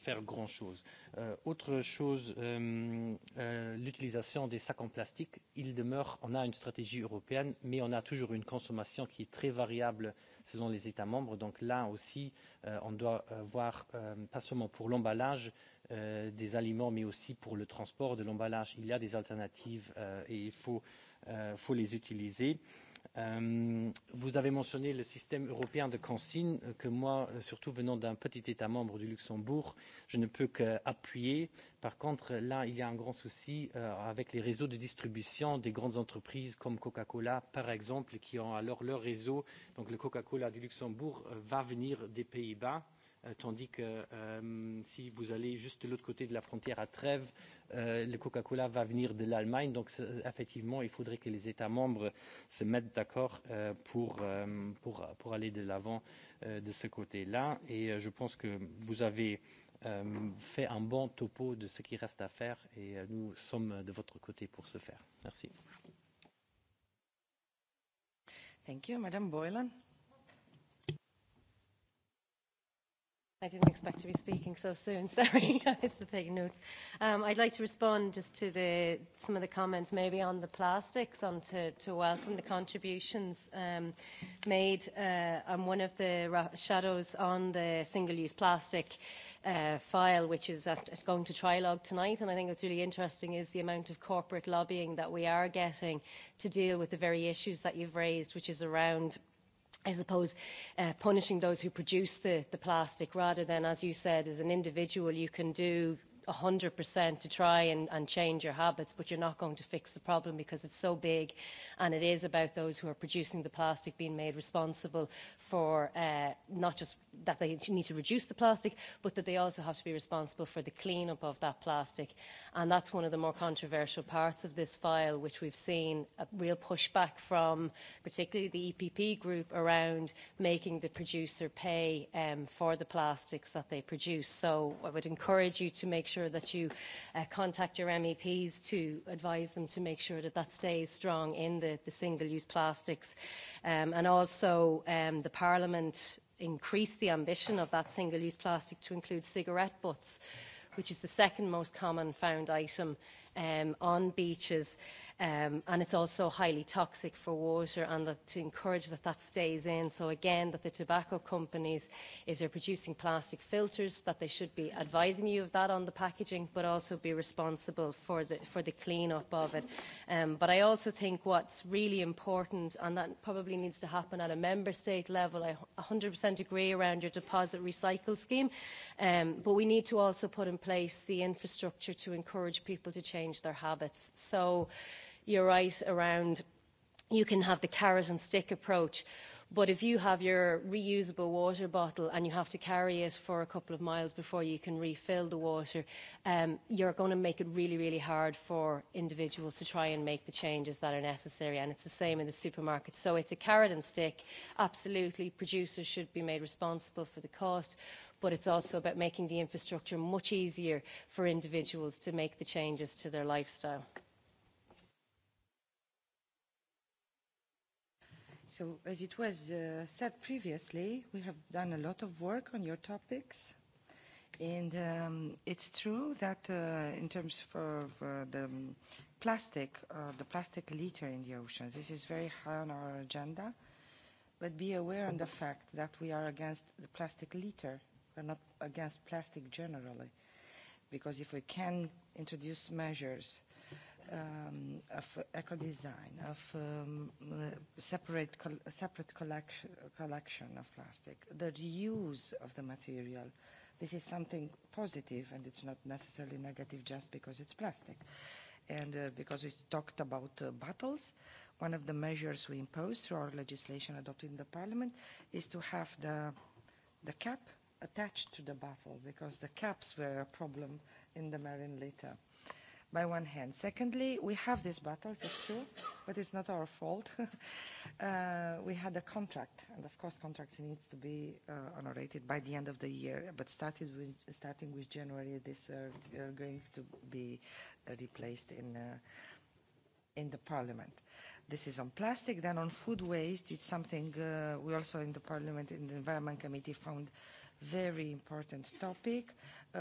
faire grand-chose. Euh, autre chose, euh, euh, l'utilisation des sacs en plastique, il demeure, on a une stratégie européenne, mais on a toujours une consommation qui est très variable selon les États membres. Donc là aussi, euh, on doit voir, euh, pas seulement pour l'emballage euh, des aliments, mais aussi pour le transport de l'emballage. Il y a des alternatives euh, et il faut, euh, faut les utiliser. Euh, vous avez mentionné le système européen de consigne que moi, surtout venant d'un petit État membre du Luxembourg, je ne peux qu'appuyer. Par contre, là, il y a un grand souci avec les réseaux de distribution des grandes entreprises comme Coca-Cola, par exemple, qui ont alors leur réseau. Donc le Coca-Cola du Luxembourg va venir des Pays-Bas tandis que euh, si vous allez juste de l'autre côté de la frontière à Trèves, euh, le Coca-Cola va venir de l'Allemagne. Donc, effectivement, il faudrait que les États membres se mettent d'accord euh, pour, euh, pour, pour aller de l'avant euh, de ce côté-là. Et euh, je pense que vous avez euh, fait un bon topo de ce qui reste à faire et euh, nous sommes de votre côté pour ce faire. Merci. Thank you, Madame Boylan. I didn't expect to be speaking so soon. Sorry, I was still taking notes. Um, I'd like to respond just to the, some of the comments maybe on the plastics and to, to welcome the contributions um, made. Uh, I'm one of the ra shadows on the single-use plastic uh, file, which is at, at going to trilogue tonight. And I think what's really interesting is the amount of corporate lobbying that we are getting to deal with the very issues that you've raised, which is around – I suppose, uh, punishing those who produce the, the plastic rather than, as you said, as an individual, you can do 100% to try and, and change your habits, but you're not going to fix the problem because it's so big and it is about those who are producing the plastic being made responsible for uh, not just that they need to reduce the plastic, but that they also have to be responsible for the cleanup of that plastic and that's one of the more controversial parts of this file which we've seen a real pushback from particularly the EPP group around making the producer pay um, for the plastics that they produce so I would encourage you to make sure that you uh, contact your MEPs to advise them to make sure that that stays strong in the, the single-use plastics um, and also um, the Parliament increased the ambition of that single-use plastic to include cigarette butts which is the second most common found item um, on beaches um, and it's also highly toxic for water and that to encourage that that stays in. So again, that the tobacco companies, if they're producing plastic filters, that they should be advising you of that on the packaging, but also be responsible for the, for the cleanup of it. Um, but I also think what's really important, and that probably needs to happen at a member state level, I 100% agree around your deposit recycle scheme, um, but we need to also put in place the infrastructure to encourage people to change their habits. So you're right around you can have the carrot and stick approach but if you have your reusable water bottle and you have to carry it for a couple of miles before you can refill the water um, you're going to make it really really hard for individuals to try and make the changes that are necessary and it's the same in the supermarket so it's a carrot and stick absolutely producers should be made responsible for the cost but it's also about making the infrastructure much easier for individuals to make the changes to their lifestyle So as it was uh, said previously, we have done a lot of work on your topics. And um, it's true that uh, in terms of uh, the plastic, uh, the plastic litter in the oceans, this is very high on our agenda. But be aware on the fact that we are against the plastic litter. We're not against plastic generally. Because if we can introduce measures um, of eco-design, of um, separate, col separate collection, collection of plastic, the reuse of the material, this is something positive and it's not necessarily negative just because it's plastic. And uh, because we talked about uh, bottles, one of the measures we imposed through our legislation adopted in the parliament is to have the, the cap attached to the bottle because the caps were a problem in the marine litter by one hand. Secondly, we have these battles, it's true, but it's not our fault. uh, we had a contract, and of course contracts needs to be uh, honorated by the end of the year, but started with, starting with January, this are, are going to be uh, replaced in, uh, in the parliament. This is on plastic. Then on food waste, it's something uh, we also in the parliament, in the environment committee, found very important topic. Uh,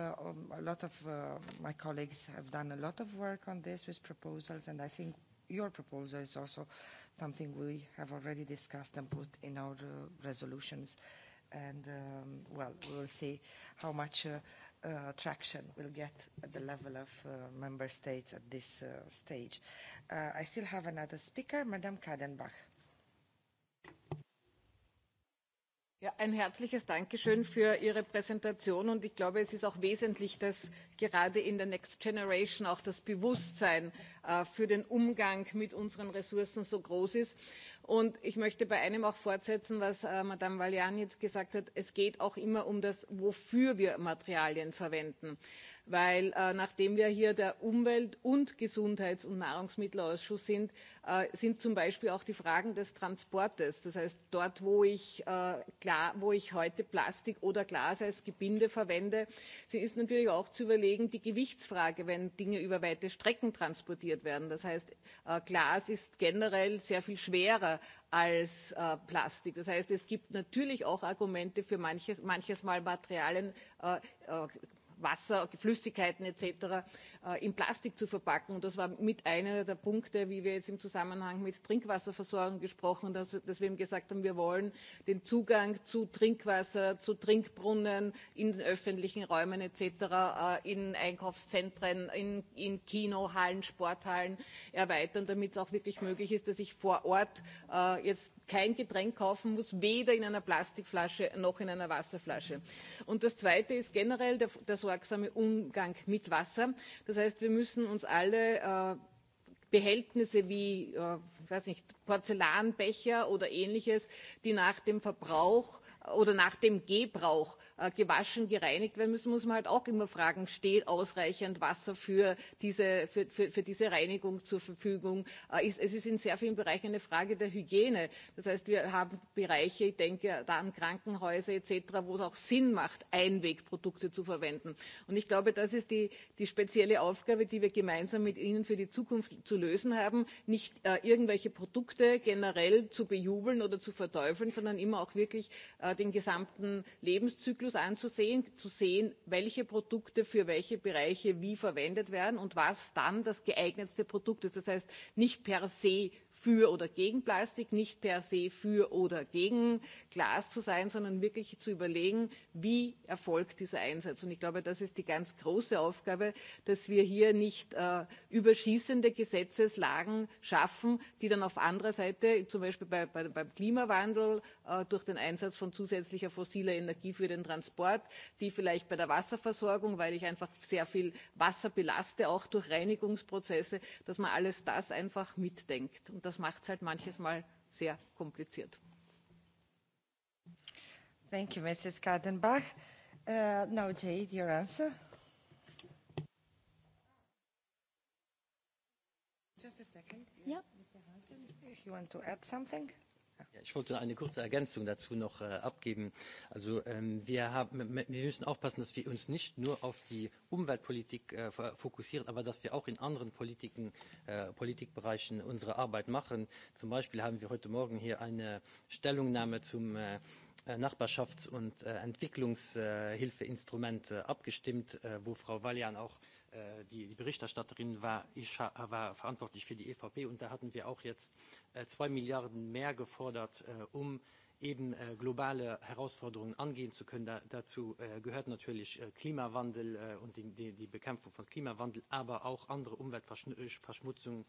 a lot of uh, my colleagues have done a lot of work on this with proposals, and I think your proposal is also something we have already discussed and put in our uh, resolutions. And, um, well, we will see how much uh, uh, traction we'll get at the level of uh, member states at this uh, stage. Uh, I still have another speaker, Madame Kadenbach. ein herzliches Dankeschön für Ihre Präsentation. Und ich glaube, es ist auch wesentlich, dass gerade in der Next Generation auch das Bewusstsein für den Umgang mit unseren Ressourcen so groß ist. Und ich möchte bei einem auch fortsetzen, was Madame Valian jetzt gesagt hat. Es geht auch immer um das, wofür wir Materialien verwenden. Denn nachdem wir hier der Umwelt- und Gesundheits- und Nahrungsmittelausschuss sind, sind zum Beispiel auch die Fragen des Transportes, das heißt dort, wo ich, heute Plastik oder Glas als Gebinde verwende, ist natürlich auch zu überlegen die Gewichtsfrage, wenn Dinge über weite Strecken transportiert werden. Das heißt, Glas ist generell sehr viel schwerer als Plastik. Das heißt, es gibt natürlich auch Argumente für manches Mal Materialien Wasser, Flüssigkeiten etc in Plastik zu verpacken. Und das war mit einer der Punkte, wie wir jetzt im Zusammenhang mit Trinkwasserversorgung gesprochen haben, dass, dass wir eben gesagt haben, wir wollen den Zugang zu Trinkwasser, zu Trinkbrunnen in den öffentlichen Räumen etc., in Einkaufszentren, in, in Kinohallen, Sporthallen erweitern, damit es auch wirklich möglich ist, dass ich vor Ort jetzt kein Getränk kaufen muss, weder in einer Plastikflasche noch in einer Wasserflasche. Und das Zweite ist generell der, der sorgsame Umgang mit Wasser. Das heißt, wir müssen uns alle Behältnisse wie weiß nicht, Porzellanbecher oder ähnliches, die nach dem Verbrauch oder nach dem Gebrauch gewaschen, gereinigt werden müssen, muss man halt auch immer fragen, steht ausreichend Wasser für diese, für, für, für diese Reinigung zur Verfügung? Ist, es ist in sehr vielen Bereichen eine Frage der Hygiene. Das heißt, wir haben Bereiche, ich denke da an Krankenhäuser etc., wo es auch Sinn macht, Einwegprodukte zu verwenden. Und ich glaube, das ist die, die spezielle Aufgabe, die wir gemeinsam mit Ihnen für die Zukunft zu lösen haben, nicht äh, irgendwelche Produkte generell zu bejubeln oder zu verteufeln, sondern immer auch wirklich äh, den gesamten Lebenszyklus reviews anzusehen, zu sehen, welche Produkte für welche Bereiche wie verwendet werden und was dann das geeignetste Produkt ist. Das heißt, nicht per se für oder gegen Plastik, nicht per se für oder gegen Glas zu sein, sondern wirklich zu überlegen, wie erfolgt dieser Einsatz. Und ich glaube, das ist die ganz große Aufgabe, dass wir hier nicht äh, überschießende Gesetzeslagen schaffen, die dann auf anderer Seite, zum Beispiel bei, bei, beim Klimawandel, äh, durch den Einsatz von zusätzlicher fossiler Energie für den Transport, die vielleicht bei der Wasserversorgung, weil ich einfach sehr viel Wasser belaste, auch durch Reinigungsprozesse, dass man alles das einfach mitdenkt. Und das macht es halt manches Mal sehr kompliziert. Thank you, Mrs. Kadenbach. Uh, now, Jade, your answer. Just a second. Yeah. Mr. Hansen, if you want to add something ich wollte eine kurze Ergänzung dazu noch abgeben. Also wir, müssen aufpassen, dass wir uns nicht nur auf die Umweltpolitik fokussieren, aber dass wir auch in anderen Politikbereichen unsere Arbeit machen. Zum Beispiel haben wir heute Morgen hier eine Stellungnahme zum Nachbarschafts- und Entwicklungshilfeinstrument abgestimmt, wo Frau Valian auch die, die Berichterstatterin war, ich, war verantwortlich für die EVP und da hatten wir auch jetzt zwei Milliarden mehr gefordert, um eben äh, globale Herausforderungen angehen zu können. Da, dazu äh, gehört natürlich äh, Klimawandel äh, und die, die, die Bekämpfung von Klimawandel, aber auch andere Umweltverschmutzungen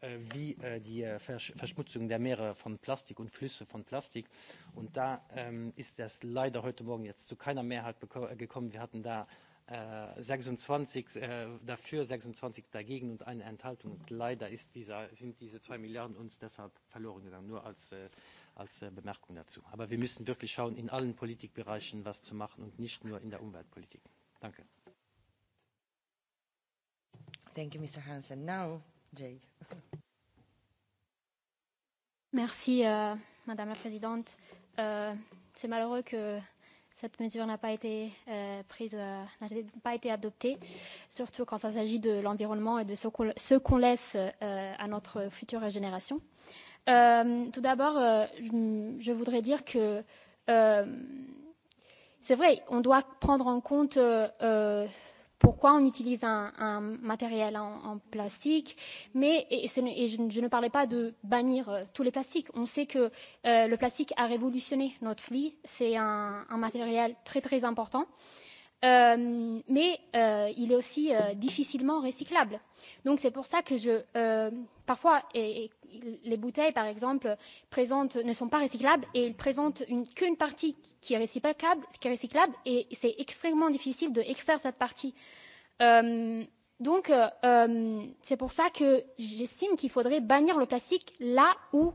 äh, wie äh, die Versch Verschmutzung der Meere von Plastik und Flüsse von Plastik. Und da ähm, ist das leider heute Morgen jetzt zu keiner Mehrheit gekommen. Wir hatten da 26 äh, dafür, 26 dagegen und eine Enthaltung. Und leider ist dieser, sind diese zwei Milliarden uns deshalb verloren gegangen, nur als, äh, als äh, Bemerkung dazu. Aber wir müssen wirklich schauen, in allen Politikbereichen was zu machen und nicht nur in der Umweltpolitik. Danke. Thank you, Mr. Hansen. Now, Jade. Merci, euh, Madame la Présidente. Euh, C'est malheureux que cette mesure n'a pas été euh, prise, euh, n'a pas été adoptée, surtout quand il s'agit de l'environnement et de ce qu'on, qu laisse euh, à notre future génération. Euh, tout d'abord, euh, je voudrais dire que euh, c'est vrai, on doit prendre en compte euh, pourquoi on utilise un, un matériel en, en plastique. Mais et, et, ce, et je, je ne parlais pas de bannir euh, tous les plastiques. On sait que euh, le plastique a révolutionné notre vie. C'est un, un matériel très très important. Euh, mais euh, il est aussi euh, difficilement recyclable. Donc c'est pour ça que je, euh, parfois et, et les bouteilles par exemple présentent, ne sont pas recyclables et elles présentent une, qu'une partie qui est recyclable, qui est recyclable et c'est extrêmement difficile de extraire cette partie. Euh, donc euh, c'est pour ça que j'estime qu'il faudrait bannir le plastique là où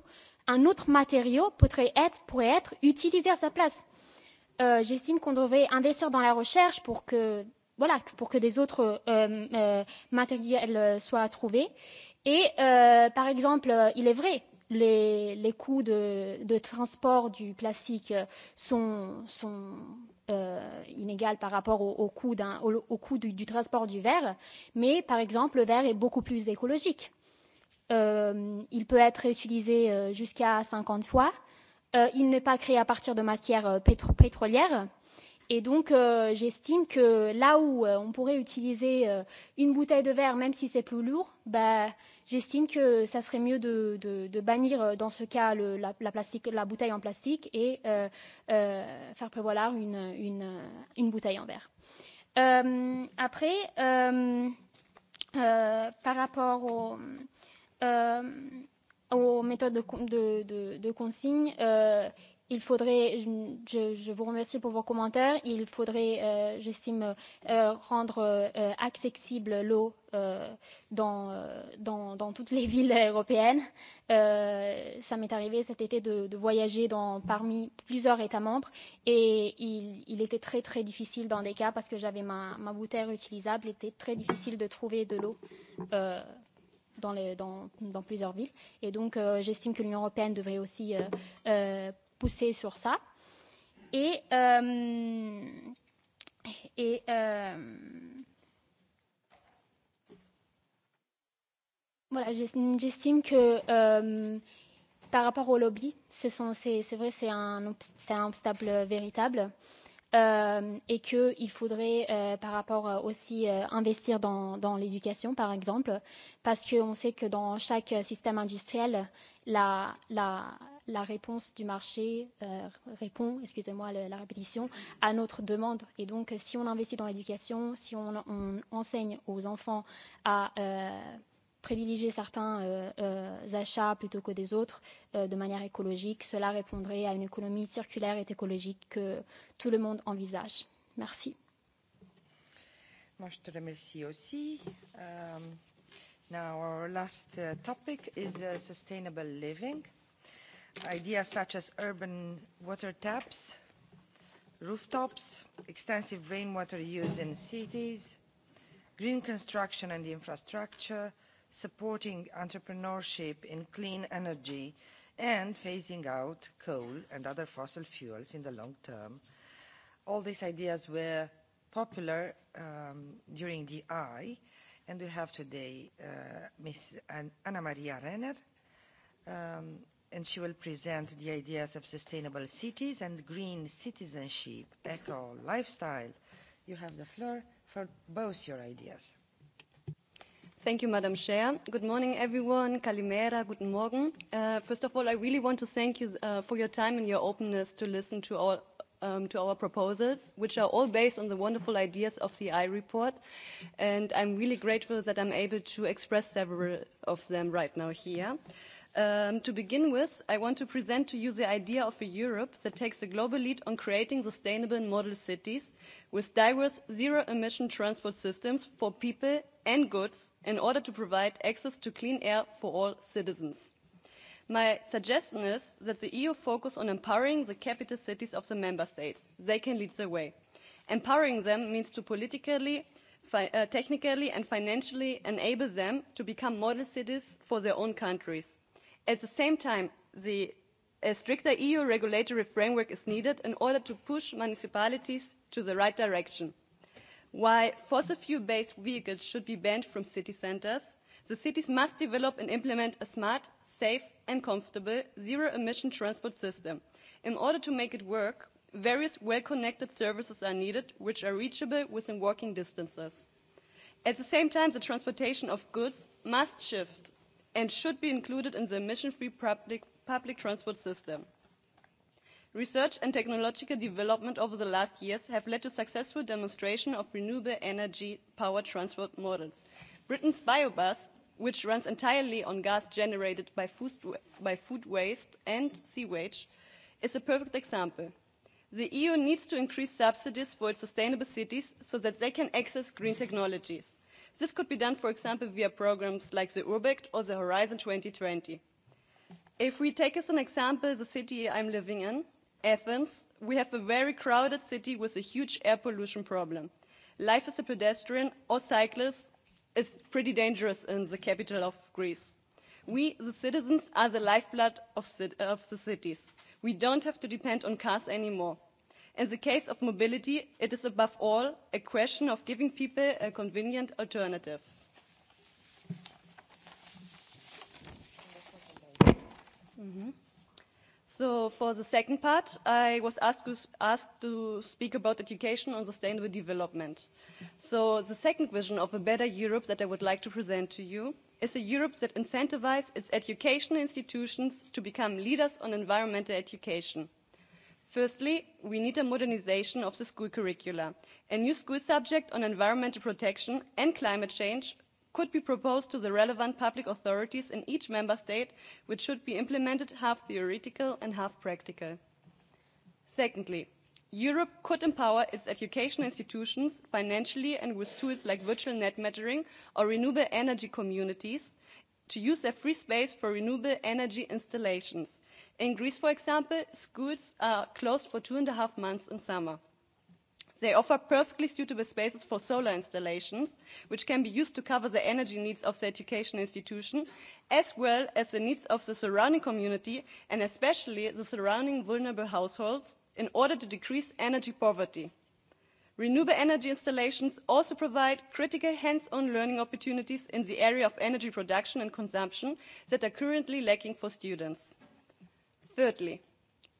un autre matériau pourrait être, pourrait être utilisé à sa place euh, j'estime qu'on devrait investir dans la recherche pour que, voilà, pour que des autres euh, euh, matériels soient trouvés. Et euh, par exemple, il est vrai, les, les coûts de, de transport du plastique sont, sont euh, inégaux par rapport au, au coût, au, au coût du, du transport du verre, mais par exemple, le verre est beaucoup plus écologique. Euh, il peut être utilisé jusqu'à 50 fois. Euh, euh, il n'est pas créé à partir de matières pétro pétrolières. Et donc, euh, j'estime que là où euh, on pourrait utiliser euh, une bouteille de verre, même si c'est plus lourd, bah, j'estime que ça serait mieux de, de, de bannir dans ce cas le, la, la, plastique, la bouteille en plastique et euh, euh, faire prévaloir une, une, une bouteille en verre. Euh, après, euh, euh, par rapport au. Euh, aux méthodes de, de, de, de consigne, euh, il faudrait, je, je vous remercie pour vos commentaires, il faudrait, euh, j'estime, euh, rendre euh, accessible l'eau euh, dans, dans, dans toutes les villes européennes. Euh, ça m'est arrivé cet été de, de voyager dans, parmi plusieurs États membres et il, il était très très difficile dans des cas parce que j'avais ma, ma bouteille utilisable, il était très difficile de trouver de l'eau. Euh, dans, les, dans, dans plusieurs villes. Et donc, euh, j'estime que l'Union européenne devrait aussi euh, euh, pousser sur ça. Et, euh, et euh, voilà, j'estime que euh, par rapport au lobby, ce sont, c'est, ce vrai, c'est un, c'est un obstacle véritable. Euh, euh, et qu'il faudrait, euh, par rapport euh, aussi, euh, investir dans, dans l'éducation, par exemple, parce qu'on sait que dans chaque système industriel, la, la, la réponse du marché euh, répond, excusez-moi la répétition, à notre demande. Et donc, si on investit dans l'éducation, si on, on enseigne aux enfants à... Euh, privilégier certains euh, euh, achats plutôt que des autres euh, de manière écologique. Cela répondrait à une économie circulaire et écologique que tout le monde envisage. Merci. Moi, je te remercie aussi. Um, now, our last uh, topic is uh, sustainable living. Ideas such as urban water taps, rooftops, extensive rainwater use in cities, green construction and infrastructure, supporting entrepreneurship in clean energy, and phasing out coal and other fossil fuels in the long term. All these ideas were popular um, during the I, and we have today uh, Ms. Anna Maria Renner, um, and she will present the ideas of sustainable cities and green citizenship, eco lifestyle. You have the floor for both your ideas. Thank you, Madam Chair. Good morning, everyone. Kalimera, guten Morgen. Uh, first of all, I really want to thank you uh, for your time and your openness to listen to our, um, to our proposals, which are all based on the wonderful ideas of the I report. And I'm really grateful that I'm able to express several of them right now here. Um, to begin with, I want to present to you the idea of a Europe that takes a global lead on creating sustainable model cities with diverse zero-emission transport systems for people and goods in order to provide access to clean air for all citizens. My suggestion is that the EU focus on empowering the capital cities of the member states. They can lead the way. Empowering them means to politically, fi- uh, technically, and financially enable them to become model cities for their own countries. At the same time, the a stricter EU regulatory framework is needed in order to push municipalities to the right direction While fossil fuel-based vehicles should be banned from city centres, the cities must develop and implement a smart, safe and comfortable zero-emission transport system. In order to make it work, various well-connected services are needed which are reachable within walking distances. At the same time, the transportation of goods must shift and should be included in the emission-free public, public transport system research and technological development over the last years have led to successful demonstration of renewable energy power transport models. britain's biobus which runs entirely on gas generated by food, waste and sewage is a perfect example. the eu needs to increase subsidies for its sustainable cities so that they can access green technologies. this could be done for example via programmes like the urbex or the horizon two thousand and twenty if we take as an example the city I'm living in, athens we have a very crowded city with a huge air pollution problem. life as a pedestrian or cyclist is pretty dangerous in the capital of greece. we the citizens are the lifeblood of, of the cities. we don't have to depend on cars anymore. in the case of mobility it is above all a question of giving people a convenient alternative. Mm-hmm. So for the second part, I was asked to, asked to speak about education and sustainable development. So the second vision of a better Europe that I would like to present to you is a Europe that incentivizes its educational institutions to become leaders on environmental education. Firstly, we need a modernization of the school curricula, a new school subject on environmental protection and climate change could be proposed to the relevant public authorities in each member state which should be implemented half theoretical and half practical. secondly europe could empower its education institutions financially and with tools like virtual net metering or renewable energy communities to use their free space for renewable energy installations. in greece for example schools are closed for two and a half months in summer. They offer perfectly suitable spaces for solar installations, which can be used to cover the energy needs of the education institution, as well as the needs of the surrounding community and especially the surrounding vulnerable households in order to decrease energy poverty. Renewable energy installations also provide critical hands-on learning opportunities in the area of energy production and consumption that are currently lacking for students. Thirdly,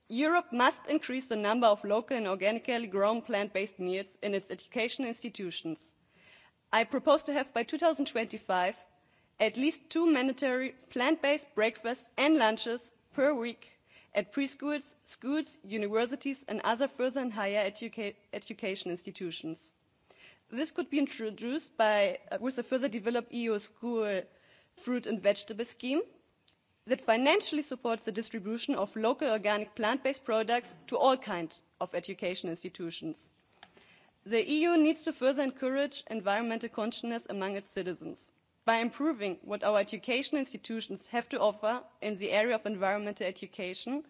europe must increase the number of local and organically grown plant based meals in its education institutions. i propose to have by two thousand and twenty five at least two mandatory plant based breakfasts and lunches per week at preschools schools universities and other further and higher education institutions. this could be introduced with a further developed eu school fruit and vegetable scheme that financially supports the distribution of local organic plant-based products to all kinds of education institutions. The EU needs to further encourage environmental consciousness among its citizens by improving what our education institutions have to offer in the area of environmental education.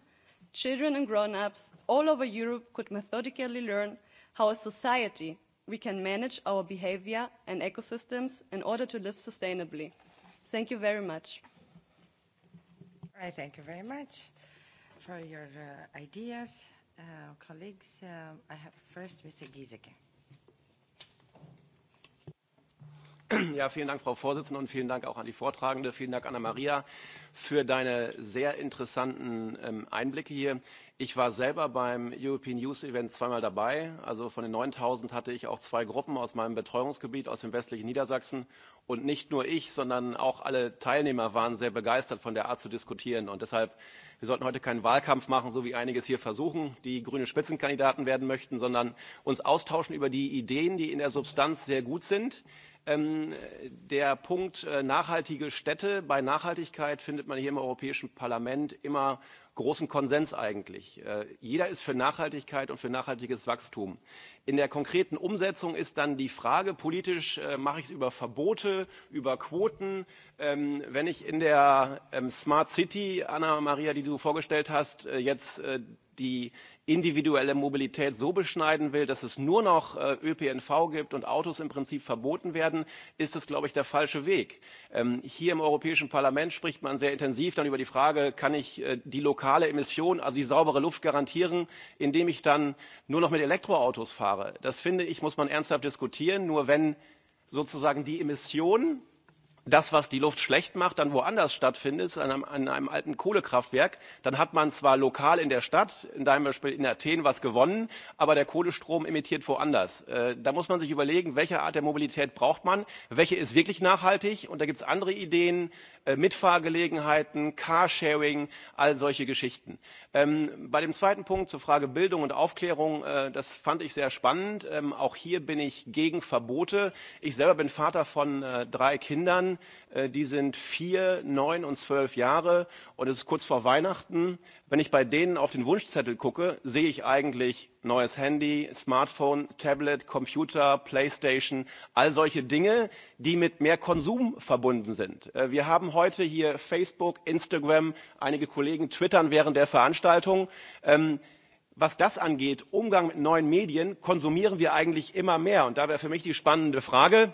Children and grown-ups all over Europe could methodically learn how as society we can manage our behaviour and ecosystems in order to live sustainably. Thank you very much. I thank you very much for your uh, ideas, uh, colleagues. Uh, I have first Mr. Giesecke. Ja, vielen Dank, Frau Vorsitzende, und vielen Dank auch an die Vortragende. Vielen Dank, Anna-Maria, für deine sehr interessanten ähm, Einblicke hier. Ich war selber beim European Youth Event zweimal dabei. Also von den 9000 hatte ich auch zwei Gruppen aus meinem Betreuungsgebiet aus dem westlichen Niedersachsen. Und nicht nur ich, sondern auch alle Teilnehmer waren sehr begeistert von der Art zu diskutieren. Und deshalb, wir sollten heute keinen Wahlkampf machen, so wie einiges hier versuchen, die grüne Spitzenkandidaten werden möchten, sondern uns austauschen über die Ideen, die in der Substanz sehr gut sind der Punkt nachhaltige Städte. Bei Nachhaltigkeit findet man hier im Europäischen Parlament immer großen Konsens eigentlich. Jeder ist für Nachhaltigkeit und für nachhaltiges Wachstum. In der konkreten Umsetzung ist dann die Frage politisch, mache ich es über Verbote, über Quoten? Wenn ich in der Smart City, Anna Maria, die du vorgestellt hast, jetzt die individuelle Mobilität so beschneiden will, dass es nur noch ÖPNV gibt und Autos im Prinzip verboten werden, ist das, glaube ich, der falsche Weg. Hier im Europäischen Parlament spricht man sehr intensiv dann über die Frage, kann ich die lokale Emission, also die saubere Luft garantieren, indem ich dann nur noch mit Elektroautos fahre. Das finde ich, muss man ernsthaft diskutieren. Nur wenn sozusagen die Emissionen das, was die Luft schlecht macht, dann woanders stattfindet, an einem, an einem alten Kohlekraftwerk, dann hat man zwar lokal in der Stadt, in deinem Beispiel in Athen, was gewonnen, aber der Kohlestrom emittiert woanders. Äh, da muss man sich überlegen, welche Art der Mobilität braucht man, welche ist wirklich nachhaltig und da gibt es andere Ideen, äh, Mitfahrgelegenheiten, Carsharing, all solche Geschichten. Ähm, bei dem zweiten Punkt zur Frage Bildung und Aufklärung, äh, das fand ich sehr spannend. Ähm, auch hier bin ich gegen Verbote. Ich selber bin Vater von äh, drei Kindern Die sind vier, neun und zwölf Jahre und es ist kurz vor Weihnachten. Wenn ich bei denen auf den Wunschzettel gucke, sehe ich eigentlich neues Handy, Smartphone, Tablet, Computer, Playstation, all solche Dinge, die mit mehr Konsum verbunden sind. Wir haben heute hier Facebook, Instagram, einige Kollegen twittern während der Veranstaltung. Was das angeht, Umgang mit neuen Medien, konsumieren wir eigentlich immer mehr. Und da wäre für mich die spannende Frage,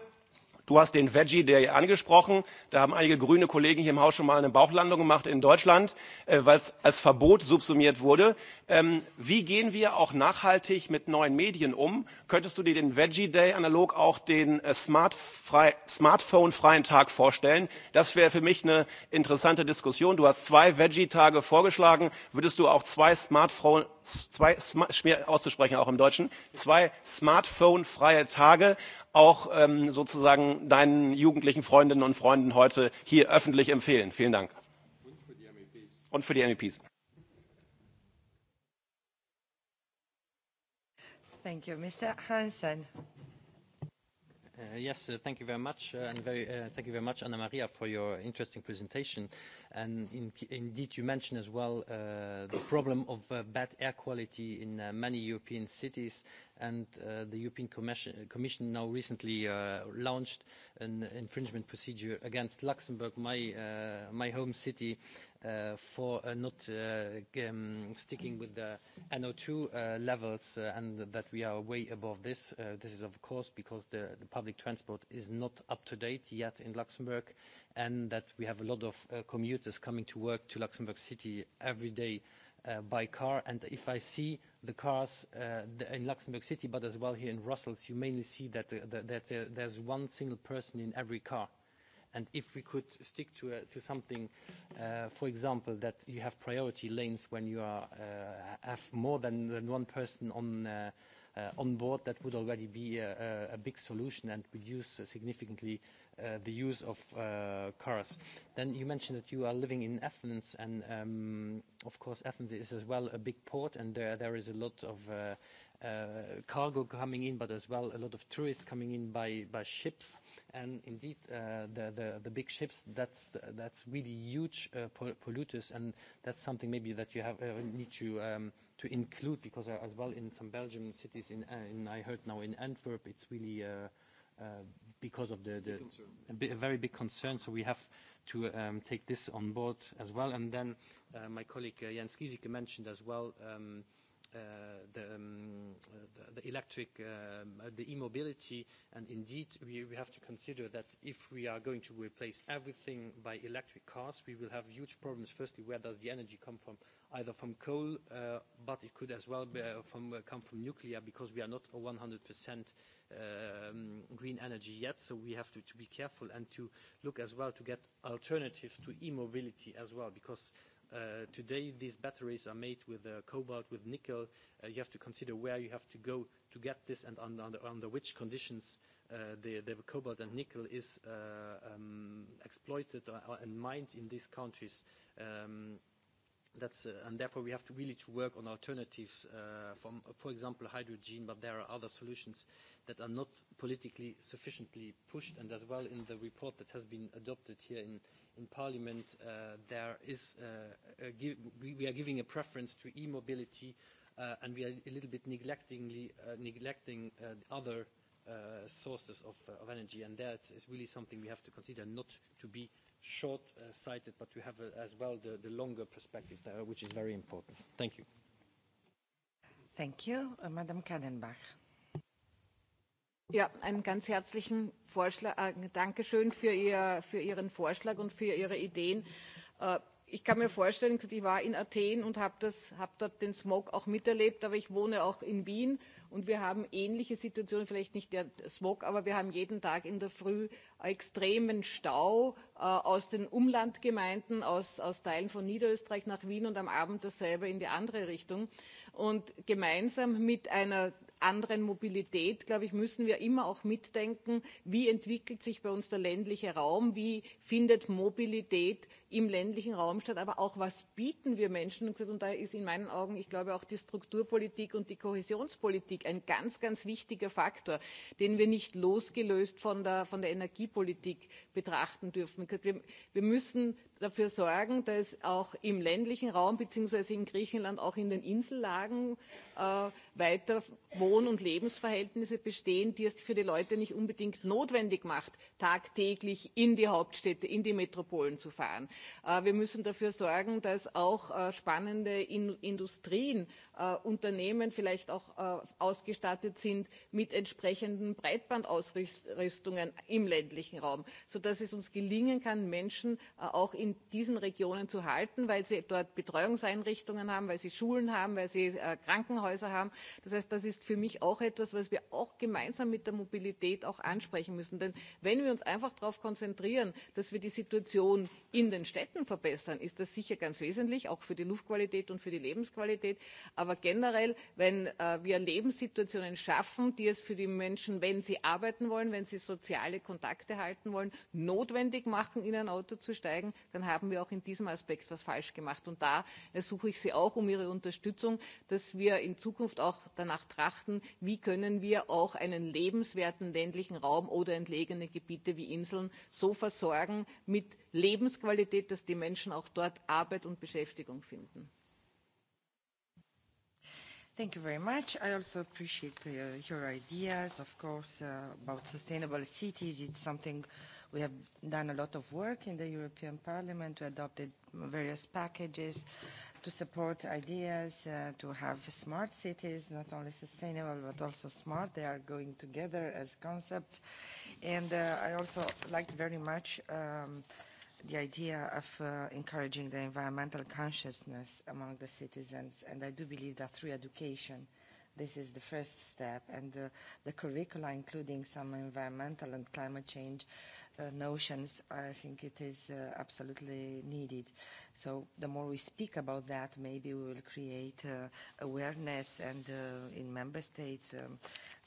Du hast den Veggie Day angesprochen. Da haben einige grüne Kollegen hier im Haus schon mal eine Bauchlandung gemacht in Deutschland, weil es als Verbot subsumiert wurde. Wie gehen wir auch nachhaltig mit neuen Medien um? Könntest du dir den Veggie Day analog auch den Smartphone-freien Tag vorstellen? Das wäre für mich eine interessante Diskussion. Du hast zwei Veggie-Tage vorgeschlagen. Würdest du auch zwei Smartphone, zwei, schwer auszusprechen auch im Deutschen, zwei Smartphone-freie Tage auch ähm, sozusagen deinen jugendlichen Freundinnen und Freunden heute hier öffentlich empfehlen? Vielen Dank. Und für die MEPs. Thank you, Mr. Hansen. Yes, uh thank you very much, Uh and very uh thank you very much, Anna Maria, for your interesting presentation. And in indeed, you mentioned as well uh the problem of uh bad air quality in uh many European cities, and uh the European Commission Commission now recently uh launched an infringement procedure against Luxembourg, my uh my home city, uh, for uh, not uh, um, sticking with the NO2 uh, levels uh, and that we are way above this. Uh, this is of course because the, the public transport is not up to date yet in Luxembourg and that we have a lot of uh, commuters coming to work to Luxembourg City every day uh, by car. And if I see the cars uh, the, in Luxembourg City, but as well here in Brussels, you mainly see that, the that uh, there's one single person in every car And if we could stick to, uh, to something, uh, for example, that you have priority lanes when you are, uh, have more than, than one person on, uh, uh, on board, that would already be a, a, a big solution and reduce uh, significantly uh, the use of uh, cars. Then you mentioned that you are living in Athens, and um, of course Athens is as well a big port, and there, there is a lot of uh, uh, cargo coming in, but as well a lot of tourists coming in by, by ships. And indeed, uh, the, the, the big ships, that's, that's really huge uh, polluters, and that's something maybe that you have, uh, need to, um, to include, because uh, as well in some Belgian cities, in, uh, in, I heard now in Antwerp, it's really uh, uh, because of the, the a, a very big concern, so we have to um, take this on board as well. And then uh, my colleague uh, Jens Giesecke mentioned as well um, – the electric, the e-mobility, and indeed, we have to consider that if we are going to replace everything by electric cars, we will have huge problems. Firstly, where does the energy come from? Either from coal, but it could as well come from nuclear, because we are not 100% green energy yet, so we have to be careful and to look as well to get alternatives to e-mobility as well, because Uh, today, these batteries are made with uh, cobalt, with nickel. Uh, you have to consider where you have to go to get this and under, under, under which conditions uh, the, the cobalt and nickel is uh, um, exploited or, and mined in these countries. Um, That's, uh, and therefore we have to really to work on alternatives uh, from, uh, for example, hydrogen, but there are other solutions that are not politically sufficiently pushed. And as well in the report that has been adopted here in, in Parliament, uh, there is, uh, a give, we, we are giving a preference to e-mobility uh, and we are a little bit neglectingly, uh, neglecting uh, other uh, sources of, uh, of energy. And that is really something we have to consider not to be short-sighted, but we have as well the, the longer perspective there, which is very important. Thank you. Thank you. Madam Kadenbach. Ja, einen ganz herzlichen Vorschlag, äh, Dankeschön für, Ihr, für Ihren Vorschlag und für Ihre Ideen ich kann mir vorstellen, ich war in Athen und habe hab dort den Smog auch miterlebt, aber ich wohne auch in Wien und wir haben ähnliche Situationen, vielleicht nicht der Smog, aber wir haben jeden Tag in der Früh extremen Stau aus den Umlandgemeinden, aus, aus Teilen von Niederösterreich nach Wien und am Abend dasselbe in die andere Richtung. Und gemeinsam mit einer anderen Mobilität, glaube ich, müssen wir immer auch mitdenken, wie entwickelt sich bei uns der ländliche Raum, wie findet Mobilität im ländlichen Raum statt, aber auch was bieten wir Menschen. Und da ist in meinen Augen, ich glaube, auch die Strukturpolitik und die Kohäsionspolitik ein ganz, ganz wichtiger Faktor, den wir nicht losgelöst von der, von der Energiepolitik betrachten dürfen. Wir müssen dafür sorgen, dass auch im ländlichen Raum beziehungsweise in Griechenland auch in den Insellagen weiter Wohn- und Lebensverhältnisse bestehen, die es für die Leute nicht unbedingt notwendig macht, tagtäglich in die Hauptstädte, in die Metropolen zu fahren. Wir müssen dafür sorgen, dass auch spannende Industrien, Unternehmen vielleicht auch ausgestattet sind mit entsprechenden Breitbandausrüstungen im ländlichen Raum, sodass es uns gelingen kann, Menschen auch in in diesen Regionen zu halten, weil sie dort Betreuungseinrichtungen haben, weil sie Schulen haben, weil sie Krankenhäuser haben. Das heißt, das ist für mich auch etwas, was wir auch gemeinsam mit der Mobilität auch ansprechen müssen. Denn wenn wir uns einfach darauf konzentrieren, dass wir die Situation in den Städten verbessern, ist das sicher ganz wesentlich, auch für die Luftqualität und für die Lebensqualität. Aber generell, wenn wir Lebenssituationen schaffen, die es für die Menschen, wenn sie arbeiten wollen, wenn sie soziale Kontakte halten wollen, notwendig machen, in ein Auto zu steigen, dann haben wir auch in diesem Aspekt etwas falsch gemacht. Und da ersuche ich Sie auch um Ihre Unterstützung, dass wir in Zukunft auch danach trachten, wie können wir auch einen lebenswerten ländlichen Raum oder entlegene Gebiete wie Inseln so versorgen mit Lebensqualität, dass die Menschen auch dort Arbeit und Beschäftigung finden. Thank you very much. I also appreciate uh, your ideas, of course, uh, about sustainable cities. It's something uh, We have done a lot of work in the European Parliament. to adopted various packages to support ideas, uh, to have smart cities, not only sustainable but also smart. They are going together as concepts. And uh, I also liked very much um, the idea of uh, encouraging the environmental consciousness among the citizens. And I do believe that through education, this is the first step. And uh, the curricula, including some environmental and climate change, uh, uh notions, I think it is uh, absolutely needed. So the more we speak about that, maybe we will create uh, awareness and uh, in member states, um,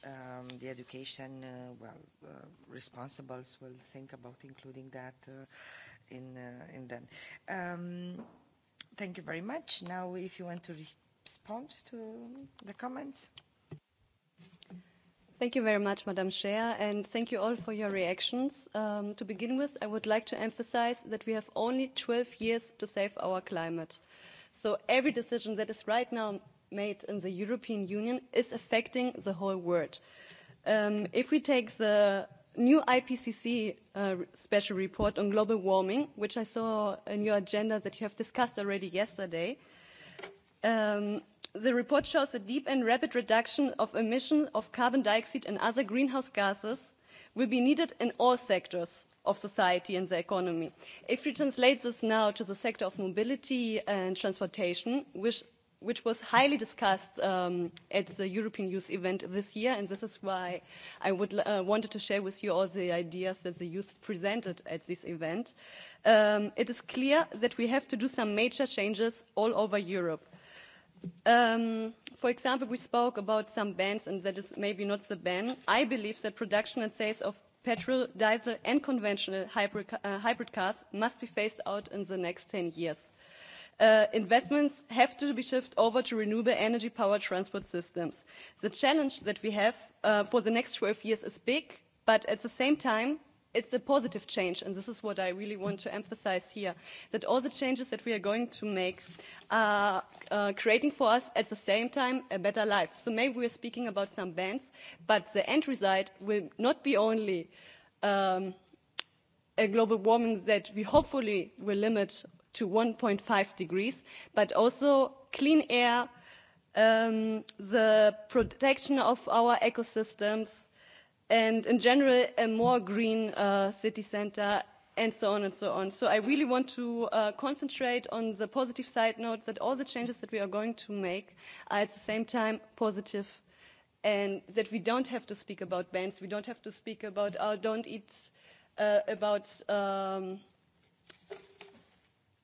um, the education, uh, well, uh, responsibles will think about including that uh, in, uh, in them. Um, thank you very much. Now, if you want to respond to the comments. Thank you very much, Madam Chair, and thank you all for your reactions. Um, to begin with, I would like to emphasize that we have only 12 years to save our climate. So every decision that is right now made in the European Union is affecting the whole world. Um, if we take the new IPCC uh, special report on global warming, which I saw in your agenda that you have discussed already yesterday, um, the report shows a deep and rapid reduction of emissions of carbon dioxide and other greenhouse gases will be needed in all sectors of society and the economy. If we translate this now to the sector of mobility and transportation, which, which was highly discussed um, at the European Youth event this year, and this is why I would, uh, wanted to share with you all the ideas that the youth presented at this event, um, it is clear that we have to do some major changes all over Europe Um, for example, we spoke about some bans, and that is maybe not the ban. I believe that production and sales of petrol, diesel, and conventional hybrid, uh, hybrid cars must be phased out in the next 10 years. Uh, investments have to be shifted over to renewable energy power transport systems. The challenge that we have uh, for the next 12 years is big, but at the same time, it's a positive change, and this is what I really want to emphasize here, that all the changes that we are going to make are uh, creating for us at the same time a better life. So maybe we're speaking about some bans, but the end result will not be only um, a global warming that we hopefully will limit to 1.5 degrees, but also clean air, um, the protection of our ecosystems, and in general a more green uh, city centre and so on and so on. So I really want to uh, concentrate on the positive side notes that all the changes that we are going to make are at the same time positive and that we don't have to speak about bans, we don't have to speak about our don't eat, uh, about, um,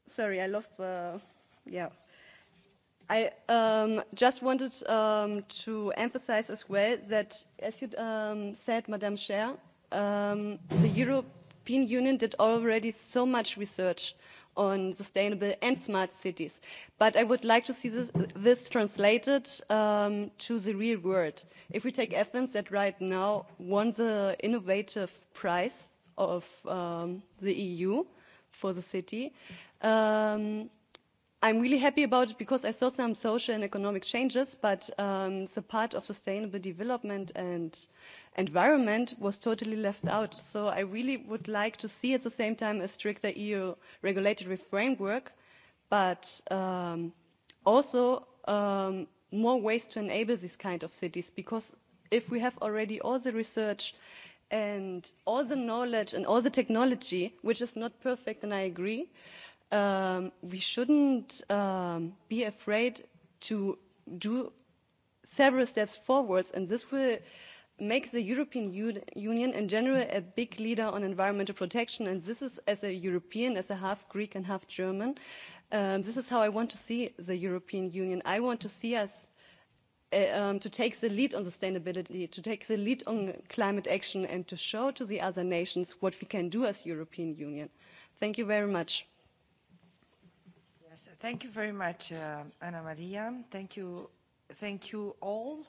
sorry, I lost the, yeah. I um, just wanted um, to emphasize as well that, as you um, said, Madam Chair, um, the European Union did already so much research on sustainable and smart cities. But I would like to see this, this translated um, to the real world. If we take Athens, that right now won the innovative prize of um, the EU for the city. Um, I'm really happy about it because I saw some social and economic changes, but um, the part of sustainable development and environment was totally left out. So I really would like to see at the same time a stricter EU regulatory framework, but um, also um, more ways to enable these kind of cities because if we have already all the research and all the knowledge and all the technology, which is not perfect, and I agree, um, we shouldn't um, be afraid to do several steps forwards, and this will make the European Union in general a big leader on environmental protection. And this is, as a European, as a half Greek and half German, um, this is how I want to see the European Union. I want to see us um, to take the lead on sustainability, to take the lead on climate action, and to show to the other nations what we can do as European Union. Thank you very much. Thank you very much, uh, Ana Maria. Thank you, thank you all.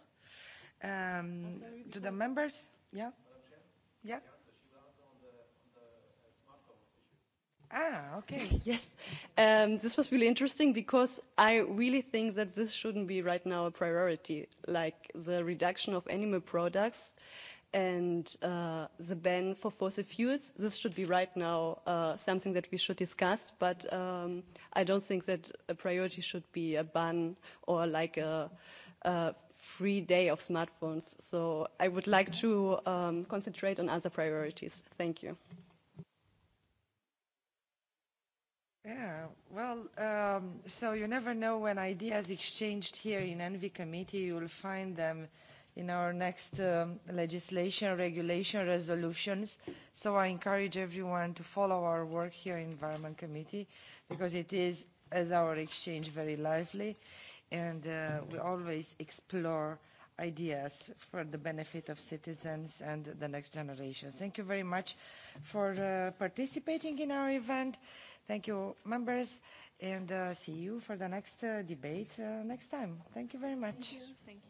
Um, to the members, yeah, yeah. Ah, okay. Yes. Um, this was really interesting because I really think that this shouldn't be right now a priority, like the reduction of animal products and uh, the ban for fossil fuels. This should be right now uh, something that we should discuss, but um, I don't think that a priority should be a ban or like a, a free day of smartphones. So I would like to um, concentrate on other priorities. Thank you. Yeah, well, um, so you never know when ideas exchanged here in Envy Committee, you will find them in our next um, legislation, regulation, resolutions. So I encourage everyone to follow our work here in Environment Committee because it is, as our exchange, very lively and uh, we always explore ideas for the benefit of citizens and the next generation. Thank you very much for uh, participating in our event. Thank you, members, and uh, see you for the next uh, debate uh, next time. Thank you very much. Thank you. Thank you.